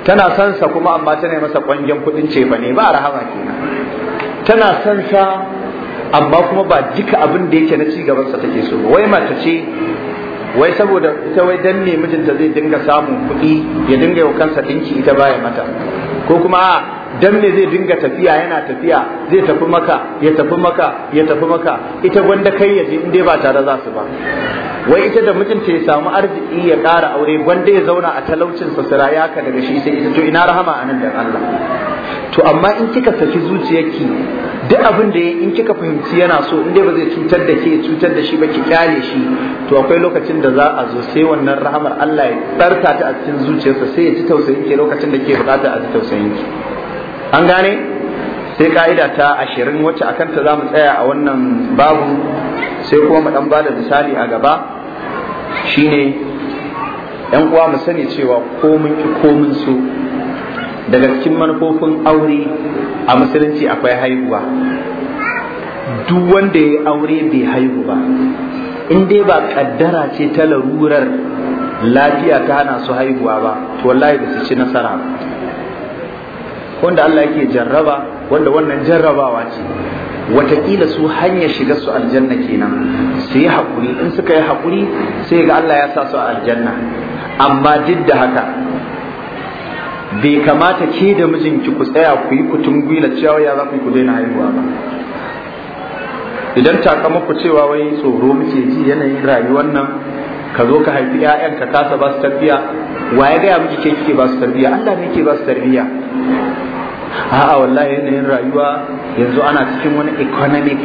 tana son sa kuma amma tana masa kwangen kuɗin ce ba ne ba rahama kenan tana son sa amma kuma ba duka abin da yake na cigaban sa take so ba wai mata ce wai saboda ita wai dan me mijinta zai dinga samun kuɗi ya dinga yau kansa dinki ita baya mata ko kuma dan me zai dinga tafiya yana tafiya zai tafi maka ya tafi maka ya tafi maka ita gwanda kai ya je inda ba tare za su ba wai ita da mijinta ya samu arziki ya ƙara aure gwanda ya zauna a talaucin sa sira yaka daga shi sai ita to ina rahama anan dan Allah to amma in kika saki zuciyarki duk abin da in kika fahimci yana so in ba zai cutar da ke cutar da shi ba ki kyale shi to akwai lokacin da za a zo sai wannan rahamar Allah ya tsarta ta a cikin zuciyarsa sai ya ci tausayin ke lokacin da ke bukata a ci tausayin ki an gane sai ka'ida ta ashirin wacce akan ta zamu tsaya a wannan babu sai kuma mu dan bada misali a gaba shine yan uwa mu sani cewa ko mun ki ko su. daga cikin manufofin aure a musulunci akwai haihuwa duk wanda ya aure bai haihu ba in dai ba kaddara ce ta larurar lafiya ta hana su haihuwa ba to wallahi ba su ci nasara wanda Allah yake jarraba wanda wannan jarrabawa ce watakila su hanyar shiga su aljanna kenan su yi haƙuri in suka yi haƙuri sai ga Allah ya sa su a aljanna amma duk da haka bai kamata ke da mijinki ku tsaya ku yi kutun gwila cewa ya za ku daina haihuwa ba idan takamaku cewa wai tsoro muke ji yanayin rayuwar nan ka zo ka haifi 'ya'yan ka kasa ba su tafiya wa ya gaya miki ke kike ba su tarbiya Allah ne ke ba su tarbiya a'a wallahi yanayin rayuwa yanzu ana cikin wani economic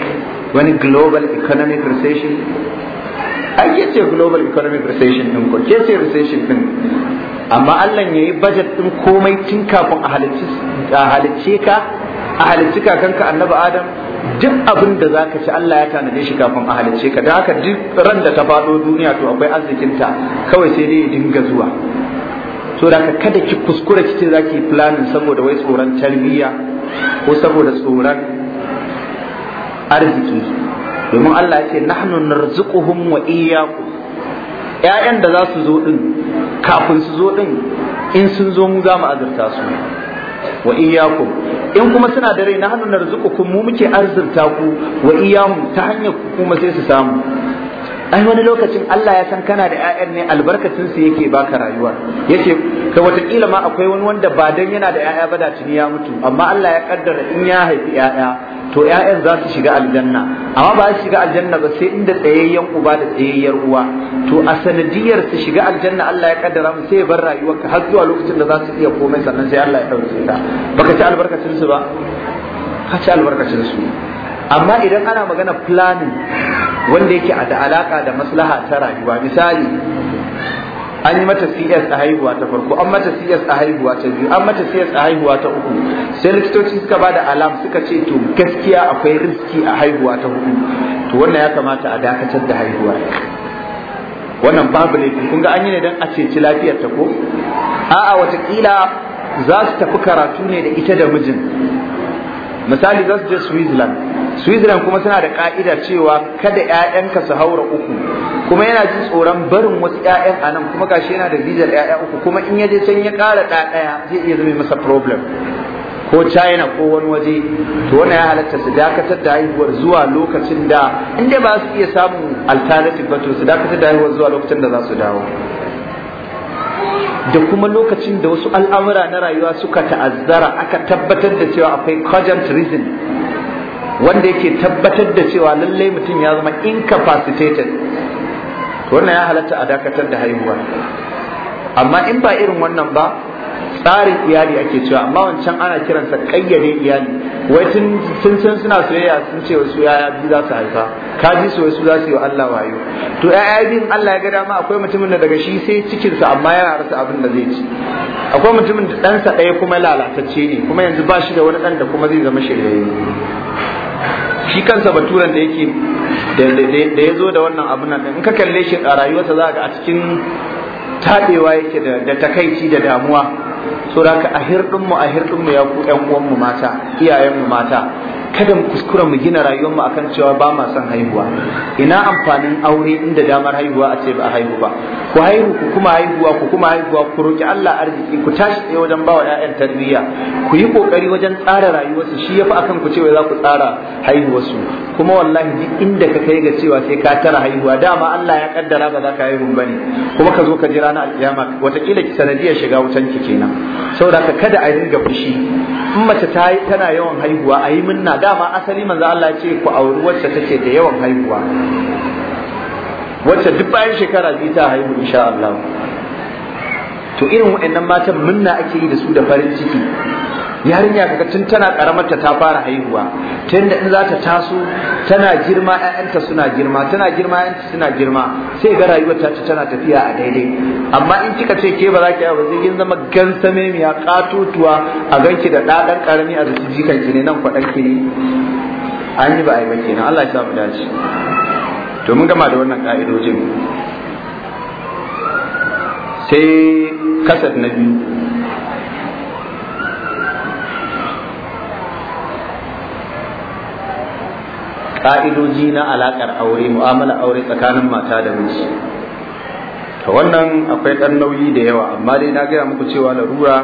wani global economic recession ai ke ce global economic recession din ko ke ce recession din amma Allah ya yi budget din komai tun kafin a halicce ka a halicci kanka annabi adam duk abin da zaka ci Allah ya tanade shi kafin a halicce ka da haka duk ran da ta faɗo duniya to akwai arzikinta kawai sai dai ya dinga zuwa so da ka kada ki kuskura ki ce za ki yi planning saboda wai tsoron tarbiyya ko saboda tsoron arziki domin Allah ya ce nahnu narzuquhum wa iyyakum ƴaƴan da za su zo din kafin su zo din in sun zo mu za mu azurta su wa iyyakum in kuma suna da rai nahnu narzuquhum mu muke arzurta ku wa iyyakum ta hanyar kuma sai su samu ai wani lokacin Allah ya san kana da ƴaƴan ne albarkacin su yake baka rayuwa yace ka watakila ma akwai wani wanda ba dan yana da ƴaƴa ba da tuni ya mutu amma Allah ya kaddara in ya haifi ƴaƴa to ƴaƴan za su shiga aljanna amma ba su shiga aljanna ba sai inda tsayayyen uba da tsayayyar uwa to a sanadiyar su shiga aljanna Allah ya kaddara mu sai bar rayuwarka har zuwa lokacin da za su iya komai sannan sai Allah ya dauke ta baka ci albarkacin su ba ka ci albarkacin su amma idan ana magana planning wanda yake da alaka da maslaha ta rayuwa misali an yi mata CS a haihuwa ta farko an mata CS a haihuwa ta biyu an mata CS a haihuwa ta uku sai likitoci suka ba da alam suka ce to gaskiya akwai riski a haihuwa ta hudu to wannan ya kamata a dakatar da haihuwa wannan babu laifi kun ga an yi ne don a ceci lafiyar ta ko a'a watakila za su tafi karatu ne da ita da mijin misali za su je Switzerland switzerland kuma tana da ka'ida cewa kada 'ya'yanka su haura uku kuma yana jin tsoron barin wasu 'ya'yan a nan kuma gashi yana da bizar 'ya'ya uku kuma in yaje can ya ƙara ɗa ɗaya zai iya zama masa problem ko china ko wani waje to wannan ya halatta su dakatar da haihuwar zuwa lokacin da inda ba su iya samun alternative ba to su dakatar da haihuwar zuwa lokacin da za su dawo da kuma lokacin da wasu al'amura na rayuwa suka ta'azzara aka tabbatar da cewa akwai cogent reason wanda yake tabbatar da cewa lalle mutum ya zama incapacitated wannan ya halatta a dakatar da haihuwa amma in ba irin wannan ba tsarin iyali ake cewa amma wancan ana kiransa kayyade iyali wai tun san suna soyayya sun ce wasu yaya biyu za su haifa ka ji su wasu za su yi wa Allah wayo to yaya biyun Allah ya ga dama akwai mutumin da daga shi sai cikinsa amma yana rasa abin da zai ci akwai mutumin da ɗansa ɗaya kuma lalatacce ne kuma yanzu ba shi da wani ɗan da kuma zai zama shirye shi kansa baturan da yake da ya zo da wannan abu nan in ka kalle shi a rayuwarsa za ga a cikin taɓewa yake da takaici da damuwa so da a hirɗinmu a hirɗinmu ya ku ‘yan uwanmu mata iyayenmu mata kada mu kuskura mu gina rayuwar mu akan cewa ba ma son haihuwa ina amfanin aure inda damar haihuwa a ce ba haihu ba ku haihu ku kuma haihuwa ku kuma haihuwa ku roki Allah arziki ku tashi tsaye wajen bawa ƴaƴan tarbiyya ku yi kokari wajen tsara rayuwarsu shi yafi akan ku cewa za ku tsara haihuwarsu kuma wallahi duk inda ka kai ga cewa sai ka tara haihuwa dama Allah ya kaddara ba za ka haihu bane kuma ka zo ka ji ranar alkiyama watakila ki sanadiyar shiga wutan ki kenan saboda ka kada a ringa fushi in mace ta tana yawan haihuwa a yi minna A dama asali manzo Allah ya ce ku auri wacce take da yawan haihuwa wacce duk bayan shekara biyu ta haihu insha Allah to irin waɗannan matan munna ake yi da su da farin ciki yarinya kaga tun tana karamarta ta fara haihuwa tun da in za ta taso tana girma ƴaƴanta suna girma tana girma ƴaƴanta suna girma sai ga rayuwar ta tana tafiya a daidai amma in kika ce ke ba za ki ba zai zama gansame mai ya katutuwa a ganki da ɗaɗan karami a zuci jikan ki ne nan kwaɗan ki ne an yi ba a yi ba kenan Allah ya sa mu dace to mun gama da wannan ka'idojin sai kasat na biyu ka'idoji na alaƙar aure mu'amala aure tsakanin mata da miji to wannan akwai ɗan nauyi da yawa amma dai na gaya muku cewa larura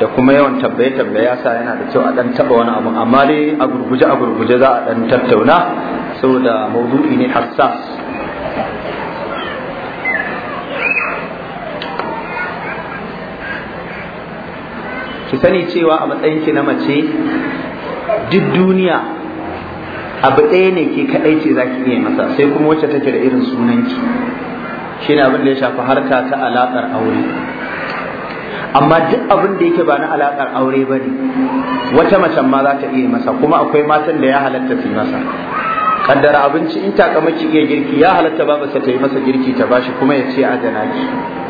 da kuma yawan tambaye tambaye sa yana da kyau a ɗan taɓa wani abu amma dai a gurguje a gurguje za a ɗan tattauna saboda maudu'i ne hassas ki sani cewa a matsayin ki na mace duk duniya abu ɗaya ne ke kaɗai ce za ki iya masa sai kuma wacce take da irin sunanki shi ne abin da ya shafi harka ta alaƙar aure amma duk abin da yake ba na alaƙar aure ba ne wata macen ma za ta iya masa kuma akwai matan da ya halatta fi masa kaddara abinci in takamaki iya girki ya halatta ba ta yi masa girki ta bashi kuma ya ce adana ki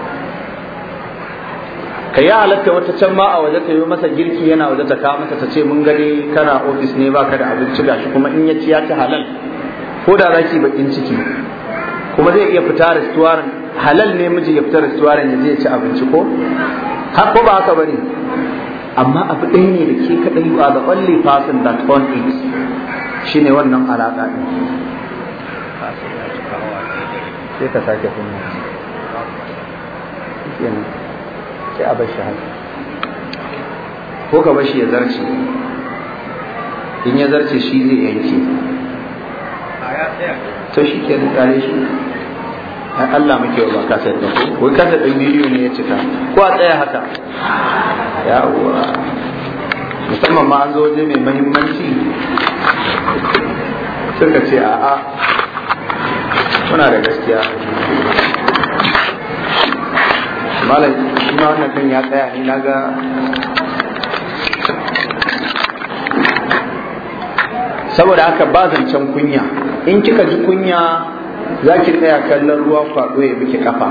ka yi halatta wata can ma a waje ta yi masa girki yana waje ta kawo masa ta ce mun gani kana ofis ne baka da abinci gashi kuma in ya ci ya ci halal ko da zaki bakin ciki kuma zai iya fita restaurant halal ne miji ya fita restaurant ya je ci abinci ko har ko ba haka bane amma abu ɗaya ne da ke kaɗai yi the only person that on it shine wannan alaƙa ɗin sai ka sake kunna sai a bashi haka ko ka bashi ya zarce in ya zarce shi zai yanke to shi ke kare shi ai Allah muke wa baka sai ko ka kada dan bidiyo ne ya cika ko a tsaya haka yawa musamman ma an zo waje mai mahimmanci suka ce a'a muna da gaskiya malam shi ma wannan kan ya tsaya ne naga saboda haka ba zancen kunya in kika ji kunya za ki tsaya kallon ruwa faɗo ya biki kafa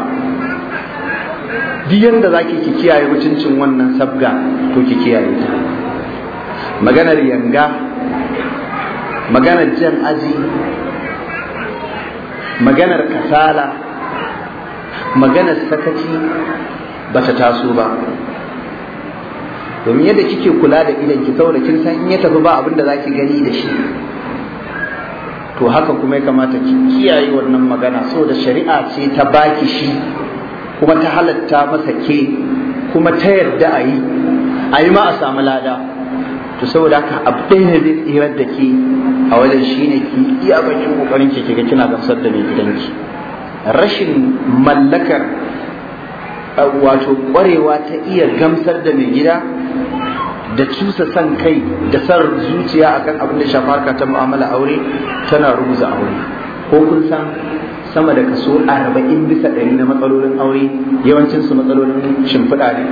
duk yadda za ki kiyaye mutuncin wannan sabga ko ki kiyaye ta
maganar yanga maganar jan aji maganar kasala
maganar sakaci ba ta taso ba domin yadda kike kula da idan ki saboda kin san in ya tafi ba abin da ki gani da shi to haka kuma ya kamata ki kiyaye wannan magana saboda shari'a ce ta baki shi kuma ta halatta masa ke kuma ta yarda a yi a yi ma a samu lada to saboda haka abu ɗaya ne zai tsirar da ke a wajen shi ne ki iya bakin kokarin ki kiga kina gamsar da mai gidanki rashin mallakar wato ƙwarewa ta iya gamsar da mai gida da cusa san kai da san zuciya akan abin da shafa harka ta mu'amala aure tana rubuza aure ko kun san sama da kaso arba'in bisa ɗari na matsalolin aure yawancin su matsalolin shimfiɗa ne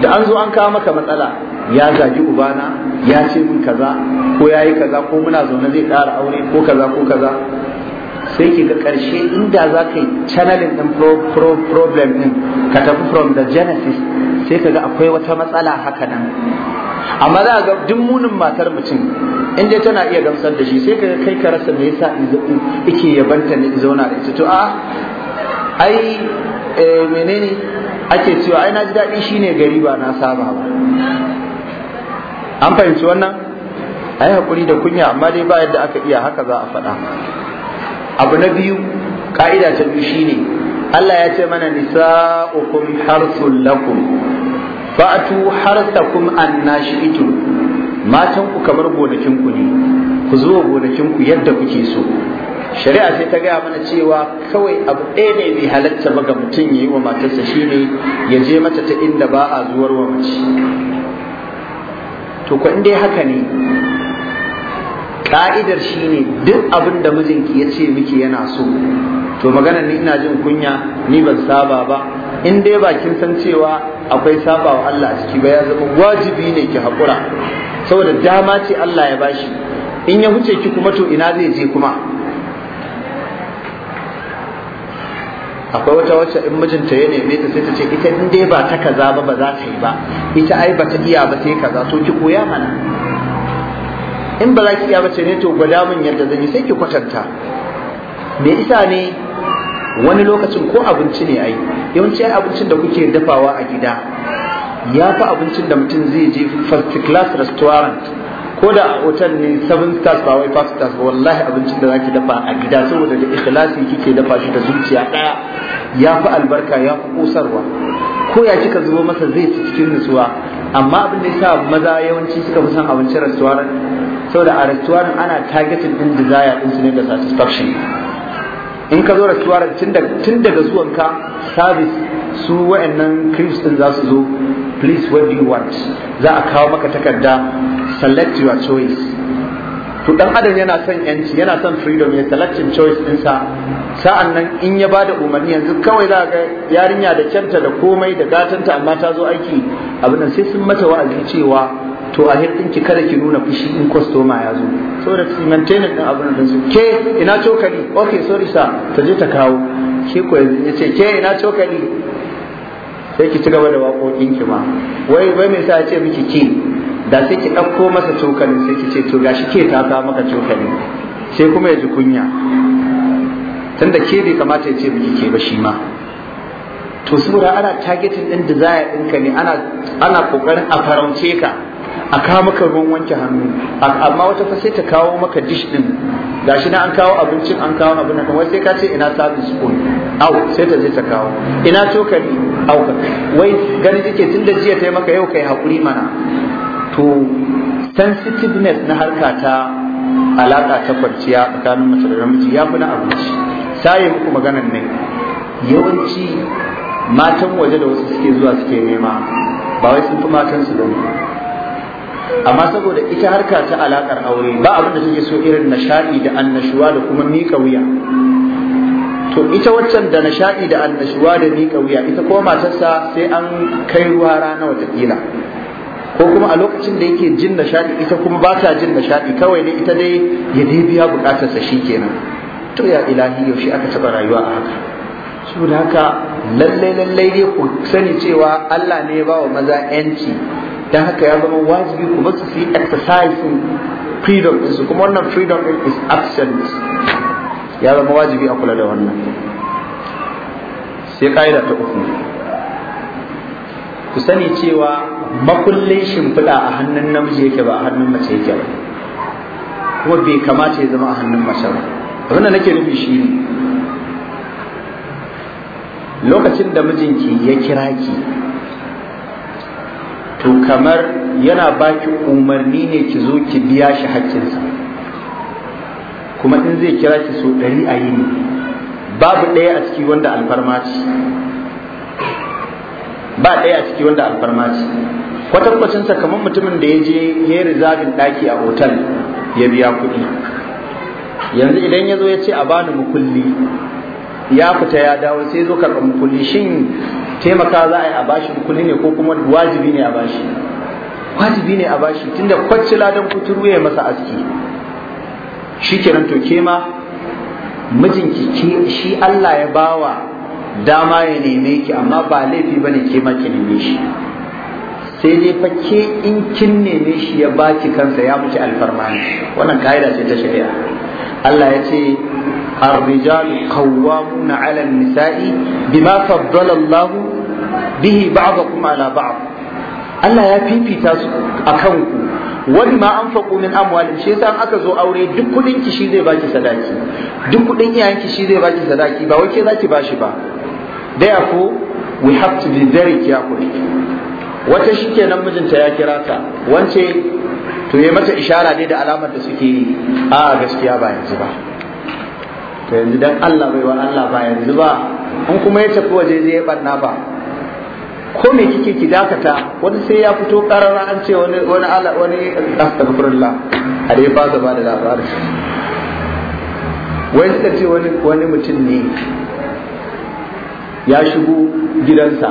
da an zo an kawo maka matsala ya zagi ubana ya ce min kaza ko ya yi kaza ko muna zaune zai ƙara aure ko kaza ko kaza sai ki ga karshe inda za ka yi channeling ɗin problem din ka tafi from the genesis sai ka ga akwai wata matsala haka nan amma za ga duk munin matar mutum in dai tana iya gamsar da shi sai ka kai ka rasa me yasa yake yabanta ne zauna da ita to a ai eh, menene ake cewa ai na ji daɗi shine gari ba na saba ba an fahimci wannan ai hakuri da kunya amma dai ba yadda aka iya haka za a faɗa abu na biyu ka'ida ta biyu shine Allah ya ce mana nisa'ukum harsul lakum fa'atu harsakum annashi matan ku kamar gonakin ku ne ku zo gonakin ku yadda kuke so shari'a sai ta gaya mana cewa kawai abu ɗaya ne bai halatta ba ga mutum ya yi wa matarsa shine ya je mata ta inda ba a zuwar wa mace to ko in haka ne ka'idar shine duk abin da mijinki ya ce miki yana so to maganar ni ina jin kunya ni ban saba ba in dai ba kin san cewa akwai saba wa Allah ciki ba ya zama wajibi ne ki haƙura saboda dama ce Allah ya bashi in ya huce ki kuma to ina zai je kuma akwai wata wacce in mijinta ya neme ta sai ta ce ita in dai ba ta kaza ba ba za ta yi ba ita ai ba ta iya ba sai kaza to ki koya mana in ba za ki iya bace ne to gwada min yadda zan yi sai ki kwatanta me isa ne wani lokacin ko abinci ne ai yawanci ai abincin da kuke dafawa a gida ya fi abincin da mutum zai je first class restaurant ko da a otal ne seven stars ba wai five stars ba wallahi abincin da zaki dafa a gida saboda da ikhlasi kike dafa shi da zuciya daya ya fi albarka ya fi kusarwa ko ya kika zubo masa zai ci cikin nutsuwa amma abin da yasa maza yawanci suka fi son abincin restaurant saboda a restaurant ana targeting din desire din su ne da satisfaction in ka zo restaurant tun daga ka service su wayannan creeps din za su zo please what do you want za a kawo maka takarda select your choice to dan adam yana son yanci yana son freedom ya selection choice din sa'an nan in ya ba da umarni yanzu kawai za ga yarinya da kyanta da komai da gatanta amma ta zo aiki abin nan sai sun mata wa'azi cewa to a ki kada ki nuna fushi in kwastoma ya zo da ki maintainer din abin da su ke ina cokali ok sorry sa ta je ta kawo ke ko yanzu ya ce ke ina cokali sai ki ci gaba da waƙoƙinki ma wai wai me sa ya ce miki ki da sai ki ɗauko masa cokali sai ki ce to gashi ke ta kawo maka cokali sai kuma ya ji kunya tunda ke bai kamata ya ce miki ke ba shi ma to saboda ana targeting ɗin da za a ɗinka ne ana ana kokarin a farauce ka a kawo maka ruwan wanke hannu amma wata fa sai ta kawo maka dish din gashi na an kawo abincin an kawo abin nan wai sai ka ce ina serving spoon au sai ta je ta kawo ina cokali au wai gani take tunda jiya ta yi maka yau kai hakuri mana to sensitiveness na harka ta alaka ta kwanciya tsakanin mace da namiji ya fi na abinci sai muku maganar ne yawanci matan waje da wasu suke zuwa suke nema ba wai sun fi matan su ba amma saboda ita harka ta alakar aure ba abin da take so irin nashadi da annashuwa da kuma mika wuya to ita waccan da nashadi da annashuwa da mika wuya ita ko matarsa sai an kai ruwa rana watakila ko kuma a lokacin da yake jin nashadi ita kuma ba ta jin nashadi kawai ne ita dai ya dai biya bukatarsa shikenan to ya ilahi yaushe aka taba rayuwa a haka saboda haka lallai lallai dai ku sani cewa Allah ne ya ba wa maza yanci dan haka ya zama wajibi kuma su fi exercise freedom din su kuma wannan freedom din is absent ya zama wajibi a kula da wannan sai ka'ida ta uku ku sani cewa makullin shimfiɗa a hannun namiji yake ba a hannun mace yake ba kuma bai kamata ya zama a hannun mace ba abin da nake nufi shi lokacin da mijinki ya kira ki to kamar yana baki umarni ne ki zo ki biya shi haƙƙinsa kuma in zai kira ki so ɗari a yini babu ɗaya a ciki wanda alfarma ce ba ɗaya a ciki wanda alfarma ce kwatankwacinsa kamar mutumin da ya je ya yi rizabin ɗaki a otal ya biya kuɗi yanzu idan ya zo ya ce a bani mukulli ya fita ya dawo sai zo karɓar mukulli shin taimaka za a yi a bashi rukuni ne ko kuma wajibi ne a bashi wajibi ne a bashi tunda kwacce ladan kuturu ya masa aski shi shikenan to ke ma mijinki shi Allah ya bawa dama ya neme ki amma ba laifi ne ke ma ki neme shi sai dai fa in kin neme shi ya baki kansa ya muke alfarma wannan kaida ce ta shari'a Allah ya ce الرجال قوامون على النساء بما فضل الله به بعضكم على بعض Allah ya fifita su a kanku wani ma an faƙo min amwalin shi yasa aka zo aure duk kuɗin shi zai baki sadaki duk kuɗin iyayen ki shi zai baki sadaki ba wai zaki bashi ba ko we have to be very careful wata shi kenan mijinta ya kira ta wance to ya mata ishara ne da alamar da suke yi a gaskiya ba yanzu ba to yanzu dan Allah bai wa Allah ba yanzu ba in kuma ya tafi waje zai barna ba ko me kike ki dakata wani sai ya fito karara an ce wani wani ala wani astaghfirullah a ba gaba da labarin wai suka ce wani wani mutum ne ya shigo gidansa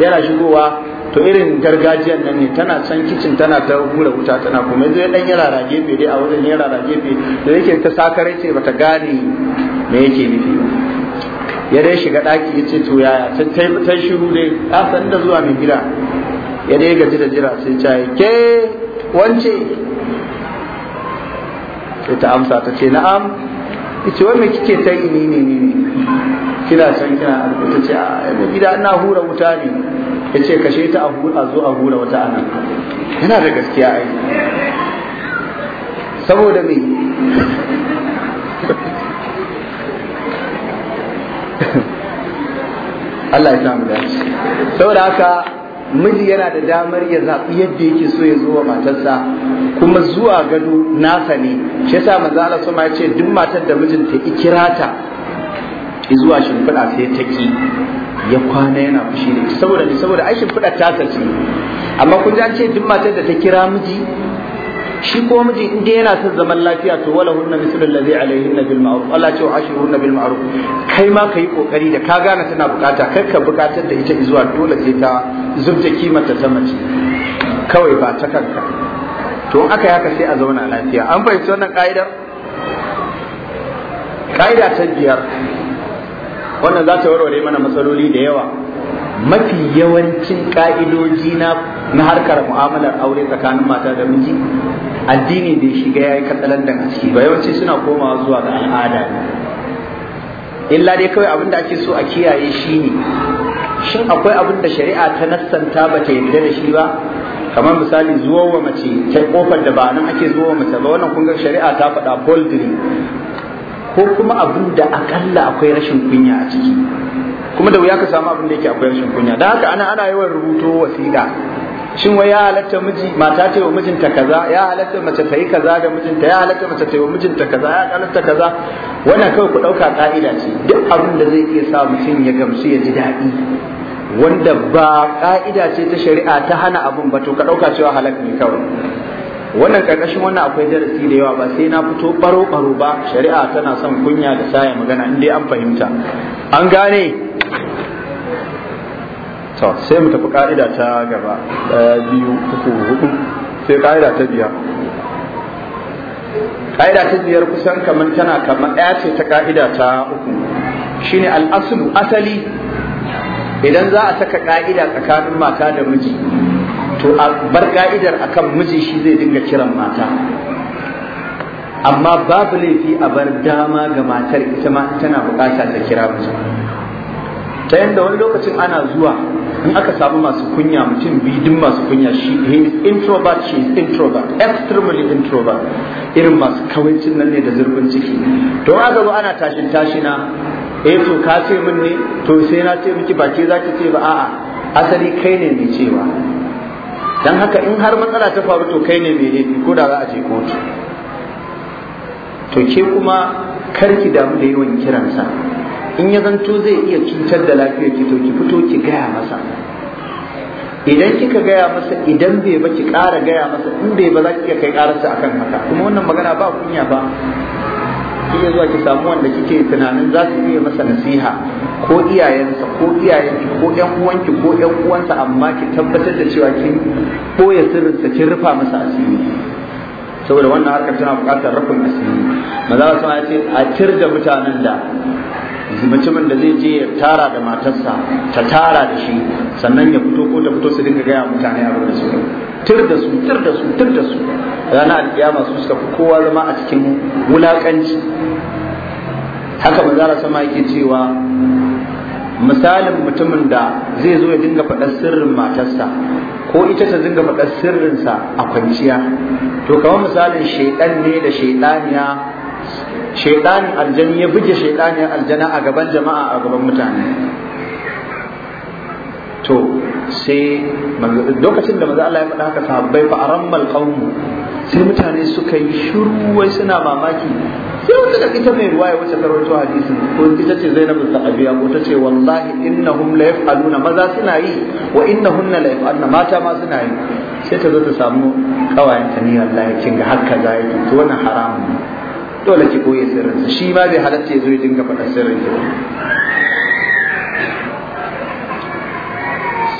yana shigowa to irin gargajiyan nan ne tana can kicin tana ta hura wuta tana kuma zai dan yara rage gefe dai a wurin ya rage gefe da yake ta sakare ce bata gane me yake nufi ya dai shiga daki yace ce to yaya ta ta shiru dai ka san da zuwa mai gida ya dai gaji da jira sai ta ke wance sai ta amsa ta ce na'am ita wai me kike ta yi ne ne
ne
kina can kina ta ce a gida ina hura wuta ne ya ce kashe ta a zo a hura wata anan yana da gaskiya ai saboda me Allah ya samu dace saboda haka miji yana da damar ya zaɓi yadda yake so ya zo wa matarsa kuma zuwa gado nasa ne shi yasa manzo Allah sama ya ce duk matar da mijinta ikirata zuwa shimfiɗa sai ta ki ya kwana yana fushi da saboda saboda ai shimfiɗa ta sace amma kun ji an ce duk matar da ta kira miji shi ko miji in dai yana son zaman lafiya to wala hunna mislu alayhi an bil ma'ruf Allah ce wa ashiru bil ma'ruf kai ma kai kokari da ka gane tana bukata kar ka bukatar da ita zuwa dole sai ta zubta kimanta ta mace kawai ba ta kanka to in aka yaka sai a zauna lafiya an fahimci wannan ka'idar ka'ida ta biyar wannan za ta warware mana matsaloli da yawa mafi yawancin ka'idoji na harkar mu'amalar aure tsakanin mata da miji addini bai shiga yayi katsalandan a ciki ba yawanci suna komawa zuwa ga al'ada illa dai kawai abin da ake so a kiyaye shi ne, shin akwai abin da shari'a ta nassanta ba ta yarda da shi ba kamar misali zuwa wa mace ta kofar da ba nan ake zuwa mace ba wannan kun shari'a ta faɗa boldly ko kuma abin da akalla akwai rashin kunya a ciki kuma da wuya ka samu abin da yake akwai rashin kunya da haka ana ana yawan rubuto wasiƙa shin wai ya halatta miji mata ta yi wa mijinta kaza ya halatta mace ta yi kaza ga mijinta ya halatta mace ta yi wa mijinta kaza ya halatta kaza wannan kawai ku ɗauka ka'ida ce duk abin da zai iya sa mutum ya gamsu ya ji daɗi wanda ba ka'ida ce ta shari'a ta hana abin ba to ka ɗauka cewa halak ne kawai wannan karkashin wannan akwai darasi da yawa ba sai na fito baro baro ba shari'a tana son kunya da saya magana in dai an fahimta an gane to sai mu tafi ka'ida ta gaba ɗaya biyu uku hudu sai ka'ida ta biyar ka'ida ta biyar kusan kamar tana kamar ɗaya ce ta ka'ida ta uku shine al'aslu asali idan za a saka ka'ida tsakanin mata da miji to a bar ka'idar kan miji shi zai dinga kiran mata amma babu laifi a bar dama ga matar ita ma tana bukata ta kira miji ta yadda wani lokacin ana zuwa in aka samu masu kunya mutum biyu duk masu kunya shi he is introvert she is introvert extremely introvert irin masu kawancin nan ne da zurfin ciki to a zo ana tashin tashina eh to ka ce min ne to sai na ce miki ba ke zaki ce ba a'a asali kai ne mai cewa dan haka in har matsala ta faru to kai ne mai laifi ko da za a je kotu to ke kuma karki damu da yawan kiransa in ya zanto zai iya cutar da lafiyar ki to ki fito ki gaya masa idan kika gaya masa idan bai ba ki ƙara gaya masa in bai ba za ki iya kai ƙararsa akan haka kuma wannan magana ba kunya ba ki iya zuwa ki samu wanda kike tunanin za su iya masa nasiha ko iyayensa ko iyayenki ko 'yan uwanki ko 'yan uwansa amma ki tabbatar da cewa kin koya sirrinsa kin rufa masa asiri saboda wannan harkar tana buƙatar rufin asiri maza wasu ya ce a cir da mutanen da mutumin da zai je ya tara da matarsa ta tara da shi sannan ya fito ko ta fito su dinga gaya mutane a da su tur da su tur da su tur da su ranar alƙiyama su suka fi kowa zama a cikin wulaƙanci. haka manzara sama yake cewa misalin mutumin da zai zo ya dinga faɗar sirrin matarsa ko ita ta dinga faɗar sirrinsa a kwanciya to kamar misalin shaidan ne da shaidaniya shaidanin aljani ya buge shaidanin aljana a gaban jama'a a gaban mutane to sai lokacin da maza Allah ya faɗa haka sahabbai fa arammal qawmu sai mutane suka yi shiru wai suna mamaki sai wata da ita mai ruwa ya wuce karwato hadisin ko ita ce Zainab al-Saqabiya ko ta ce wallahi innahum la yaf'aluna maza suna yi wa innahunna la yaf'alna mata ma suna yi sai ta zo ta samu ta ni wallahi kin ga hakka zai to wannan haramun dole ki koyi sirrin shi ma bai halatta ya zo ya dinga faɗa sirrin ki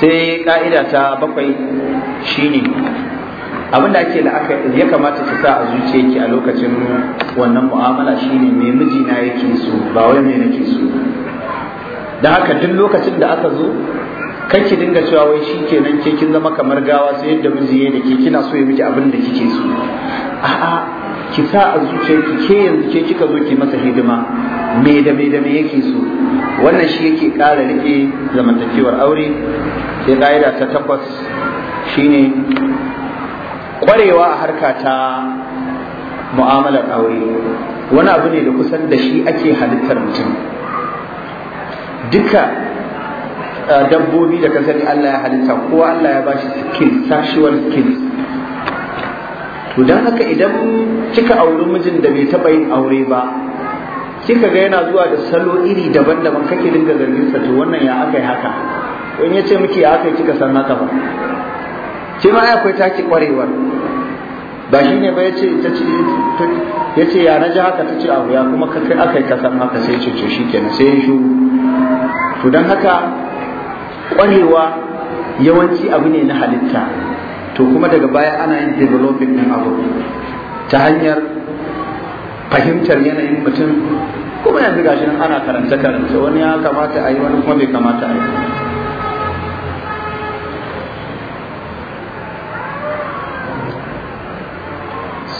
sai ka'ida ta bakwai shine abin da ake ya kamata ki sa a zuciyarki a lokacin wannan mu'amala shine me mijina yake so ba wai me nake so da haka duk lokacin da aka zo kai ki dinga cewa wai shi kenan ke kin zama kamar gawa sai yadda miji da ke kina so ya miki abin da kike
so a'a
ki sa a zuciyarki ke yanzu ke kika zo ki masa hidima me da me da me yake so wannan shi yake ƙara rike zamantakewar aure sai kaida ta takwas shine kwarewa a harka ta mu'amalar aure wani abu ne da kusan da shi ake halittar mutum duka dabbobi da kasar sani Allah ya halitta ko Allah ya bashi skill sashiwar skill
to dan haka idan kika
auri mijin da bai taba yin aure ba kika ga yana zuwa da salo iri daban-daban kake dinga zargin sa to wannan ya akai haka in yace miki ya akai kika san haka ba shi ma akwai taki kwarewar ba shi ne ba ya ce ya ce ya na ji haka ta ce abu ya kuma kakai aka yi kasan haka sai ce to shi kenan sai ya shu to don haka ƙwarewa yawanci abu ne na halitta to kuma daga baya ana yin developing ɗin abu ta hanyar fahimtar yanayin mutum kuma yanzu gashi nan ana karanta karanta wani ya kamata a yi wani kuma bai kamata a yi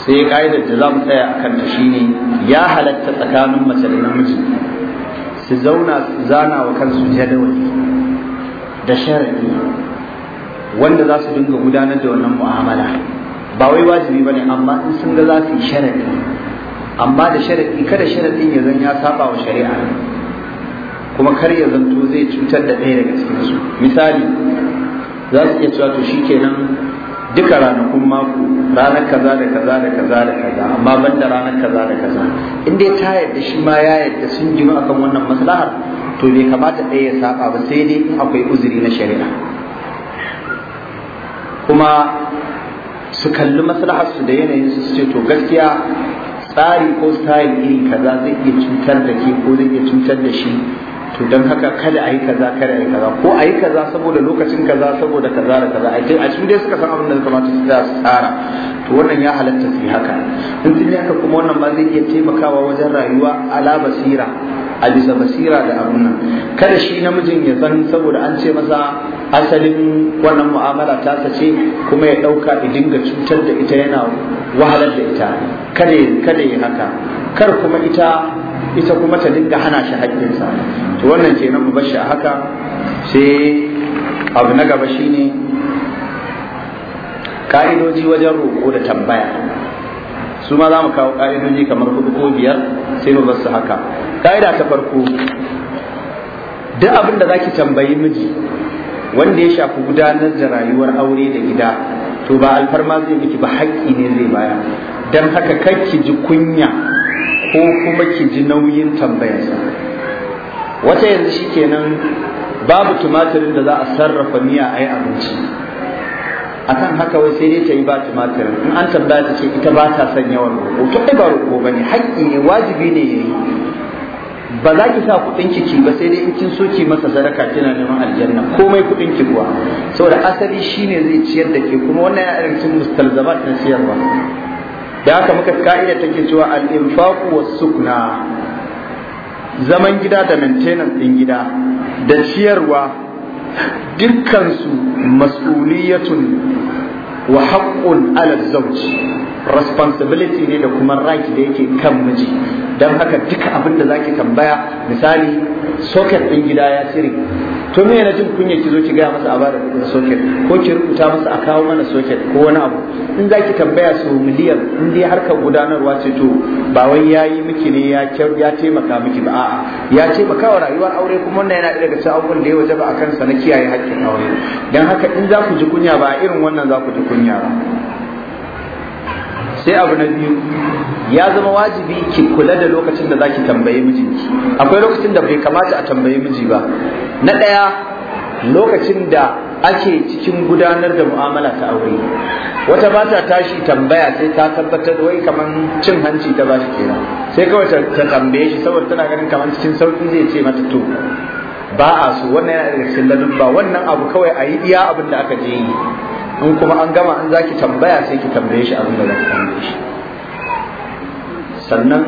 sai ka'idar da za mu tsaya a kanta shine ya halatta tsakanin mace da namiji su zauna zana wa kansu jadawali da sharadi wanda za su dinga gudanar da wannan mu'amala ba wai wajibi bane amma in sun ga za su yi sharadi amma da sharadi kada sharadin ya zan ya saba wa shari'a kuma kar ya zanto zai cutar da ɗaya daga cikin su misali za su iya cewa to shikenan duka ranakun mako ranar kaza da kaza da kaza da kaza amma ban da ranar kaza da kaza in dai ta yadda shi ma ya yadda sun jima akan wannan maslahar to bai kamata ɗaya ya saba ba sai dai akwai uzuri na shari'a kuma su kalli maslahar su da yanayin su ce to gaskiya tsari ko style iri kaza zai iya cutar da ke ko zai iya cutar da shi to don haka kada a yi kaza kada a yi kaza ko a yi kaza saboda lokacin kaza saboda kaza da kaza a a cikin dai suka san abin da ya kamata su ta su tsara to wannan ya halatta su haka in sun haka kuma wannan ba zai iya taimakawa wajen rayuwa ala basira a bisa basira da abin nan kada shi namijin ya san saboda an ce masa asalin wannan mu'amala ta ce kuma ya ɗauka ya dinga cutar da ita yana wahalar da ita kada kada ya haka kar kuma ita ita kuma ta dinga hana shi haƙƙinsa to wannan kenan mu bashi a haka sai abu na gaba shine ka'idoji wajen roƙo da tambaya su ma za mu kawo ka'idoji kamar hudu ko biyar sai mu basu haka ka'ida ta farko duk abin da zaki tambayi miji wanda ya shafi gudanar da rayuwar aure da gida to ba alfarma zai miki ba haƙƙi ne zai baya Dan haka ki ji kunya ko kuma ki ji nauyin tambayarsa wata yanzu shikenan babu tumatirin da za a sarrafa miya a yi abinci akan haka wai sai dai ta yi ba tumatirin in an tambaya ta ce ita ba ta son yawan roƙo to ai ba roƙo ba ne haƙƙi ne wajibi ne ya yi ba za ki sa kuɗin ki ba sai dai in kin so ki masa sadaka kina neman aljanna komai kuɗin ki kuwa saboda
asali shine
zai ciyar da ke kuma wannan yana irin cikin mustalzamat na siyarwa da haka muka ka'ida take cewa al-infaqu was-sukna zaman gida da maintenance din gida da ciyarwa dukkansu mas'uliyatun
wa haƙƙun
alal zawj responsibility ne da kuma right da yake kan miji dan haka duka abin da zaki tambaya misali socket ɗin gida ya cire to me yana jin kunya ki zo ki gaya masa a bada socket soket ko ki rubuta masa a kawo mana soket ko wani abu in za ki tambaya su miliyan in dai harkar gudanarwa ce to ba wai ya yi miki ne ya ya taimaka miki ba a'a ya taimaka wa rayuwar aure kuma wannan yana daga cikin abubuwan da ya wajaba a kansa na kiyaye haƙƙin aure dan haka in za ku ji kunya ba irin wannan za ku ji kunya ba sai abu na biyu ya zama wajibi ki kula da lokacin da zaki tambaye mijinki akwai lokacin da bai kamata a tambaye miji ba na ɗaya lokacin da ake cikin gudanar da mu'amala ta aure wata ba ta tashi tambaya sai ta tabbatar wai kaman cin hanci ta bashi kenan sai kawai ta tambaye shi saboda tana ganin kamar cikin sauki zai ce mata to ba a so wannan yana da cikin ladun ba wannan abu kawai a yi iya abin da aka je yi in kuma an gama an zaki tambaya sai ki tambaye shi abin da za ki tambaye shi sannan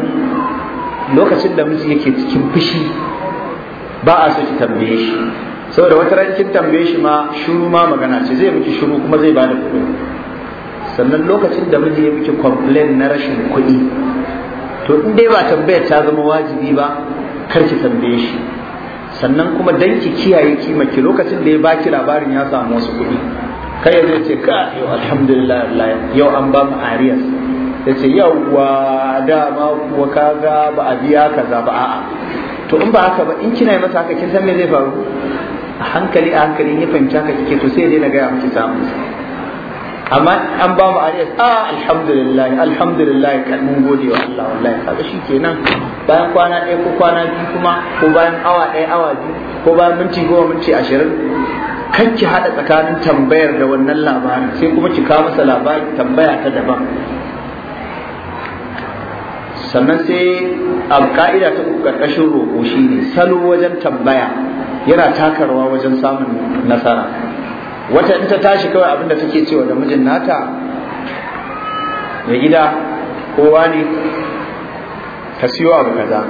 lokacin da miji yake cikin fushi ba a so ki tambaye shi saboda wata ran kin tambaye shi ma shiru ma magana ce zai miki shiru kuma zai bada kuɗi sannan lokacin da miji ya miki complain na rashin kuɗi to in dai ba tambayar ta zama wajibi ba kar ki tambaye shi sannan kuma dan ki kiyaye kima ki lokacin da ya baki labarin ya samu wasu kuɗi kai ya zai ce ka yau alhamdulillah yau an ba mu ariyas ya ce yauwa dama kuwa kaga ba a biya kaza ba a'a to in ba haka ba in kina yi masa haka kin san me zai faru a hankali a hankali ya fahimci haka kike to sai dai na gaya miki samu. amma an ba mu ariyas a alhamdulillah alhamdulillah kan mun gode wa Allah wallahi kaga shikenan bayan kwana ɗaya ko kwana biyu kuma ko bayan awa ɗaya awa biyu ko bayan minti goma minti ashirin ki haɗa tsakanin tambayar da wannan labarin sai kuma ki kawo masa labari tambaya ta daban sannan sai a ka'ida ta ƙarƙashin roƙo shi ne salo wajen tambaya yana takarwa wajen samun nasara wata in ta tashi kawai abinda take cewa da mijin nata da gida kowa ne ka siyo abu kaza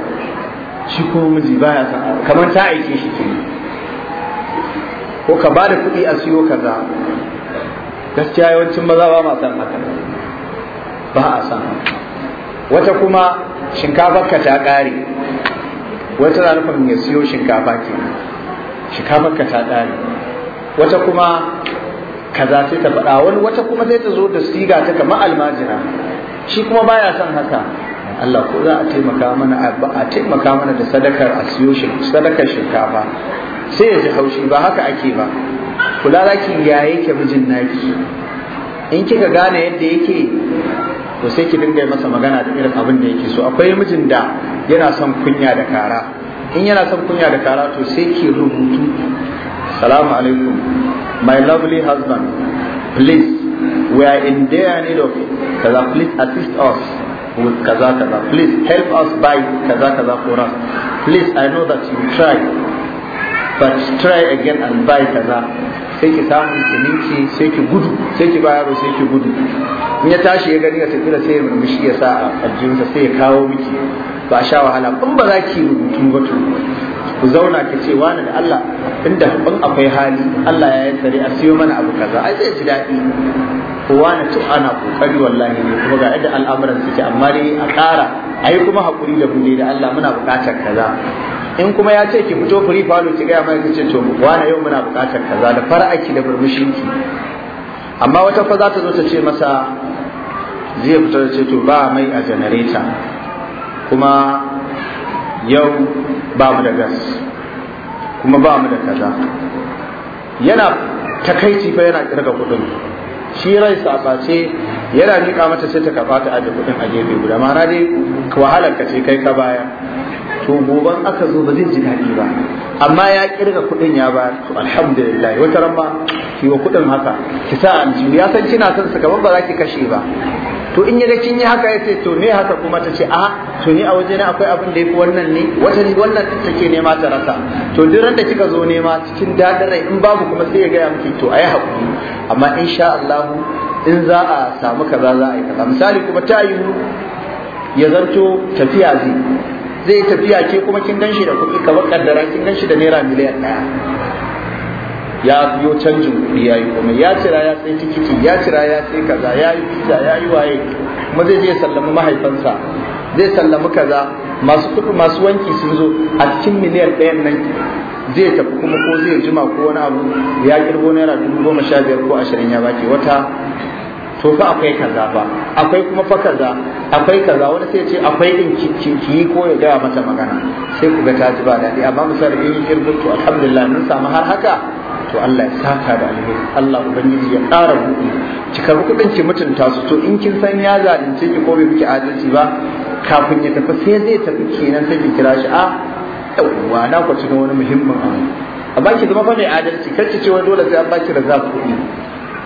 shi ko miji baya kamar ta aike shi kenan ko ka ba da kuɗi a siyo kaza gaskiya yawancin maza ba ma san haka ba a san wata kuma shinkafar ka ta ƙare wata na nufin ya siyo shinkafa ke shinkafar ka ta ƙare wata kuma kaza sai ta faɗa wani wata kuma sai ta zo da siga ta kama almajira shi kuma baya son haka Allah ko za a taimaka mana a taimaka mana da sadakar a siyo sadakar shinkafa sai ya ji haushi ba haka ake ba kula ki ya yake mijin naki in kika gane yadda yake to sai ki dinga masa magana da irin abin da yake so akwai mijin da yana son kunya da kara in yana son kunya da kara to sai ki rubutu salamu alaikum my lovely husband please we are in dire need of kaza please assist us with kaza kaza please help us buy kaza kaza for us please i know that you try but try again and buy kaza sai ki samu ki ninki sai ki gudu sai ki ba sai ki gudu in ya tashi ya gani ya tafi da sai ya murmushi ya sa a ajiyunsa sai ya kawo miki ba a sha wahala kun ba za ki rubutu ba to ku zauna ki ce wani da Allah inda kun akwai hali Allah ya yi tsari a siyo mana abu kaza ai zai ji daɗi wani to ana kokari wallahi ne kuma ga yadda al'amuran suke amma dai a ƙara a yi kuma haƙuri da bude da Allah muna buƙatar kaza in kuma ya ce ki fito free fallo ki gaya mai kace to wani yau muna bukatar kaza da far'aki da burmushinki amma wata fa za ta zo ta ce masa zai fito da ce to ba mai a janareta kuma yau ba mu da gas kuma ba mu da kaza yana takaici fa yana kirga kudin shi rai sabace yana nika mata sai ta kafa ta aje kudin a gefe guda ma'ana dai wahalar ka ce kai ka baya to goban aka zo ba zai ji daɗi ba amma ya kirga kuɗin ya ba to alhamdulillah wata ran ma ki wa kuɗin haka ki sa ji ya san kina son su ban ba za ki kashe ba to in yaga kin yi haka ya ce to me haka kuma tace a to ni a waje ne akwai abin da yafi wannan ne wata ni wannan ta take nema ta rasa to duk ran da kika zo nema cikin daɗin in babu kuma sai ya gaya miki to ayi hakuri amma insha Allah in za a samu kaza za a yi kaza misali kuma ta yiwu ya zanto tafiya zai zai tafiya ke kuma kin ganshi da kuɗi kamar kaddara kin ganshi da naira miliyan ɗaya ya biyo canjin kuɗi ya yi kuma ya cira ya sai
tikiti ya cira
ya sai kaza ya yi fita ya yi waye kuma zai je sallami mahaifansa zai sallami kaza masu tuku masu wanki sun zo a cikin miliyan ɗayan nan zai tafi kuma ko zai jima ko wani abu ya kirgo naira dubu goma sha biyar ko ashirin ya baki wata to fa akwai kaza fa akwai kuma fa kaza akwai kaza wani sai ce akwai in ki ko ya gaya mata magana sai ku ga ta ji ba daɗi amma misali in yi kirkin to alhamdulillah mun samu har haka to Allah ya saka da alheri Allah ubangiji ya ƙara buɗe cikar kuɗin ki mutunta su to in kin san ya zalunce ki ko bai miki adalci ba kafin ya tafi sai zai tafi kenan sai ki kira shi a yauwa na kwaci wani muhimmin abu a baki zama fa mai adalci kar ki ce wai dole sai an baki da za kuɗi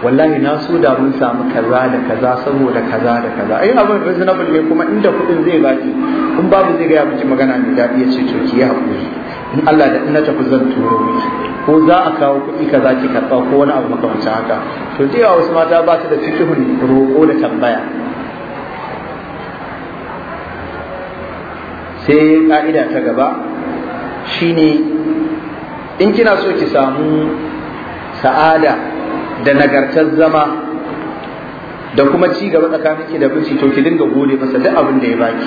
wallahi na so da mun samu kaza da kaza saboda kaza da kaza ai abin reasonable ne kuma inda kudin zai baki in babu zai gaya miki magana mai daɗi ya ce to ki yi hakuri. in Allah da ina tafi zan turo miki ko za a kawo kuɗi kaza ki karɓa ko wani abu makamancin haka to jiya wa wasu mata ba su da fikihun roƙo da tambaya sai ka'ida ta gaba shine in kina so ki samu sa'ada da nagartar zama da kuma ci gaba tsakanin ki da miji to ki dinga gode masa duk abin da ya baki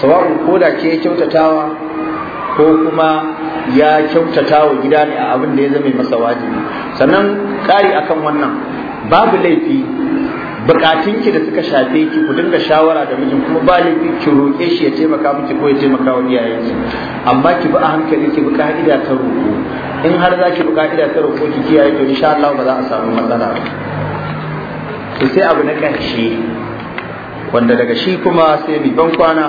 sawa'un ko da ke kyautatawa ko kuma ya kyautata wa gida ne a abin da ya zame masa wajibi sannan ƙari akan wannan babu laifi bukatun ki da suka shafe ki ku dinga shawara da mijin kuma ba ni ki roƙe shi ya taimaka miki ko ya taimaka wa iyayenki amma ki bi a hankali ki bi ka'ida ta roƙo in har za ki bi ka'ida ta roƙo ki kiyaye to insha Allah ba za a samu matsala to sai abu na ƙarshe wanda daga shi kuma sai mai ban kwana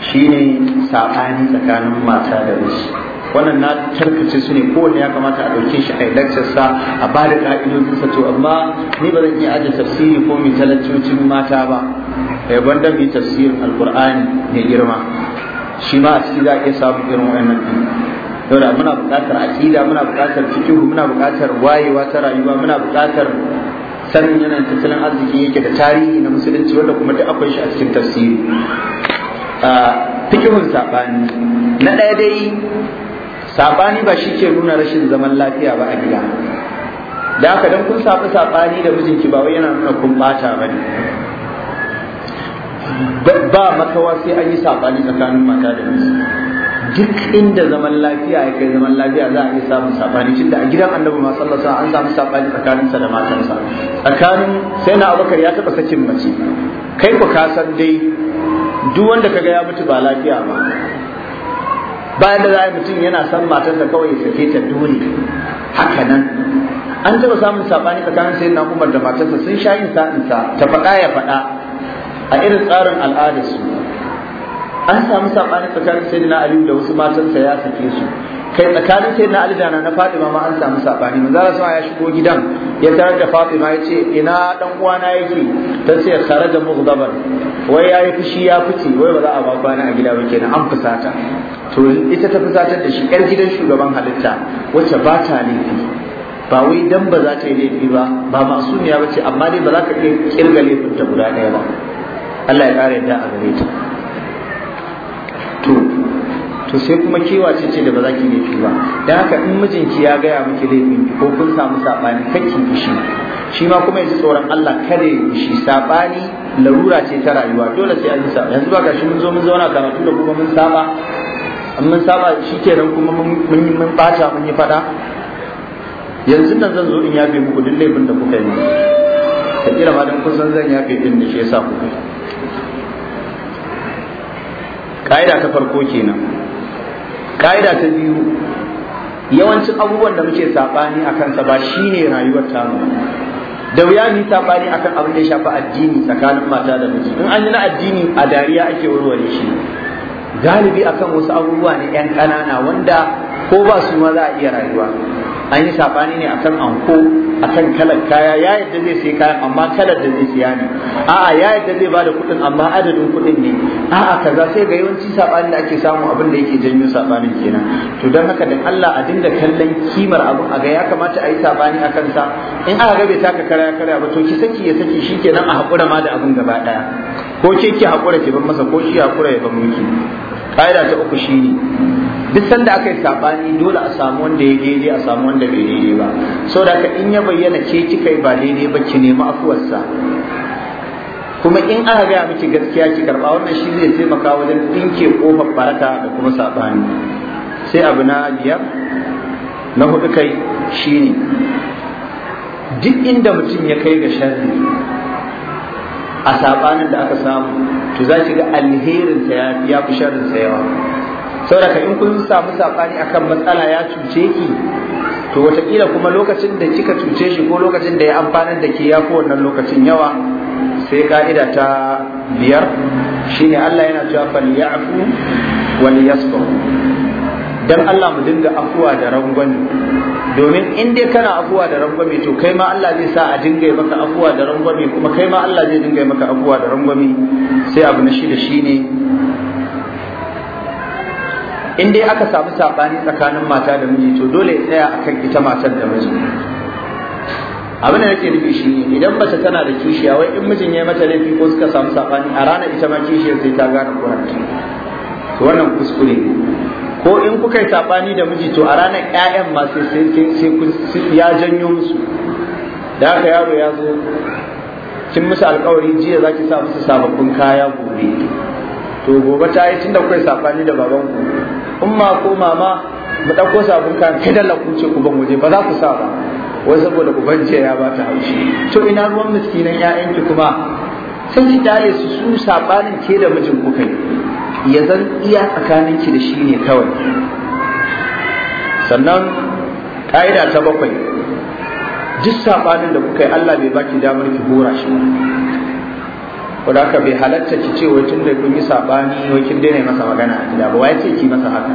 shine saɓani tsakanin mata da miji wannan na tarkace su ne kowanne ya kamata a ɗauke shi a yi sa a ba da ka'idodin sa to amma ni ba zan iya ajiye tafsiri ko mai talacocin mata ba eh banda mai tafsirin alqur'ani ne girma shi ma a ciki za a iya irin wannan din da, muna buƙatar aqida muna buƙatar fikihu muna buƙatar wayewa ta rayuwa muna buƙatar sanin yanayin tattalin arziki yake da tarihi na musulunci wanda kuma duk akwai shi a cikin tafsiri ah, fikihun saɓani na ɗaya dai saɓani ba shi ke nuna rashin zaman lafiya ba a gida da haka don kun saɓi saɓani da mijinki ba wai yana nuna kun ɓata ba ne ba makawa sai an yi saɓani tsakanin mata da miji duk inda zaman lafiya ya kai zaman lafiya za a iya samun saɓani tunda a gidan annabi ma sallallahu an samu saɓani tsakaninsa da matarsa tsakanin sai na abubakar ya taɓa sakin mace kai ku ka san dai duk wanda kaga ya mutu ba lafiya ba bayan da za a mutum yana son da kawai ya sake ta dole haka nan an taɓa samun saɓani tsakanin sai na umar da matarsa sun sha yin sa'insa ta faɗa ya faɗa a irin tsarin al'adarsu an samu saɓani tsakanin sai na aliyu da wasu matarsa ya sake su kai tsakanin sai na alida na na fatima ma an samu sabani manzo Allah ya shigo gidan ya tarar da fatima ya ce ina dan uwa uwana yake ta ce kharaja mughdaban wai yayi fushi ya fice wai ba za a ba a gida ba kenan an fusata to ita ta fusatar da shi yar gidan shugaban halitta wacce ba ta laifi ba wai dan ba za ta yi laifi ba ba masumiya ba amma dai ba za ka iya kirga laifin ta guda ɗaya ba Allah ya ƙara yadda a gare ta to to sai kuma kewa ce ce da ba za ki laifi ba dan haka in mijinki ya gaya miki laifin ko kun samu sabani kake kishi shi ma kuma yanzu tsoron Allah kare shi sabani larura ce ta rayuwa dole sai an yi yanzu ba shi mun zo mun zauna karatu da kuma mun saba mun saba shi nan kuma mun mun bata mun yi fada yanzu nan zan zo in yafe muku duk laifin da kuka yi ta kira ma dan kun san zan yafe din ne shi yasa kuka ka'ida ta farko kenan ka'ida ta biyu yawancin abubuwan da muke saɓani a kansa ba shi ne rayuwar tamu da wuya ni saɓani kan abin da ya shafi addini tsakanin mata da miji in an yi na addini a dariya ake warware shi galibi akan wasu abubuwa ne yan ƙanana wanda ko ba su ma za a iya rayuwa an yi sabani ne akan anko akan kalar kaya ya yadda zai sai kayan amma kalar da zai siya ne a'a ya yadda zai bada kuɗin amma adadin kuɗin ne a'a kaza sai ga yawanci sabani da ake samu abin da yake janyo sabanin kenan to dan haka dan Allah a dinga kallon kimar abin a ga ya kamata a yi sabani akan sa in aka ga bai taka karaya karaya ba to ki saki ya saki shikenan a hakura ma da abin gaba ɗaya ko ke ki haƙura ke ban masa ko shi hakura ya ban miki kaida ta uku shine duk sanda aka yi sabani dole a samu wanda ya gede a samu wanda bai daidai ba da ka in ya bayyana ke kika yi ba daidai ba ki nemi afuwarsa kuma in aka gaya miki gaskiya ki karba wannan shi zai taimaka wajen dinke kofar baraka da kuma sabani sai abu na biyar na hudu kai shine duk inda mutum ya kai ga sharri a sabanin da aka samu to za ki ga alherin ta ya fi sharrin sa yawa saboda in kun samu a kan matsala ya cuce ki to wataƙila kuma lokacin da kika cuce shi ko lokacin da ya amfanar da ke ya fi wannan lokacin yawa sai ka'ida ta biyar shine Allah yana cewa falyafu wal yasbur dan Allah mu dinga afuwa da rangwami. domin in dai kana afuwa da rangwami to kai ma Allah zai sa a dinga maka afuwa da rangwami kuma kai ma Allah zai dinga maka afuwa da rangwami sai abu na shi shida shine in dai aka samu saɓani tsakanin mata da miji to dole ya tsaya akan ita matar da miji abin da nake nufi shi ne idan mace tana da kishiya wai in mijin ya mata laifi ko suka samu saɓani a ranar ita ma kishiyar sai ta gane kuranta to wannan kuskure ko in kuka yi sabani da miji to a ranar 'ya'yan ma sai sai ya janyo musu da haka yaro ya zo kin musu alƙawari jiya zaki sa musu sababbin kaya gobe to gobe ta yi tunda kuka yi saɓani da babanku umma ko mama mu ɗauko sabon kayan kai da lakuce ku ban waje ba za ku sa ba wai saboda uban bance ya ba ta haushi to ina ruwan miskinan ƴaƴanki kuma sai ki dale su su sabanin ke da mijin ku kai ya zan iya tsakanin ki da shi ne kawai sannan ka'ida ta bakwai duk sabanin da kuka yi Allah bai baki damar ki hora shi ko da bai halatta ki ce wai tun da kun yi sabani wai kin daina masa magana a gida ba wai ce ki masa haka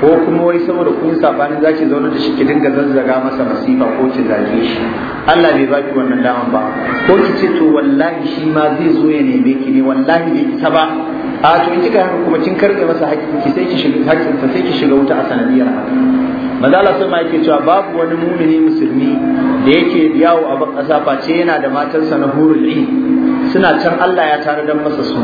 ko kuma wai saboda kun yi sabani za ki zauna da shi ki dinga zazzaga masa masifa ko ki zage shi Allah bai baki wannan daman ba ko ki ce to wallahi shi ma zai zo ya neme ki ne wallahi bai ta ba a to in kika kuma kin karbe masa haƙƙin ki sai ki shiga haƙƙin sa sai ki shiga wuta a sanadiyar haka manzo Allah sai ma yake cewa babu wani mumini musulmi da yake yawo a bakasa face yana da matarsa na hurul suna can Allah ya tare don masa su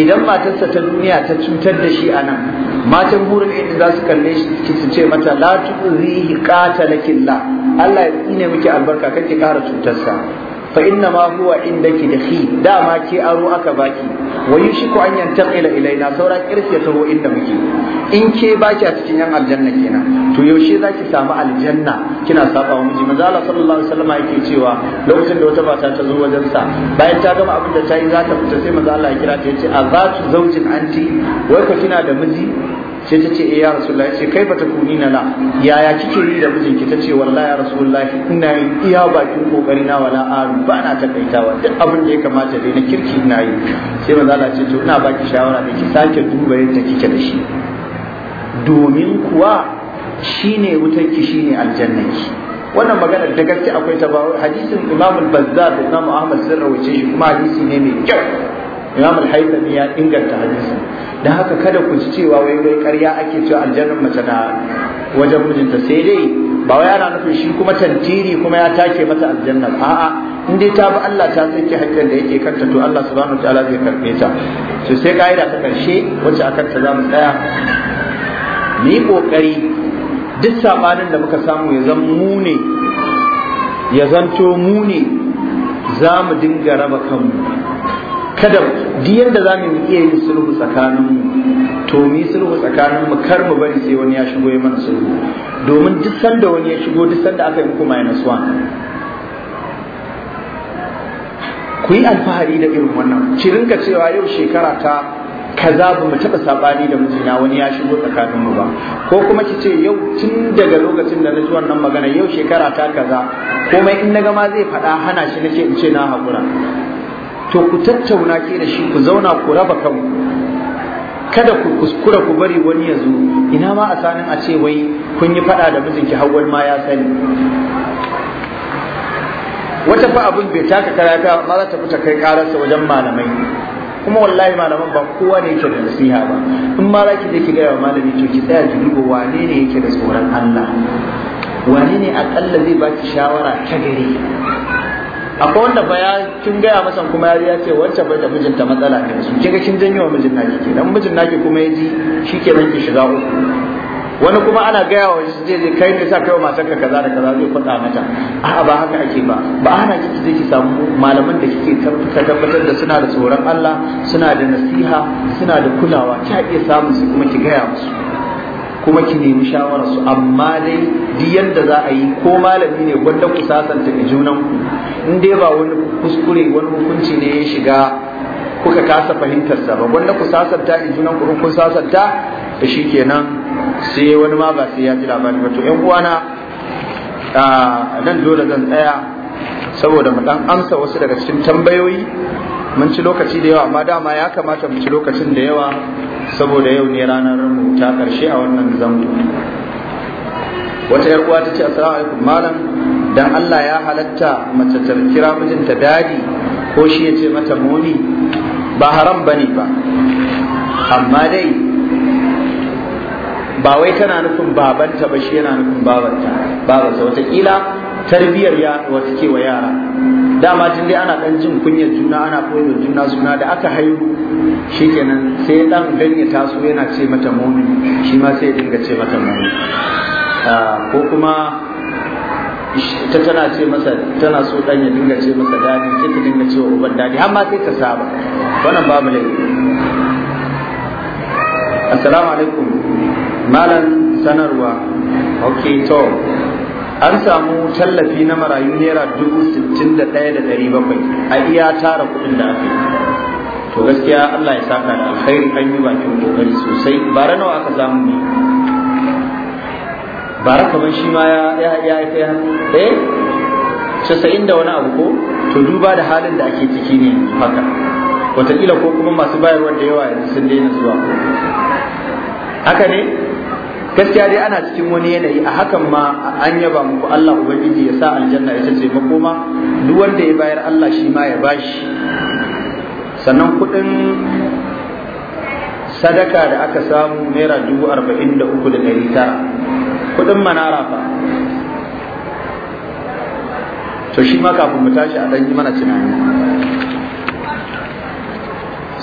idan matarsa ta duniya ta cutar da shi a nan matan burin inda za su kalle shi su ce mata la tuzihi qatalakillah Allah ya tsine miki albarka kake kara cutarsa fa inna ma huwa indaki dakhil dama ke aro aka baki wa yushiku an yantaqila ilaina saura kirki ya taho inda muke in ke baki a cikin yan aljanna kenan to yaushe zaki samu aljanna kina saba wa miji manzo Allah sallallahu alaihi wasallam yake cewa lokacin da wata mata ta zo wajen sa bayan ta gama abin da ta yi za ta fita sai manzo Allah ya kira ta yace azatu zawjin anti wai ko kina da miji sai ta ce eh ya rasulullahi sai kai bata kuni na la yaya kike yi da mijinki ta ce wallahi ya rasulullahi ina yin iya bakin kokari na wala aru ba na takaitawa duk abin da ya kamata dai na kirki na yi sai manzo Allah ce to ina baki shawara da ki sake duba yadda kike da shi domin kuwa shine ki shine aljannaki wannan maganar da gaske akwai ta ba hadisin Imam al-Bazzar da Imam Ahmad sun rawaice shi kuma hadisi ne mai kyau imam al-haythami ya inganta hadisi dan haka kada ku ci cewa wai wai ƙarya ake cewa aljannar mace na wajen mijinta sai dai ba wai ana nufin shi kuma tantiri kuma ya take mata aljannar a'a in dai ta bi Allah ta sanke hakkin da yake kanta to Allah subhanahu wataala zai karbe ta to sai kaida ta karshe wacce aka ta zamu tsaya Ni kokari duk sabanin da muka samu ya zan mu ne ya zanto mu ne za mu dinga raba kanmu kada duk yadda za mu iya yin sulhu tsakaninmu to mu yi sulhu tsakaninmu kar mu bari sai wani ya shigo ya mana sulhu domin duk sanda wani ya shigo duk sanda aka yi muku mai nasuwa
ku yi alfahari
da irin wannan ki rinka cewa yau shekara ta kaza ba mu taɓa saɓani da mijina wani ya shigo tsakanin mu ba ko kuma ki ce yau tun daga lokacin da na ji wannan magana yau shekara ta kaza komai in na gama zai faɗa hana shi nake in ce na haƙura to ku tattauna ke da shi ku zauna ku raba kanku kada ku kuskura ku bari wani ya zo ina ma a sanin a ce wai kun yi faɗa da mijinki hawan ma ya sani wata fa abin bai taka karata amma za ta fita kai kararsa wajen malamai kuma wallahi malaman ba kowa ne yake da nasiha ba in ma zaki je ki gaya wa malami to ki tsaya ki duba wane ne yake da tsoron Allah wane ne akalla zai baki shawara ta gare akwai wanda fa ya kin gaya masa kuma ya ce wacce bai da mijinta matsala ne su kin ga kin janyo wa mijin naki dan mijin naki kuma ya ji shi ke ki shiga uku wani kuma ana gaya wa shi zai kai ne sa kaiwa ka kaza da kaza zai faɗa mata a'a ba haka ake ba ba ana kiki zai ki samu malaman da kike ka tabbatar da suna da tsoron Allah suna da nasiha suna da kulawa ki iya samu su kuma ki gaya musu kuma ki nemi shawarar su amma dai duk yadda za a yi ko malami ne gwanda ku sasanta da junan ku in dai ba wani kuskure wani hukunci ne ya shiga kuka kasa fahimtar sa ba gwanda ku sasanta da junan ku kun sasanta da shikenan sai wani ma ba sai ya ji labarin ba to ƴan uwana nan dole zan tsaya saboda mu dan amsa wasu daga cikin tambayoyi mun ci lokaci da yawa amma dama ya kamata mu ci lokacin da yawa saboda yau ne ranar mu ta karshe a wannan zango wata yar uwa tace assalamu alaikum malam dan Allah ya halatta mace ta kira mijinta dadi ko shi ya ce mata muni ba haram bane ba amma dai ba wai tana nufin babanta ba shi yana nufin babanta babansa kila tarbiyar ya wata ke wa yara dama tun dai ana dan jin kunyar juna ana koyo juna suna da aka haihu shikenan sai dan dan ya taso yana ce mata mumin shi ma sai ya dinga ce mata mumin ah, ko kuma ta tana ce masa tana so dan ya dinga ce masa dadi sai ta dinga ce wa uban dadi har ma sai ta saba wannan babu ne assalamu alaikum malam sanarwa okay to an samu tallafi na marayu naira dubu sittin da ɗaya da ɗari bakwai a iya tara kuɗin da aka yi to gaskiya Allah ya saka da alkhairi an yi bakin kokari sosai bara nawa aka samu
ne bara kamar shi ma ya ya
ya ya eh casa'in da wani abu ko to duba da halin da ake ciki ne haka wataƙila ko kuma masu bayarwa da yawa yanzu sun daina zuwa haka ne gaskiya dai ana cikin wani yanayi a hakan ma an yaba muku Allah ubangiji ya sa aljanna ita ce makoma duk wanda ya bayar Allah shi ma ya bashi sannan kuɗin sadaka da aka samu naira dubu arba'in da uku da ɗari tara kuɗin manara fa to shi ma kafin mu tashi a ɗanyi mana tunani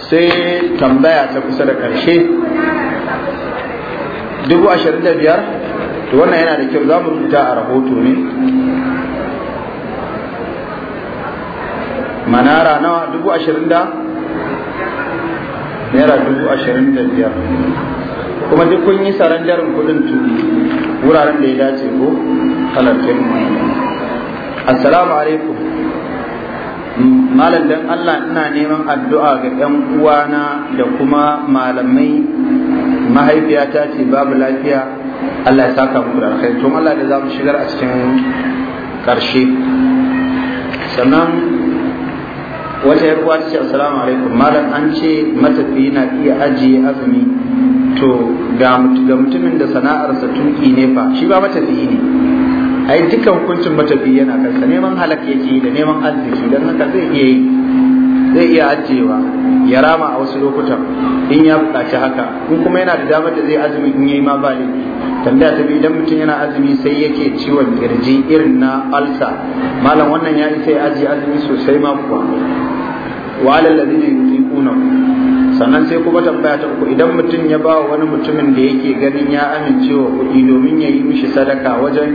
sai tambaya ta kusa da ƙarshe dubu ashirin da biyar to wannan yana da kyau za mu rubuta a rahoto ne manara nawa dubu ashirin da naira dubu ashirin da biyar kuma duk kun yi sarandarin kudin tuni wuraren da ya dace ko halartar mu assalamu alaikum malam dan Allah ina neman addu'a ga 'yan uwana da kuma malamai mahaifiyata ce babu lafiya Allah ya saka muku da alkhairi to Allah da za shigar a cikin karshe sannan wata yar uwa ce assalamu alaikum malam an ce matafiyi na iya ajiye azumi to ga mutumin da sana'arsa tuki ne fa shi ba matafiyi ne ai dukkan hukuncin matafi yana kansa neman halak yake da neman arziki don haka zai iya yi zai iya ajiyewa ya rama a wasu lokutan in ya buƙaci haka in kuma yana da damar da zai azumi in yayi ma ba tambaya ta biyu idan mutum yana azumi sai yake ciwon kirji irin na alsa malam wannan ya isa ya ajiye azumi sosai ma kuwa wa alal ladina yutiquna sannan sai kuma tambaya ta uku idan mutum ya ba wani mutumin da yake ganin ya amincewa kuɗi domin ya yi mishi sadaka wajen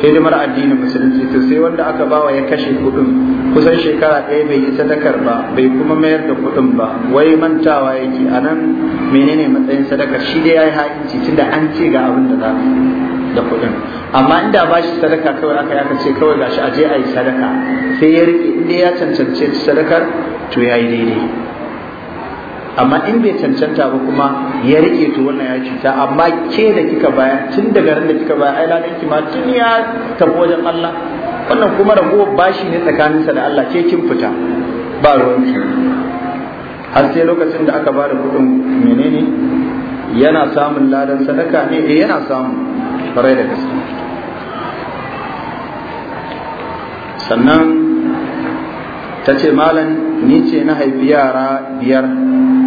hidimar addinin musulunci to sai wanda aka bawa ya kashe kuɗin kusan shekara ɗaya bai yi sadakar ba bai kuma mayar da kuɗin ba wai mantawa yake a nan menene matsayin sadakar shi dai ya yi ha'inci tunda an ce ga abin da za da kuɗin amma inda ba shi sadaka kawai aka yaka ce kawai gashi aje a yi sadaka sai ya riƙe inda ya cancance sadakar to ya yi daidai amma in bai cancanta ba kuma ya rike to wannan ya cuta amma ke da kika baya tun daga ran da kika baya ai ladan ki ma tun ya tafi wajen Allah wannan kuma ragowar bashi ne tsakaninsa da Allah ke kin fita ba
ruwan ki har
sai lokacin da aka bada kuɗin menene yana samun ladan sadaka ne eh yana samu farai da gaske sannan ta ce malam ni ce na haifi yara biyar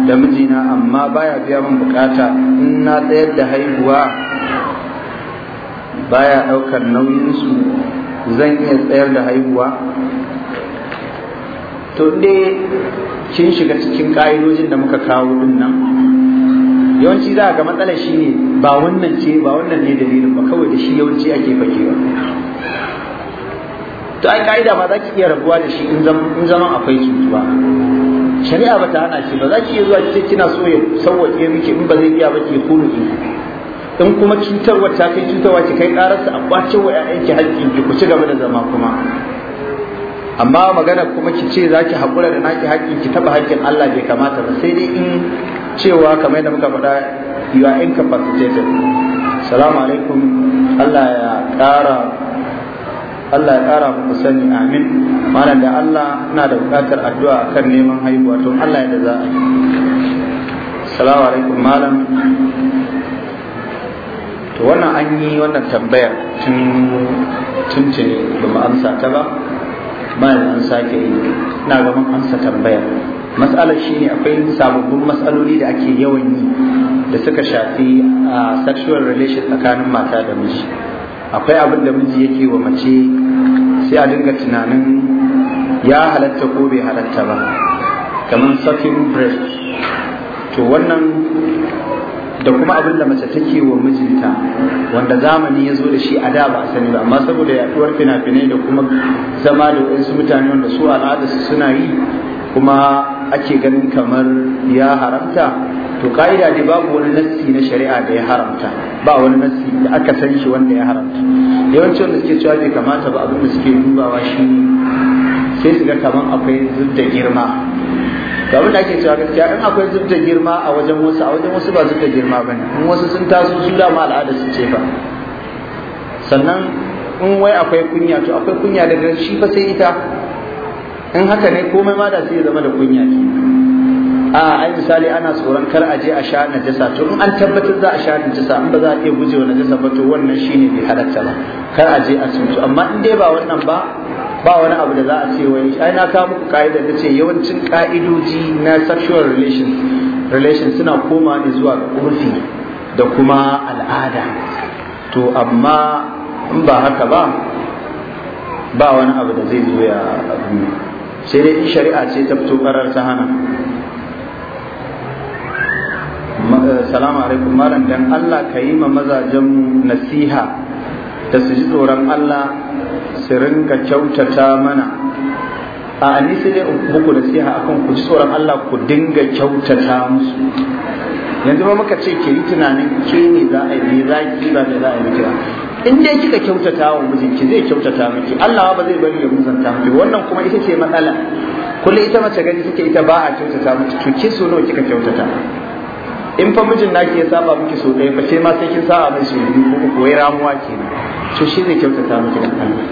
da mijina amma baya biya min bukata in na tsayar da haihuwa baya daukar nauyinsu zan iya tsayar da haihuwa to
dai kin shiga cikin
ka'idojin da muka kawo din nan yawanci za a ga matsala shi ne ba wannan ce ba wannan ne dalilin ba kawai da shi yawanci ake fakewa to ai ka'ida ba za ki iya rabuwa da shi in zaman akwai cutuwa shari'a ba ta hana shi ba za ki iya zuwa ce kina so ya sauwaƙe miki in ba zai iya ba ki kulu ki in kuma cutarwa ta kai cutarwa ki kai ƙararsa a ƙwacin wa ƴaƴanki haƙƙin ki ku ci gaba da zama kuma amma magana kuma ki ce za ki haƙura da naki haƙƙin ki taɓa haƙƙin Allah bai kamata ba sai dai in cewa kamar yadda muka faɗa you are ta salamu alaikum Allah ya ƙara Allah ya ƙara muku sani amin malam da Allah ina da buƙatar addu'a kan neman haihuwa to Allah ya da za a yi assalamu alaikum malam to wannan an yi wannan tambayar tun tun ba mu amsa ta ba bayan an sake yi ina ga mun amsa tambayar matsalar shine akwai sababbin matsaloli da ake yawan yi da suka shafi a ah, sexual relation tsakanin mata da miji akwai abin da miji yake wa mace sai a dinga tunanin ya halatta ko bai halatta ba kamar sucking breast to wannan da kuma abin da mace take wa mijinta wanda zamani ya zo da shi a da ba a sani ba amma saboda yaduwar fina-finai da kuma zama da wasu mutane wanda su al'ada su suna yi kuma ake ganin kamar ya haramta to ka'ida ne babu wani nassi na shari'a da ya haramta ba wani nassi da aka san shi wanda ya haramta yawanci wanda suke cewa bai kamata ba abin da suke dubawa shi sai su ga kamar akwai zub da girma ga abin da ake cewa gaskiya in akwai zub da girma a wajen wasu a wajen wasu ba zub da girma bane in wasu sun taso su dama al'ada su ce ba. sannan in wai akwai kunya to akwai kunya daga shi fa sai ita in haka ne komai ma da sai ya zama da kunya ce a ai misali ana tsoron kar a je a sha najasa to in an tabbatar za a sha najasa in ba za a iya gujewa najasa ba to wannan shine bai halatta ba kar a je a tsinto amma in dai ba wannan ba ba wani abu da za a ce wai ai na kawo muku ka'ida da ce yawancin ka'idoji na sexual relations relations suna koma ne zuwa ga urfi da kuma al'ada to amma in ba haka ba ba wani abu da zai zo ya sai dai shari'a ce ta fito karar ta hana eh, salamu alaikum malam dan Allah ka yi ma mazajen nasiha da su ji tsoron Allah su rinka kyautata mana a ni sai dai muku nasiha akan ku ji tsoron Allah ku dinga kyautata musu yanzu ba muka ce ke yi tunanin ke ne za a yi za ki ba da za a yi kira in dai kika kyautata wa mijinki zai kyautata miki Allah ba zai bari ya muzanta miki wannan kuma ita ce matsala kullum ita mace gani take ita ba a kyautata miki to ki nawa kika kyautata in fa mijin naki ya saba miki so ɗaya fa ma sai kin saba mai so biyu ko kuwa ramuwa ramuwa ke. to shi zai kyautata miki da Allah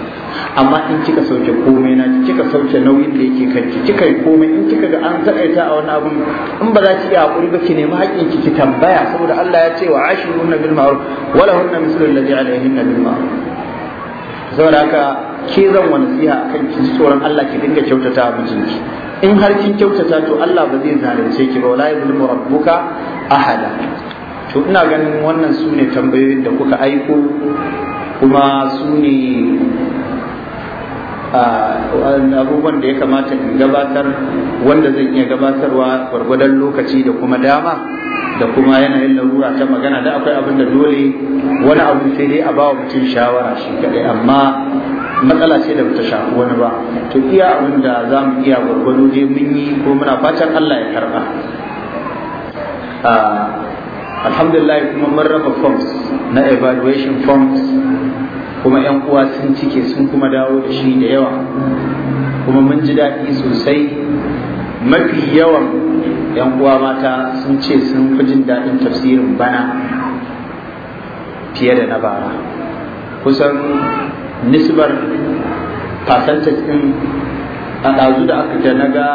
amma in kika sauke komai na kika sauke nauyin da yake ki, kika yi komai in kika ga an taƙaita a wani abun in ba za ki iya hakuri ba ki nemi haƙƙin ki ki tambaya saboda Allah ya ce wa ashirunna bil ma'ruf wala lahunna mislu alladhi alayhinna bil ma'ruf saboda haka ke zan wani siya a kan ji tsoron Allah ki dinga kyautata a mijinki in har kin kyautata to Allah ba zai zalunce ki ba wallahi bil rabbuka ahada to ina ganin wannan su ne tambayoyin da kuka aiko kuma su ne abubuwan da ya kamata in gabatar wanda zan iya gabatarwa gwargwadon lokaci da kuma dama da kuma yanayin larura ta magana da akwai abin da dole wani abu sai dai a bawa mutum shawara shi kadai amma matsala ce da bata shafi wani ba to iya abin da za mu iya gwargwado je mun yi ko muna fatan Allah ya karba alhamdulillah kuma mun raba forms na evaluation forms kuma yan uwa sun cike sun kuma dawo da shi da yawa kuma mun ji daɗi sosai mafi yawan yan uwa mata sun ce sun fi jin daɗin tafsirin bana fiye da na bara kusan nisbar percentage ɗin a ɗazu da aka ta naga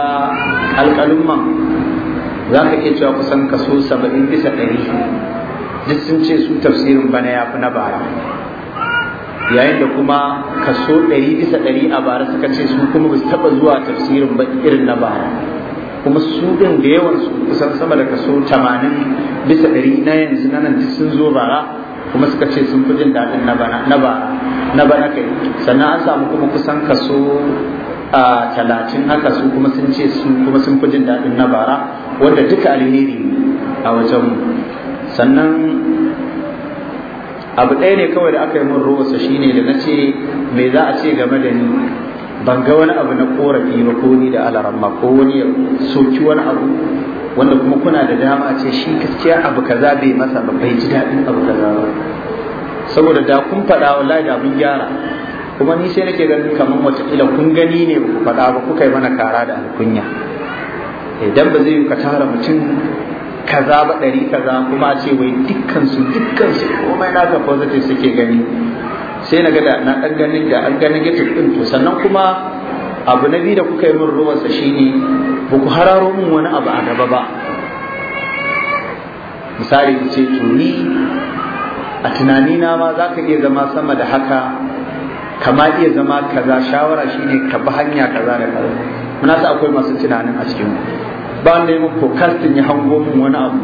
alƙalumman za ka iya cewa kusan kaso saba'in bisa ɗari duk sun ce su tafsirin bana ya fi na bara yayin da kuma kaso ɗari bisa ɗari a bara suka ce su kuma ba su taɓa zuwa tafsirin ba irin na bara kuma su din da yawan su kusan sama da kaso 80 bisa 100 na yanzu na nan sun zo bara kuma suka ce sun fi jin daɗin na bana na bara na bana kai sannan an samu kuma kusan kaso a talatin haka su kuma sun ce su kuma sun fi jin daɗin na bara wanda duka alheri a wajen sannan abu ɗaya ne kawai da aka yi min ruwasa shine da na ce me za a ce game da ni ban ga wani abu na korafi ba ko ni da alaramma ko wani ya soki wani abu wanda kuma kuna da dama ce shi gaskiya abu kaza bai masa ba bai ji daɗin abu kaza ba saboda da kun faɗa wallahi da mun gyara kuma ni sai nake ganin kamar wataƙila kun gani ne ba ku faɗa ba kuka yi mana kara da alkunya idan eh, ba zai ka tara mutum kaza ba ɗari kaza kuma a ce wai dukkansu dukkansu komai naka zai suke gani sai na gada na ɗan ganin da an ganin gatin ɗin to sannan kuma abu na biyu da kuka yi min ruwansa shine ba ku hararo min wani abu a gaba ba misali in ce to ni a tunanina ma za ka iya zama sama da haka kama iya zama kaza shawara shine ka bi hanya kaza da kaza muna sa akwai masu tunanin a cikin ba ne mu ya hango mun wani abu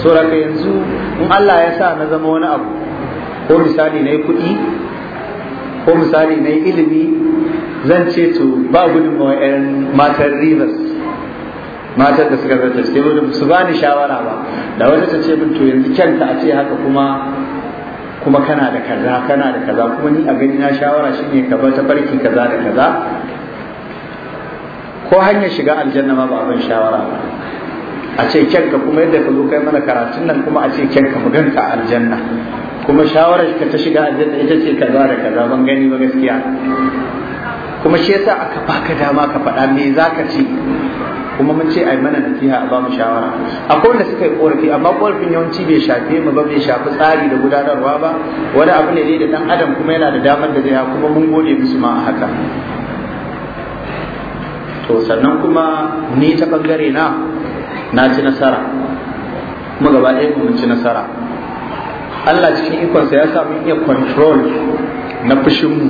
saboda yanzu in Allah ya sa na zama wani abu ko misali na yi kuɗi ko misali na yi ilimi zan ce to ba gudunmawa 'yan matar rivers matar da suka zarta sai wani su ba ni shawara ba da wata ta ce min to yanzu kyanta a ce haka kuma kuma kana da kaza kana da kaza kuma ni a gani na shawara shine ka ta tafarki kaza da kaza ko hanyar shiga aljanna ma ba abin shawara ba a ce kyanka kuma yadda ka zo kai mana karatun nan kuma a ce kyanka mu ganka a aljanna kuma shawarar ka ta shiga aljanna ita ce kaza da kaza ban gani ba gaskiya kuma shi yasa aka baka dama ka faɗa me ka ci. kuma mun ce ai mana nasiha a bamu shawara akwai wanda suka yi korafi amma korafin yawanci bai shafe mu ba bai shafi tsari da gudanarwa ba wani abu ne dai da dan adam kuma yana da damar da zai kuma mun gode musu ma a haka to sannan kuma ni ta bangare na na ci nasara kuma gaba ɗaya mun ci nasara Allah cikin ikonsa ya sa mun iya control na fushinmu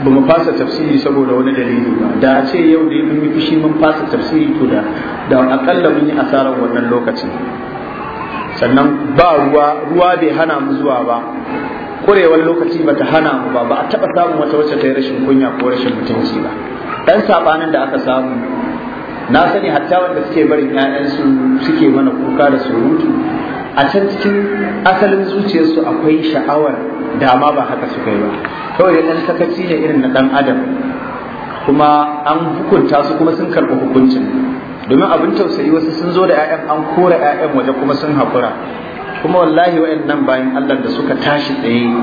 ba mu fasa tafsiri saboda wani dalili ba da a ce yau da yi fushi mun fasa tafsiri to da da akalla mun yi asarar wannan lokacin sannan ba ruwa ruwa bai hana mu zuwa ba kurewar lokaci ba ta hana mu ba ba a taba samun wata wacce ta yi rashin kunya ko rashin mutunci ba ɗan saɓanin da aka samu na sani hatta wanda suke barin 'ya'yansu suke mana kuka da surutu a can cikin asalin zuciyarsu akwai sha'awar dama ba haka su kai ba kawai da ɗan sakaci ne irin na ɗan adam kuma an hukunta su kuma sun karɓi hukuncin domin abin tausayi wasu sun zo da 'ya'yan an kora 'ya'yan waje kuma sun haƙura kuma wallahi nan bayan Allah da suka tashi tsaye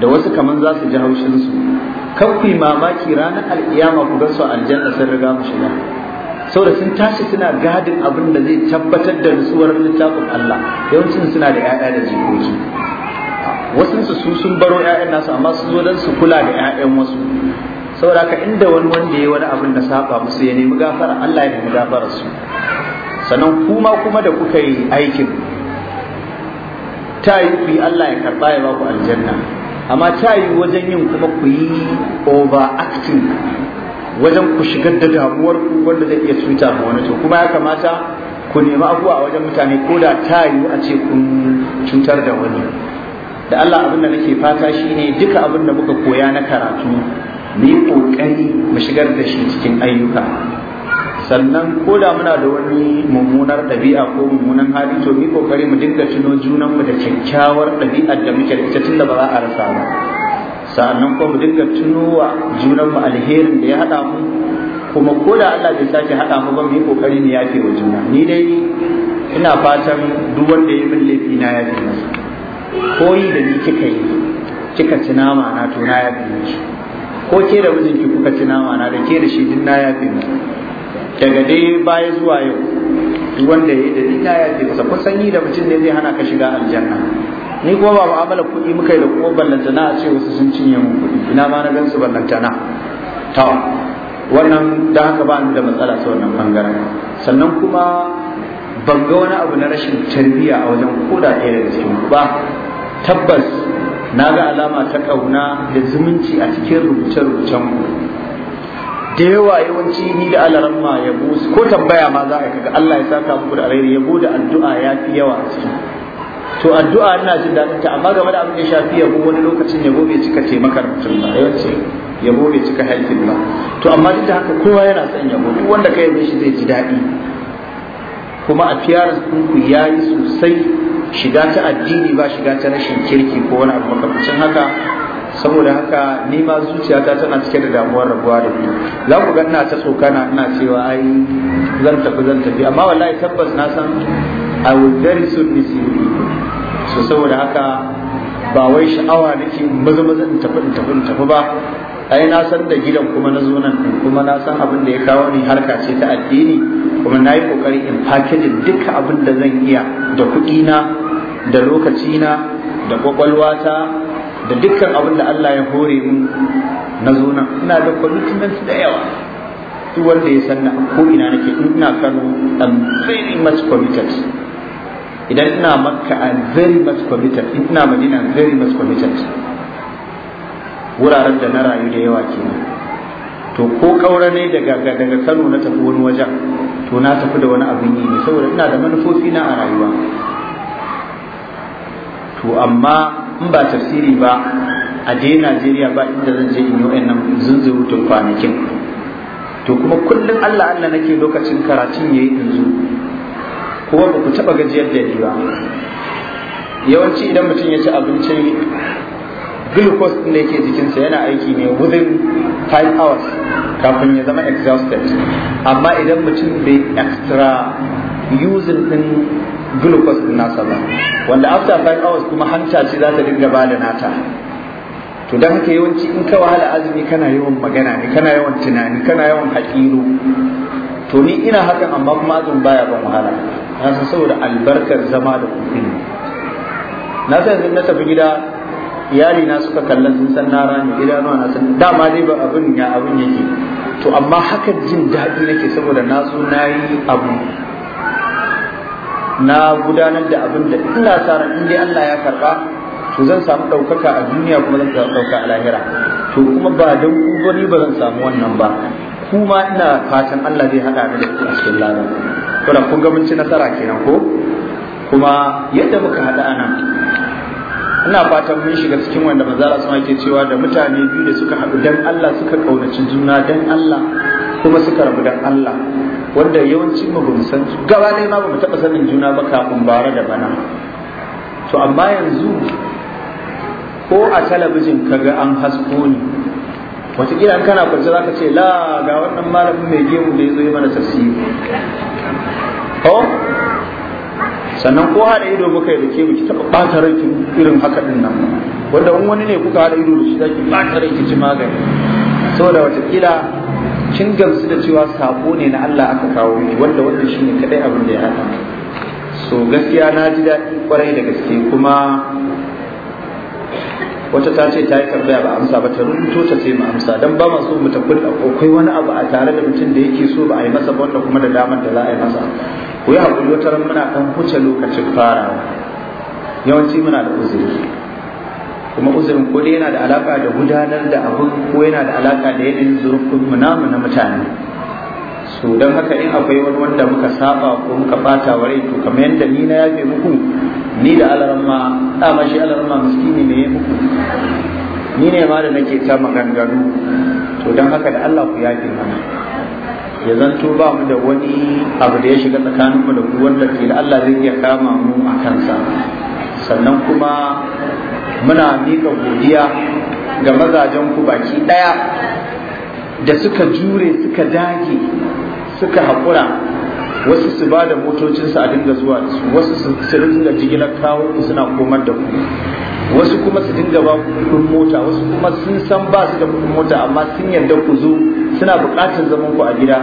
da wasu kaman za su ji haushinsu kan ku mamaki ranar al'iyama ku gan su aljanna sun riga mu shiga saboda sun tashi suna gadin abin da zai tabbatar da nutsuwar littafin Allah yawancin suna da 'ya'ya da jikoki wasu su sun baro 'ya'yan nasu amma su zo don su kula da 'ya'yan wasu saboda ka inda wani wanda ya wani abin da saba musu ya nemi gafara Allah ya nemi gafara su sannan kuma kuma da kuka yi aikin ta yi ku Allah ya karɓa ya baku aljanna amma ta yi wajen yin kuma ku yi overacting wajen ku shigar da damuwar ku wanda zai iya cuta ga wani to kuma ya kamata ku nemi abuwa wajen mutane ko da ta yiwu a ce kun cutar da wani da Allah abin da nake fata shine duka abin da muka koya na karatu mu kokari mu shigar da shi cikin ayyuka sannan ko da muna da wani mummunar ɗabi'a ko mummunan hali to mu kokari mu dinga tuno junanmu da kyakkyawar ɗabi'ar da muke da ita tunda ba za a rasa ba sa'annan kuma mu dinga junan junanmu alherin da ya haɗa mu kuma ko da Allah bai sake haɗa mu ba mu yi kokari mu yafe wa juna ni dai ina fatan duk wanda ya min laifi na yafe masa koyi da ni kika yi kika ci nama na to na yafe masa, ko ke da mijinki kuka ci nama na da ke da shi din na yafe masa, daga dai baya zuwa yau duk wanda ya yi da ni na yafe masa kun san da mutum ne zai hana ka shiga aljanna ni kuma ba mu'amala kuɗi muka yi da kuma ballantana a ce wasu sun cinye mun kuɗi ina ma na gan su ballantana Ta, wannan da haka ba ni da matsala ta wannan bangaren sannan kuma ban ga wani abu na rashin tarbiyya a wajen koda ɗaya da cikin ba tabbas na ga alama ta ƙauna da zumunci a cikin rubuce-rubucen mu da yawa yawanci ni da alaran ya ko tambaya ma za a kaga Allah ya saka muku da alheri yabo da addu'a ya fi yawa a cikin. to addu'a ina jin daɗin ta amma game da abin da ya shafi yabo wani lokacin yabo bai cika taimakar mutum ba yawanci yabo bai cika haifin ba to amma duk da haka kowa yana son yabo duk wanda ka yabe shi zai ji daɗi kuma a fiyarar ku ya yi sosai shiga ta addini ba shiga ta rashin kirki ko wani abu makamancin haka saboda haka ni ma zuciyata tana cike da damuwar rabuwa da ku za ku ga ina ta tsokana ina cewa ai zan tafi zan tafi amma wallahi tabbas na san I will very soon miss you so saboda haka ba wai sha'awa nake maza maza in tafi in tafi in tafi ba ai na san da gidan kuma na zo nan kuma na san abin da ya kawo ni harka ce ta addini kuma na yi kokari in fakejin duka abin da zan iya da kuɗi na da lokaci na da kwakwalwata da dukkan abin da Allah ya hore mu na zo nan ina da commitment da yawa duk wanda ya san na ko ina nake ina Kano I'm very much committed idan ina makka a very much committed ina madina very much committed wuraren da na rayu da yawa kenan to ko kaura ne daga daga Kano na tafi wani wajen to na tafi da wani abin yi ne saboda ina da manufofi na a rayuwa to amma in ba tafsiri ba a dai Najeriya ba inda zan je in yi nan zunzurutun kwanakin to kuma kullum Allah Allah nake lokacin karatun ya yi yayi zu. kuma ba ku taɓa gajiyar da ya ba
yawanci idan mutum ya ci abincin
glucose ɗin da yake jikinsa yana aiki ne within 5 hours kafin ya zama exhausted amma idan mutum bai extra using ɗin glucose ɗin nasa ba wanda after 5 hours kuma hanta ce za ta dinga da nata to dan haka yawanci in ka wahala azumi kana yawan magana ne kana yawan tunani kana yawan haƙiru to ni ina hakan amma kuma azumi baya ban wahala na san saboda albarkar zama da kuɗin na san yanzu na tafi gida iyali na suka kallon sun san na rani idanuwa na san dama dai ba abin ya abin yake to amma hakan jin daɗi nake saboda na so na yi abu na gudanar da abin da ina sa ran in dai Allah ya karba to zan samu ɗaukaka a duniya kuma zan samu ɗaukaka a lahira to kuma ba dan ni ba zan samu wannan ba kuma ina fatan Allah zai haɗa da ku a cikin lamarin. to kun ga mun ci nasara kenan ko kuma yadda muka haɗa ana ina fatan mun shiga cikin wanda manzara sun ake cewa da mutane biyu da suka haɗu dan Allah suka kaunaci juna dan Allah kuma suka rabu dan Allah wanda yawanci mu san gaba ɗaya ma mu taɓa sanin juna ba kafin bara da bana to amma yanzu ko a talabijin kaga an hasko ni wataƙila an kana kwanci zaka ce la ga wannan malamin mai gemu da ya zo yi mana tafsiri
ko sannan ko
haɗa ido muka yi da ke ki taɓa ɓata rai irin haka ɗin nan wanda in wani ne kuka haɗa ido da shi zaki ɓata rai ki ci magani saboda wataƙila kin gamsu da cewa sako ne na Allah aka kawo ni wanda wannan ne kadai abin da ya haɗa so gaskiya na ji daɗi kwarai da gaske kuma wata ta ce ta yi tambaya ba amsa ba ta rubuto ta ce mu amsa dan ba masu mu tabbata akwai wani abu a tare da mutum da yake so ba a yi masa ba kuma da damar da za a yi masa ku yi hakuri wata ran muna kan huce lokacin farawa yawanci muna da uzuri kuma uzurin ko yana da alaka da gudanar da abu ko yana da alaka da yanayin zurfin mu namu na mutane so don haka in akwai wani wanda muka saba ko muka fata wa rai to kamar yadda ni na yafe muku ni da alarma a mashi alarma miskini ne uku ni ne ma da nake ta maganganu to don haka da Allah ku yafe mana ya zanto ba mu da wani abu da ya shiga tsakaninmu da ku wanda ke da Allah zai iya kama mu a kansa sannan kuma muna miƙa godiya ga mazajen ku baki ɗaya
da suka jure
suka dage suka haƙura wasu su ba da motocinsu a dinga zuwa da su wasu su dinga jigilar kawo ku suna komar da ku wasu kuma su dinga ba ku kudin mota wasu kuma sun san ba su da kudin mota amma sun yarda ku zo suna buƙatar zaman ku a gida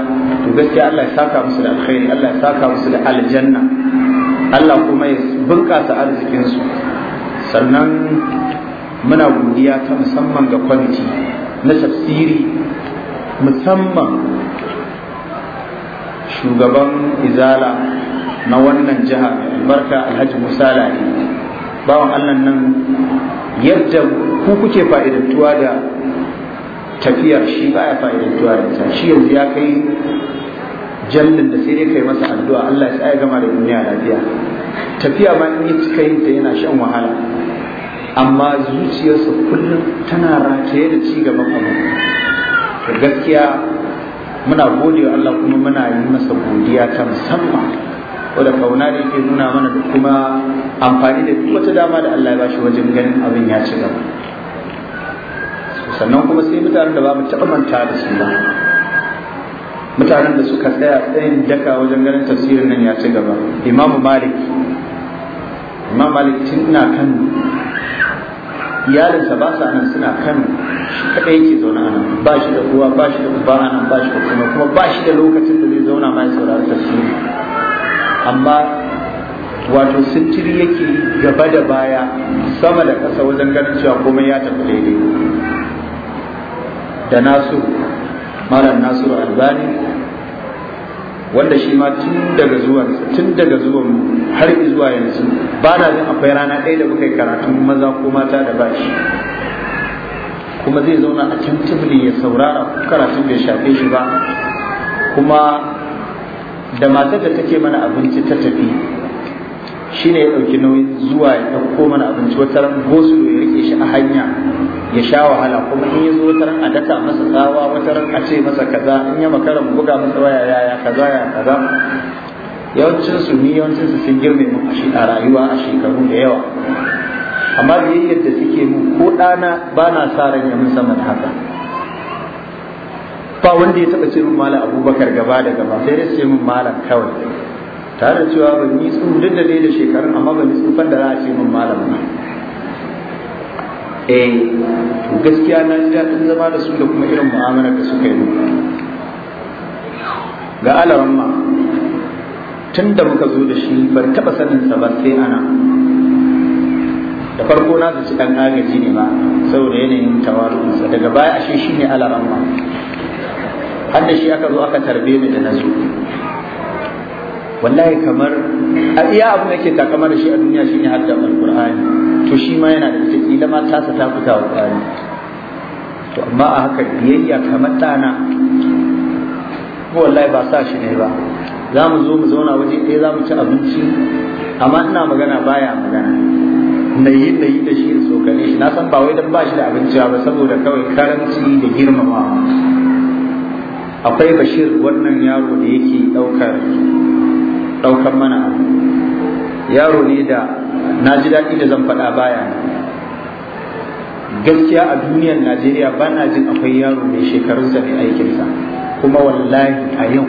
to gaskiya Allah ya saka musu da alkhairi Allah ya saka musu da aljanna Allah kuma ya bunƙasa arzikinsu sannan muna godiya ta musamman ga kwamiti na tafsiri musamman shugaban izala na wannan jiha barka alhaji musa lari bawan allah nan yadda ku kuke fa'idantuwa da tafiyar shi baya fa'idantuwa da ta shi yanzu ya kai jallin da sai dai kai masa addu'a allah ya gama da duniya lafiya tafiya ma in yi cika yin ta yana shan wahala amma zuciyarsa kullum tana rataye da ci gaban abu gaskiya muna gode wa Allah kuma muna yi masa godiya ta musamman wadda kauna da yake nuna mana da kuma amfani da duk wata dama da Allah ya bashi wajen ganin abin ya ci gaba sannan kuma sai mutanen da ba mu taɓa manta da su ba mutanen da suka tsaya tsayin daka wajen ganin tafsirin nan ya ci gaba imamu malik imam malik tun ina kan iyalinsa ba su nan suna kano shi kaɗai yake zaune a nan ba shi da uwa ba shi da uba a nan ba shi da kuma kuma ba shi da lokacin da zai zauna ma ya saurari su amma wato sintiri yake gaba da baya sama da ƙasa wajen ganin cewa komai ya tafi daidai da nasu malam nasiru albani wanda shi ma tun daga zuwa tun daga zuwa har zuwa yanzu ba na jin akwai rana ɗaya da muka yi karatun maza ko mata da bashi kuma zai zauna a tibli ya saurara karatun bai shafe shi ba kuma da matar da take mana abinci ta tafi shine ya ɗauki nauyin zuwa ya ɗauko mana abinci wata ran gosulo ya rike shi a hanya ya sha wahala kuma in ya zo a daka masa tsawa wata ran a ce masa kaza in ya makara mu buga masa waya yaya kaza ya kaza yawancin su ni yawancin su sun girme mu a rayuwa a shekaru da yawa amma da yadda suke mu ko ɗana ba na sa ran ya mun sama da haka ba wanda ya taɓa ce min malam abubakar gaba da gaba sai dai ce min malam kawai tare da cewa ban yi tsufa duk da dai da shekarun amma ban yi tsufan da za a ce min malam ba eh gaskiya na ji daɗin zama da su da kuma irin mu'amalar da suka yi ga alawan ma tun da muka zo da shi bar taɓa saninsa ba sai ana da farko na zaci ɗan agaji ne ba saboda yanayin tawaru'unsa daga baya ashe shi ne alawan ma har da shi aka zo aka tarbe ni da na zo wallahi kamar a iya abu da ke takama da shi a duniya shine hadda alqur'ani to shi ma yana da cikin kila ma tasa ta fita alqur'ani to amma a haka biyayya kamar ɗana ko wallahi ba sa shi ne ba za mu zo mu zauna waje ɗaya za mu ci abinci amma ina magana baya magana na yi na yi da shi in tsokane shi na san ba wai dan ba shi da abinci ba saboda kawai karanci da girmama akwai bashir wannan yaro da yake ɗaukar ɗaukar mana yaro ne da na ji daɗi da zan faɗa baya gaskiya a duniyar najeriya ba na jin akwai yaro mai shekarunsa mai aikinsa kuma wallahi a yau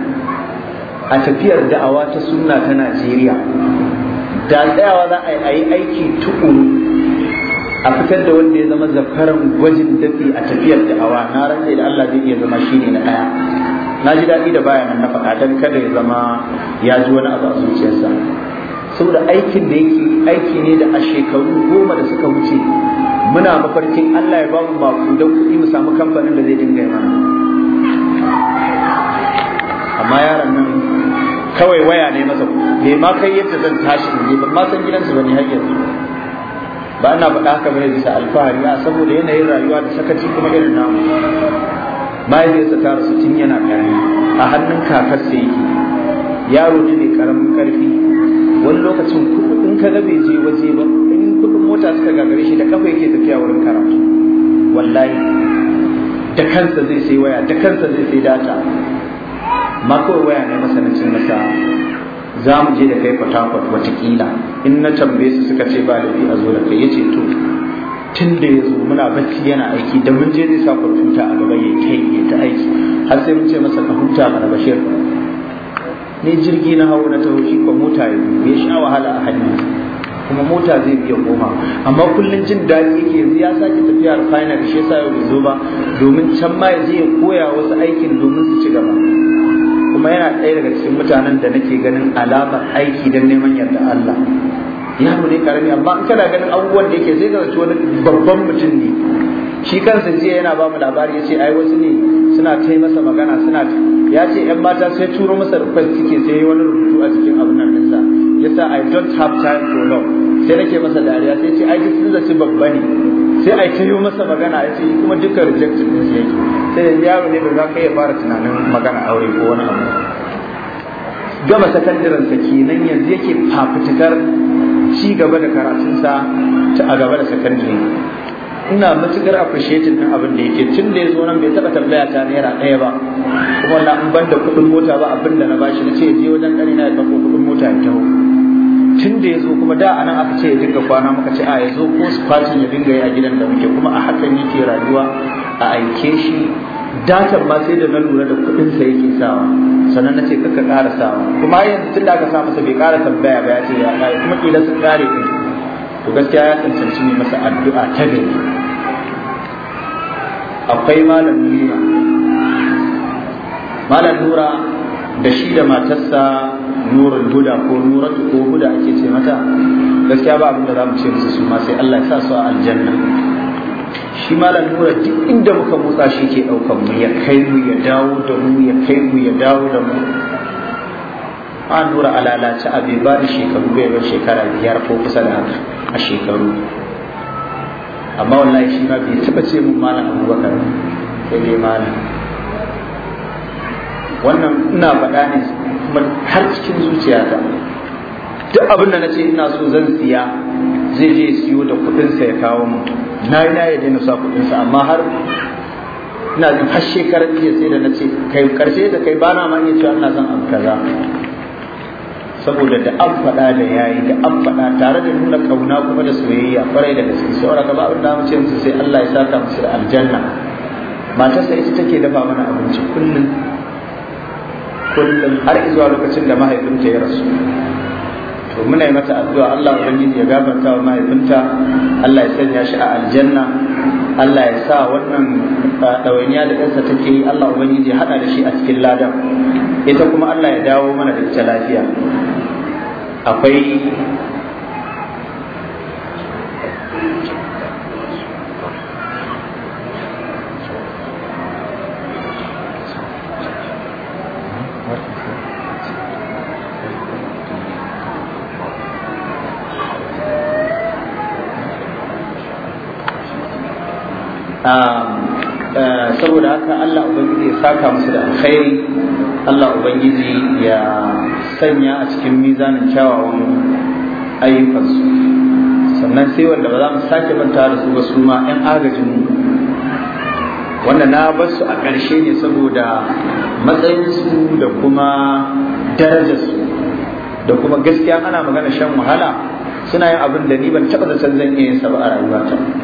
a tafiyar da'awa ta suna ta najeriya da tsayawa za a yi aiki tukuru a fitar da wanda ya zama zakaran gwajin dafi a tafiyar da'awa na rantsa da Allah zai iya zama shine na ɗaya na ji daɗi da bayanan na faɗa don kada ya zama ya ji wani abu a zuciyarsa saboda aikin da yake aiki ne da a shekaru goma da suka wuce muna mafarkin Allah ya ba mu baku don kuɗi mu samu kamfanin da zai dinga yana amma yaron nan kawai waya ne masa bai ma kai yadda zan tashi ne ban ma san gidansu bane har yanzu ba na faɗa haka bane bisa alfahari a saboda yanayin rayuwa da sakaci kuma irin namu mahaifiyarsa ta rasu tun yana ƙarami, a hannun sai yake yaro ne mai karamin karfi wani lokacin in ka ga bai je waje ba in kudin mota suka gagare shi da kafa yake tafiya wurin karatu wallahi da kansa zai sai waya da kansa zai sai data ma waya ne masanancin nasa za mu je da kai fatakwat watakila in na tambaye su suka ce ba da a zo da kai ya ce to tun da ya zo muna bacci yana aiki da mun je zai sa kwamfuta a gaba ya kai ya ta aiki har sai mun ce masa ka huta mana bashir ne jirgi na hau na taho shi ko mota ya ya sha wahala a hannu kuma mota zai biya goma amma kullum jin daɗi yake yanzu ya sake tafiya refinery shi sa yau bai zo ba domin can ma ya je ya koya wasu aikin domin su ci gaba kuma yana ɗaya daga cikin mutanen da nake ganin alamar aiki don neman yarda Allah yaro ne karami amma in kana ganin abubuwan da yake zai zaci wani babban mutum
ne
shi kansa jiya yana ba mu labari ya ce ai wasu ne suna ta masa magana suna ya ce yan mata sai turo masa request suke sai wani rubutu a cikin abin nan ɗinsa ya sa i don't have time for long sai nake masa dariya sai ce ai duk sun zaci babba ne sai ai ta yi masa magana ya ce kuma duka rejection din shi yake sai yanzu yaro ne ba za ka iya fara tunanin magana aure ko wani abu gama kenan yanzu yake fafutukar ci gaba da karatunsa ta a gaba da sakandare ina matukar appreciating din abin da yake tun da ya zo nan bai taba tambaya ta naira ɗaya ba kuma na an banda kuɗin mota ba abin da na bashi na ce je wajen ƙari na ya tafi kuɗin mota ya taho tun da ya zo kuma da anan aka ce ya dinga kwana muka ce a ya zo ko fatin ya dinga yi a gidan da muke kuma a hakan yake rayuwa a aike shi datan ma sai da na lura da kuɗinsa yake sawa sannan na ce kakka ƙara sawa kuma yanzu tun da aka sa masa bai ƙara tambaya ba ya ce ya ƙare kuma ƙila sun ƙare ɗin to gaskiya ya cancanci ne masa addu'a ta gari akwai malam nura malam nura da shi da matarsa nurul huda ko nuratu ko huda ake ce mata gaskiya ba abin da za mu ce musu su ma sai Allah ya sa su a aljanna shi malam nura duk inda muka motsa shi ke ɗaukan mu ya kai mu ya dawo da mu ya kai mu ya dawo da mu a nura a lalace a bai ba shekaru bai bar shekara biyar ko kusa da haka a shekaru amma wallahi shi ma bai taba ce mun malam abubakar sai dai malam wannan ina faɗa ne har cikin zuciyata duk abin da na ce ina so zan siya zai je siyo da kuɗinsa ya kawo mu na yi na ya daina sa kuɗinsa amma har ina jin har shekarar jiya sai da na ce kai karshe da kai bana ma iya cewa na son abu kaza saboda da an faɗa da yayi da an faɗa tare da nuna kauna kuma da soyayya farai da gaske saboda ka ba abin da mace musu sai Allah ya saka musu da aljanna matarsa ita take dafa mana abinci kullum kullum har izuwa lokacin da mahaifinta ya rasu to muna yi mata addu'a Allah ubangiji ya gafarta wa mahaifinta Allah ya sanya shi a aljanna Allah ya sa wannan ɗawainiya da ɗansa take yi Allah ubangiji ya haɗa da shi a cikin ladan ita kuma Allah ya dawo mana da ita lafiya akwai fatan Allah ubangiji ya saka musu da alkhairi Allah ubangiji ya sanya a cikin mizanin kyawawan ayyukansu sannan sai wanda ba za mu sake manta da su ba su ma 'yan agajin mu wanda na bar su a ƙarshe ne saboda matsayinsu da kuma darajarsu da kuma gaskiya ana magana shan wahala suna yin abin da ni ban taɓa zaton zan iya yin sa ba a rayuwata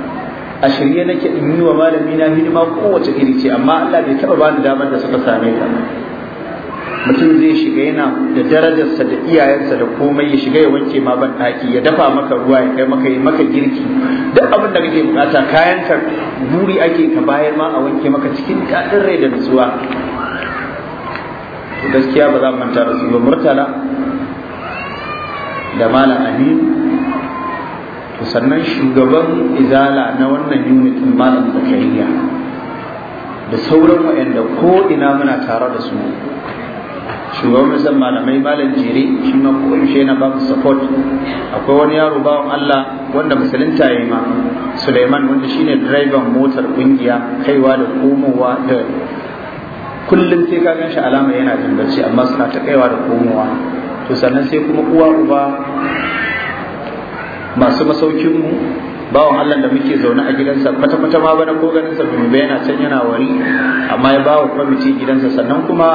a shirye nake in yi wa malami na hidima kowace iri ce amma Allah bai taba bani damar da suka same ta mutum zai shiga yana da darajarsa da iyayensa da komai ya shiga ya wanke ma ban ya dafa maka ruwa ya kai maka yi maka girki duk abin da kake bukata kayan ka buri ake ka bayar ma a wanke maka cikin dadin rai da nutsuwa
gaskiya ba za mu manta da su ba murtala
da malam Aminu. sannan shugaban izala na wannan unitin malam zakariya da sauran wa'anda ko ina muna tare da su shugaban musan malamai malam jere shi ma ko yaushe na ba support akwai wani yaro bawan Allah wanda musulunta yayi ma Suleiman wanda shine direban motar kungiya kaiwa da komowa da kullum sai ka ganshi alama yana jin amma suna ta kaiwa da komowa to sannan sai kuma uwa uba masu masaukinmu bawan Allah da muke zaune a gidansa kwata-kwata ma bana ko ganin sa bai yana can yana wari amma ya bawa kwamiti gidansa sannan kuma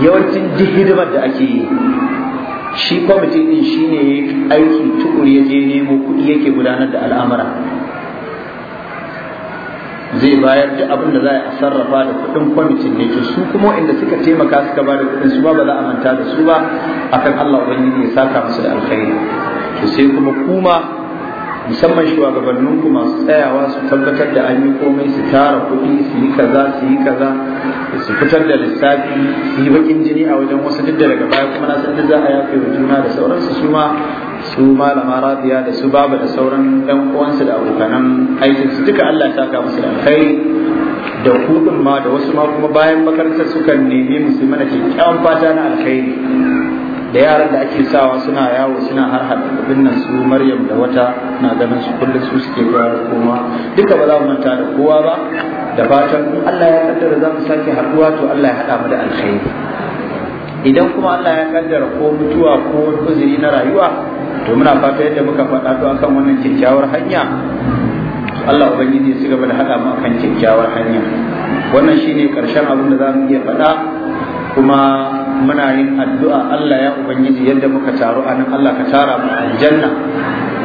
yawancin duk hidimar da ake yi shi kwamiti din shine aiki tukuri ya je nemo kuɗi yake gudanar da al'amura zai bayar da abin da za a sarrafa da kuɗin kwamitin ne su kuma inda suka taimaka suka ba da kuɗin su ba ba za a manta da su ba akan Allah ubangiji ya saka musu da alkhairi to sai kuma kuma musamman shugabanninku masu tsayawa su tabbatar da an yi komai su tara kuɗi su yi kaza su yi kaza su fitar da lissafi su yi bakin jini a wajen wasu duk da daga baya kuma na san da za a yafe wa juna da sauransu su ma su malama rabiya da su baba da sauran ɗan uwansu da abokanan aikin su duka Allah ya saka musu da alkhairi da kuɗin ma da wasu ma kuma bayan makarantar sukan nemi musu mana kyakkyawan fata na alkhairi da yaran da ake sawa suna yawo suna har abin nan su maryam da wata na ganin su kullum su suke da koma duka ba za mu manta da kowa ba da fatan Allah ya kaddara za mu sake haɗuwa to Allah ya haɗa mu da alkhairi idan kuma Allah ya kaddara ko mutuwa ko uzuri na rayuwa to muna fata yadda muka faɗa to akan wannan kyakkyawar hanya Allah ubangiji ya ci gaba da haɗa mu akan kyakkyawar hanya wannan shine karshen abin da za mu iya faɗa kuma muna yin addu'a Allah ya ubangiji yadda muka taru a nan Allah ka tara mu aljanna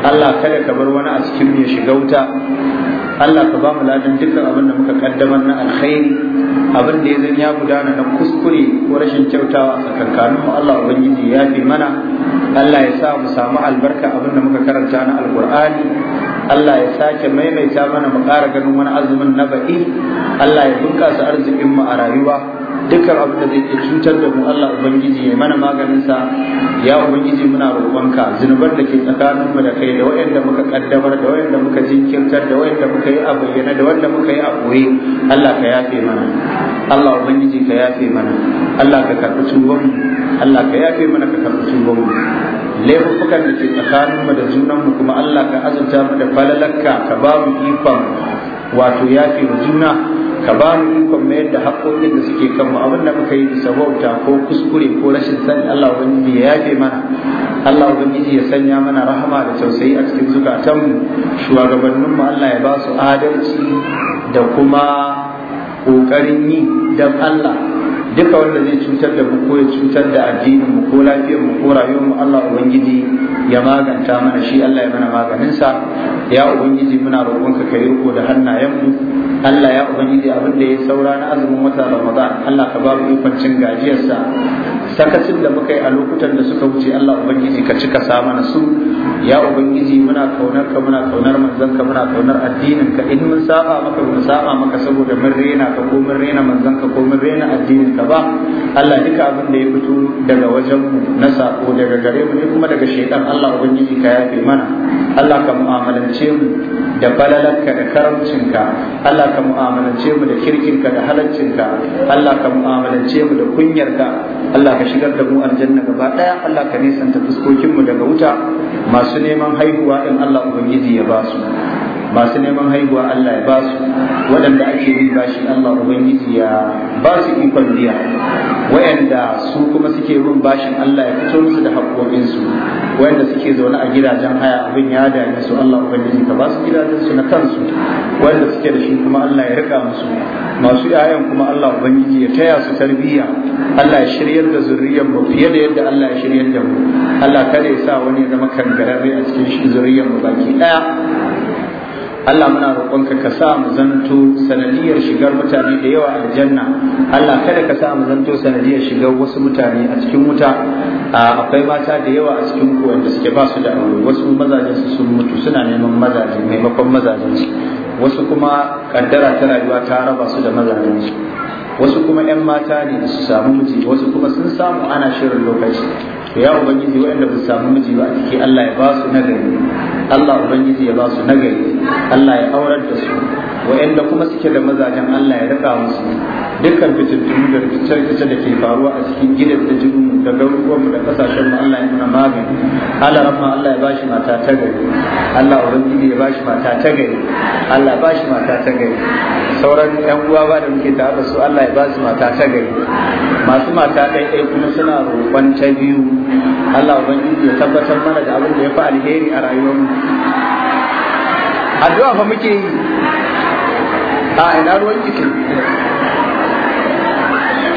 Allah kada ka bar wani a cikin ya shiga wuta Allah ka ba mu ladan dukkan abin da muka kaddamar na alkhairi abin da ya zan ya gudana na kuskure ko rashin kyautawa a tsakankanin mu Allah ubangiji ya fi mana Allah ya sa mu samu albarka abin da muka karanta na Alkur'ani. Allah ya sake maimaita mana mu ƙara ganin wani azumin na baɗi Allah ya bunƙasa arzikin mu a rayuwa dukkan abin da zai iya cutar da mu Allah ubangiji ya mana maganin sa ya ubangiji muna roƙonka zinubar da ke tsakanin mu da kai da wayanda muka kaddamar da wayanda muka jinkirtar da wayanda muka yi a bayyana da wanda muka yi a koyi Allah ka yafe mana Allah ubangiji ka yafe mana Allah ka karɓi tubon mu Allah ka yafe mana ka karɓi tubon mu laifukan da ke tsakanin mu da junan mu kuma Allah ka azurta mu da falalarka ka ba mu ikon wato ya wa juna ka ba mu ikon mayar da haƙoƙin da suke kan mu abin da muka yi bisa bauta ko kuskure ko rashin sani Allah wani ya yafe mana Allah wani ya sanya mana rahama da tausayi a cikin zukatanmu shugabannin mu Allah ya ba su adalci da kuma ƙoƙarin yi don Allah duka wanda zai cutar da mu ko ya cutar da addinin mu ko lafiyar mu ko rayuwar mu Allah ubangiji ya maganta mana shi Allah ya mana maganin sa ya ubangiji muna roƙon ka yi ko da hannayen mu Allah ya ubangiji abin da ya saura na azumin watan Ramadan Allah ka ba mu ikon gajiyar sa sakacin da muka yi a lokutan da suka wuce Allah ubangiji ka cika sa mana su ya ubangiji muna kaunar ka muna kaunar manzon ka muna kaunar addinin ka in mun saba maka mun saba maka saboda mun rena ka ko mun rena manzon ka ko mun rena addinin ka ba Allah duka abin da ya fito daga wajen mu na sako daga gare mu kuma daga shekar Allah ubangiji ka yafe mana Allah ka mu'amalance mu da balalanka da karamcinka Allah ka mu'amalance mu da kirkinka da halaccinka Allah ka mu'amalance mu da kunyarka Allah ka shigar da mu aljanna gaba daya Allah ka nisanta fuskokin mu daga wuta masu neman haihuwa in Allah ubangiji ya ba su masu neman haihuwa Allah ya basu waɗanda ake yi bashi Allah ubangiji ya basu ikon biya waɗanda su kuma suke bin bashin Allah ya fito musu da haƙoƙinsu waɗanda suke zaune a gidajen haya abin ya dame su Allah ubangiji ka basu gidajensu na kansu waɗanda suke da shi kuma Allah ya rika musu masu yayan kuma Allah ubangiji ya taya su tarbiyya Allah ya shiryar da zuriyar mu fiye da yadda Allah ya shiryar da mu Allah kada ya sa wani ya zama kangararre a cikin zuriyar mu baki
ɗaya
Allah muna roƙonka ka sa mu zanto sanadiyar shigar mutane da yawa a aljanna Allah kada ka sa mu zanto sanadiyar shigar wasu mutane a cikin wuta akwai mata da yawa a cikin ku wanda suke ba su da aure wasu mazajen su sun mutu suna neman mazaje maimakon mazajen su wasu kuma kaddara ta rayuwa ta raba su da mazajen su wasu kuma 'yan mata ne da su samu miji wasu kuma sun samu ana shirin lokaci to ya ubangiji waɗanda ba su samu miji ba a ciki Allah ya ba su nagari Allah ubangiji ya ba su nagari Allah ya aurar da su waɗanda kuma suke da mazajen Allah ya rika musu dukkan fitintunu da rikice-rikice da ke faruwa a cikin gidan da jinu da mu da kasashen mu Allah ya nuna magani Allah rahma Allah ya bashi mata ta gari Allah ubangiji ya bashi mata ta gari Allah ya bashi mata ta gari sauran 'yan uwa ba da muke tare da su Allah ya ba su mata ta gari masu mata ɗaiɗai kuma suna roƙon ta biyu Allah ubangiji ya tabbatar mana da abin da ya fi alheri a rayuwarmu addu'a fa muke yi a ina ruwan jiki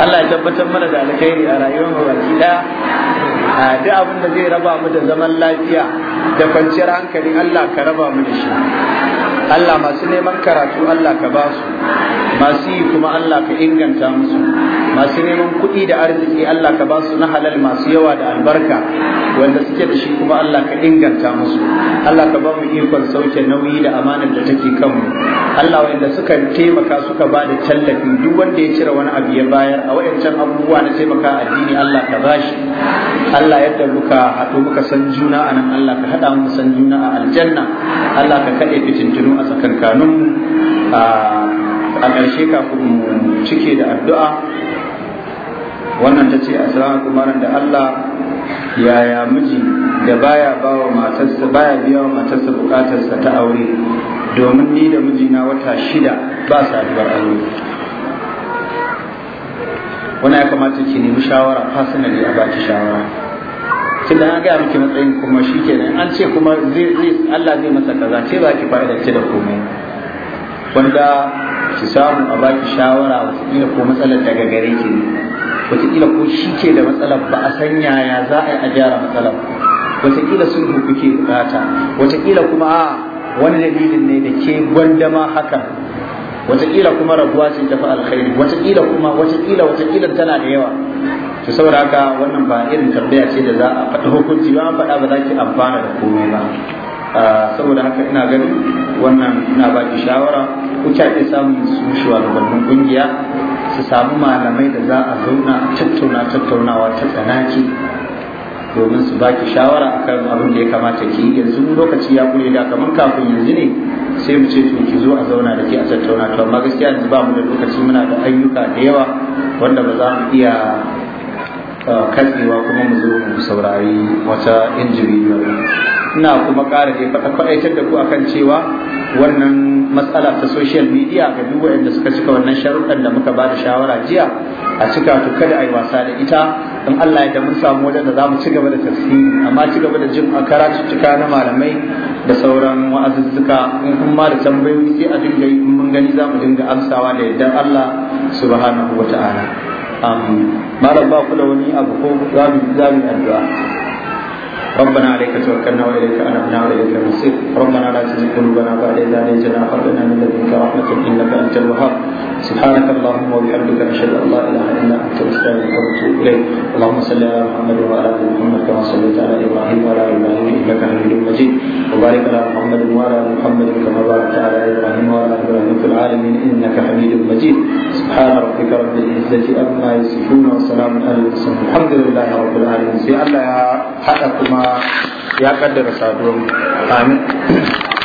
Allah ya tabbatar mana da alheri a rayuwarmu baki ɗaya a duk abin da zai raba mu da zaman lafiya da kwanciyar hankali, Allah ka raba mu da shi Allah masu neman karatu Allah ka ba su masu yi kuma Allah ka inganta musu masu neman kuɗi da arziki Allah ka ba su na halal masu yawa da albarka wanda suke da shi kuma Allah ka inganta musu Allah ka ba mu ikon sauke nauyi da amanar da take kanmu Allah wanda suka taimaka suka ba da tallafi duk wanda ya cire wani abu ya bayar a wayancan abubuwa na taimaka addini Allah ka bashi Allah yadda muka haɗu muka san juna nan Allah ka haɗa mu san juna a aljanna Allah ka kaɗe fitintunu a tsakankanin a ƙarshe kafin mu cike da addu'a wannan ta ce assalamu kumaran da Allah yaya miji da baya bawa matarsa baya biya wa matarsa bukatarsa ta aure domin ni da mijina wata shida ba duwar aure wani ya kamata ki nemi shawara personally a baki shawara da an gaya miki matsayin kuma shi kenan an ce kuma Allah zai masa kaza ce ba ki ce da komai wanda ki samu a baki shawara wataƙila ko matsalar daga gare ki wataƙila ko shi ke da matsalar ba a san yaya za a yi a gyara matsalar wataƙila sun kuke bukata wataƙila kuma a wani dalilin ne da ke gwandama hakan wataƙila kuma rabuwa ce ta fi alkhairi wataƙila kuma wataƙila wataƙila tana da yawa to saboda haka wannan ba irin tambaya ce da za a faɗi hukunci ba faɗa ba za ki amfana da komai ba ah, saboda haka ina ganin wannan ina ba ki shawara ku iya samun su shugabannin kungiya su samu malamai da za a zauna a tattauna tattaunawa ta tsanaki domin su baki shawara akan abin da ya kamata ki yanzu lokaci ya kure da kamar kafin yanzu ne sai mu ce ki zo a zauna da ke a tattauna to amma gaskiya yanzu ba mu da lokaci muna da ayyuka da yawa wanda ba za mu iya katsewa kuma mu zo mu saurari wata injiri ina kuma ƙara dai faɗa kwaɗaitar da ku akan cewa wannan matsala ta social media ga duk wanda suka cika wannan sharuɗan da muka ba da shawara jiya a cika to kada a wasa da ita in Allah ya da mun samu wajen da za mu ci gaba da tafsiri amma ci gaba da jin cika na malamai da sauran wa'azuzzuka in kuma da tambayoyi sai a dinga yi mun gani zamu dinga amsawa da yardar Allah subhanahu wata'ala malam ba ku da wani abu ko zamu zamu addu'a ربنا عليك توكلنا واليك انبنا واليك المصير ربنا لا تزغ قلوبنا بعد اذ هديتنا وهب لنا من لدنك رحمه انك انت الوهاب سبحانك اللهم وبحمدك اشهد ان لا اله الا انت استغفرك واتوب اليك اللهم صل على محمد وعلى ال محمد كما صليت على ابراهيم وعلى ال ابراهيم انك حميد مجيد وبارك على محمد وعلى ال محمد كما باركت على ابراهيم وعلى ال ابراهيم في العالمين انك حميد مجيد سبحان ربك رب العزه عما يصفون
وسلام على المرسلين الحمد لله رب العالمين سي الله حقكما kuma ya kaddara saduwar amin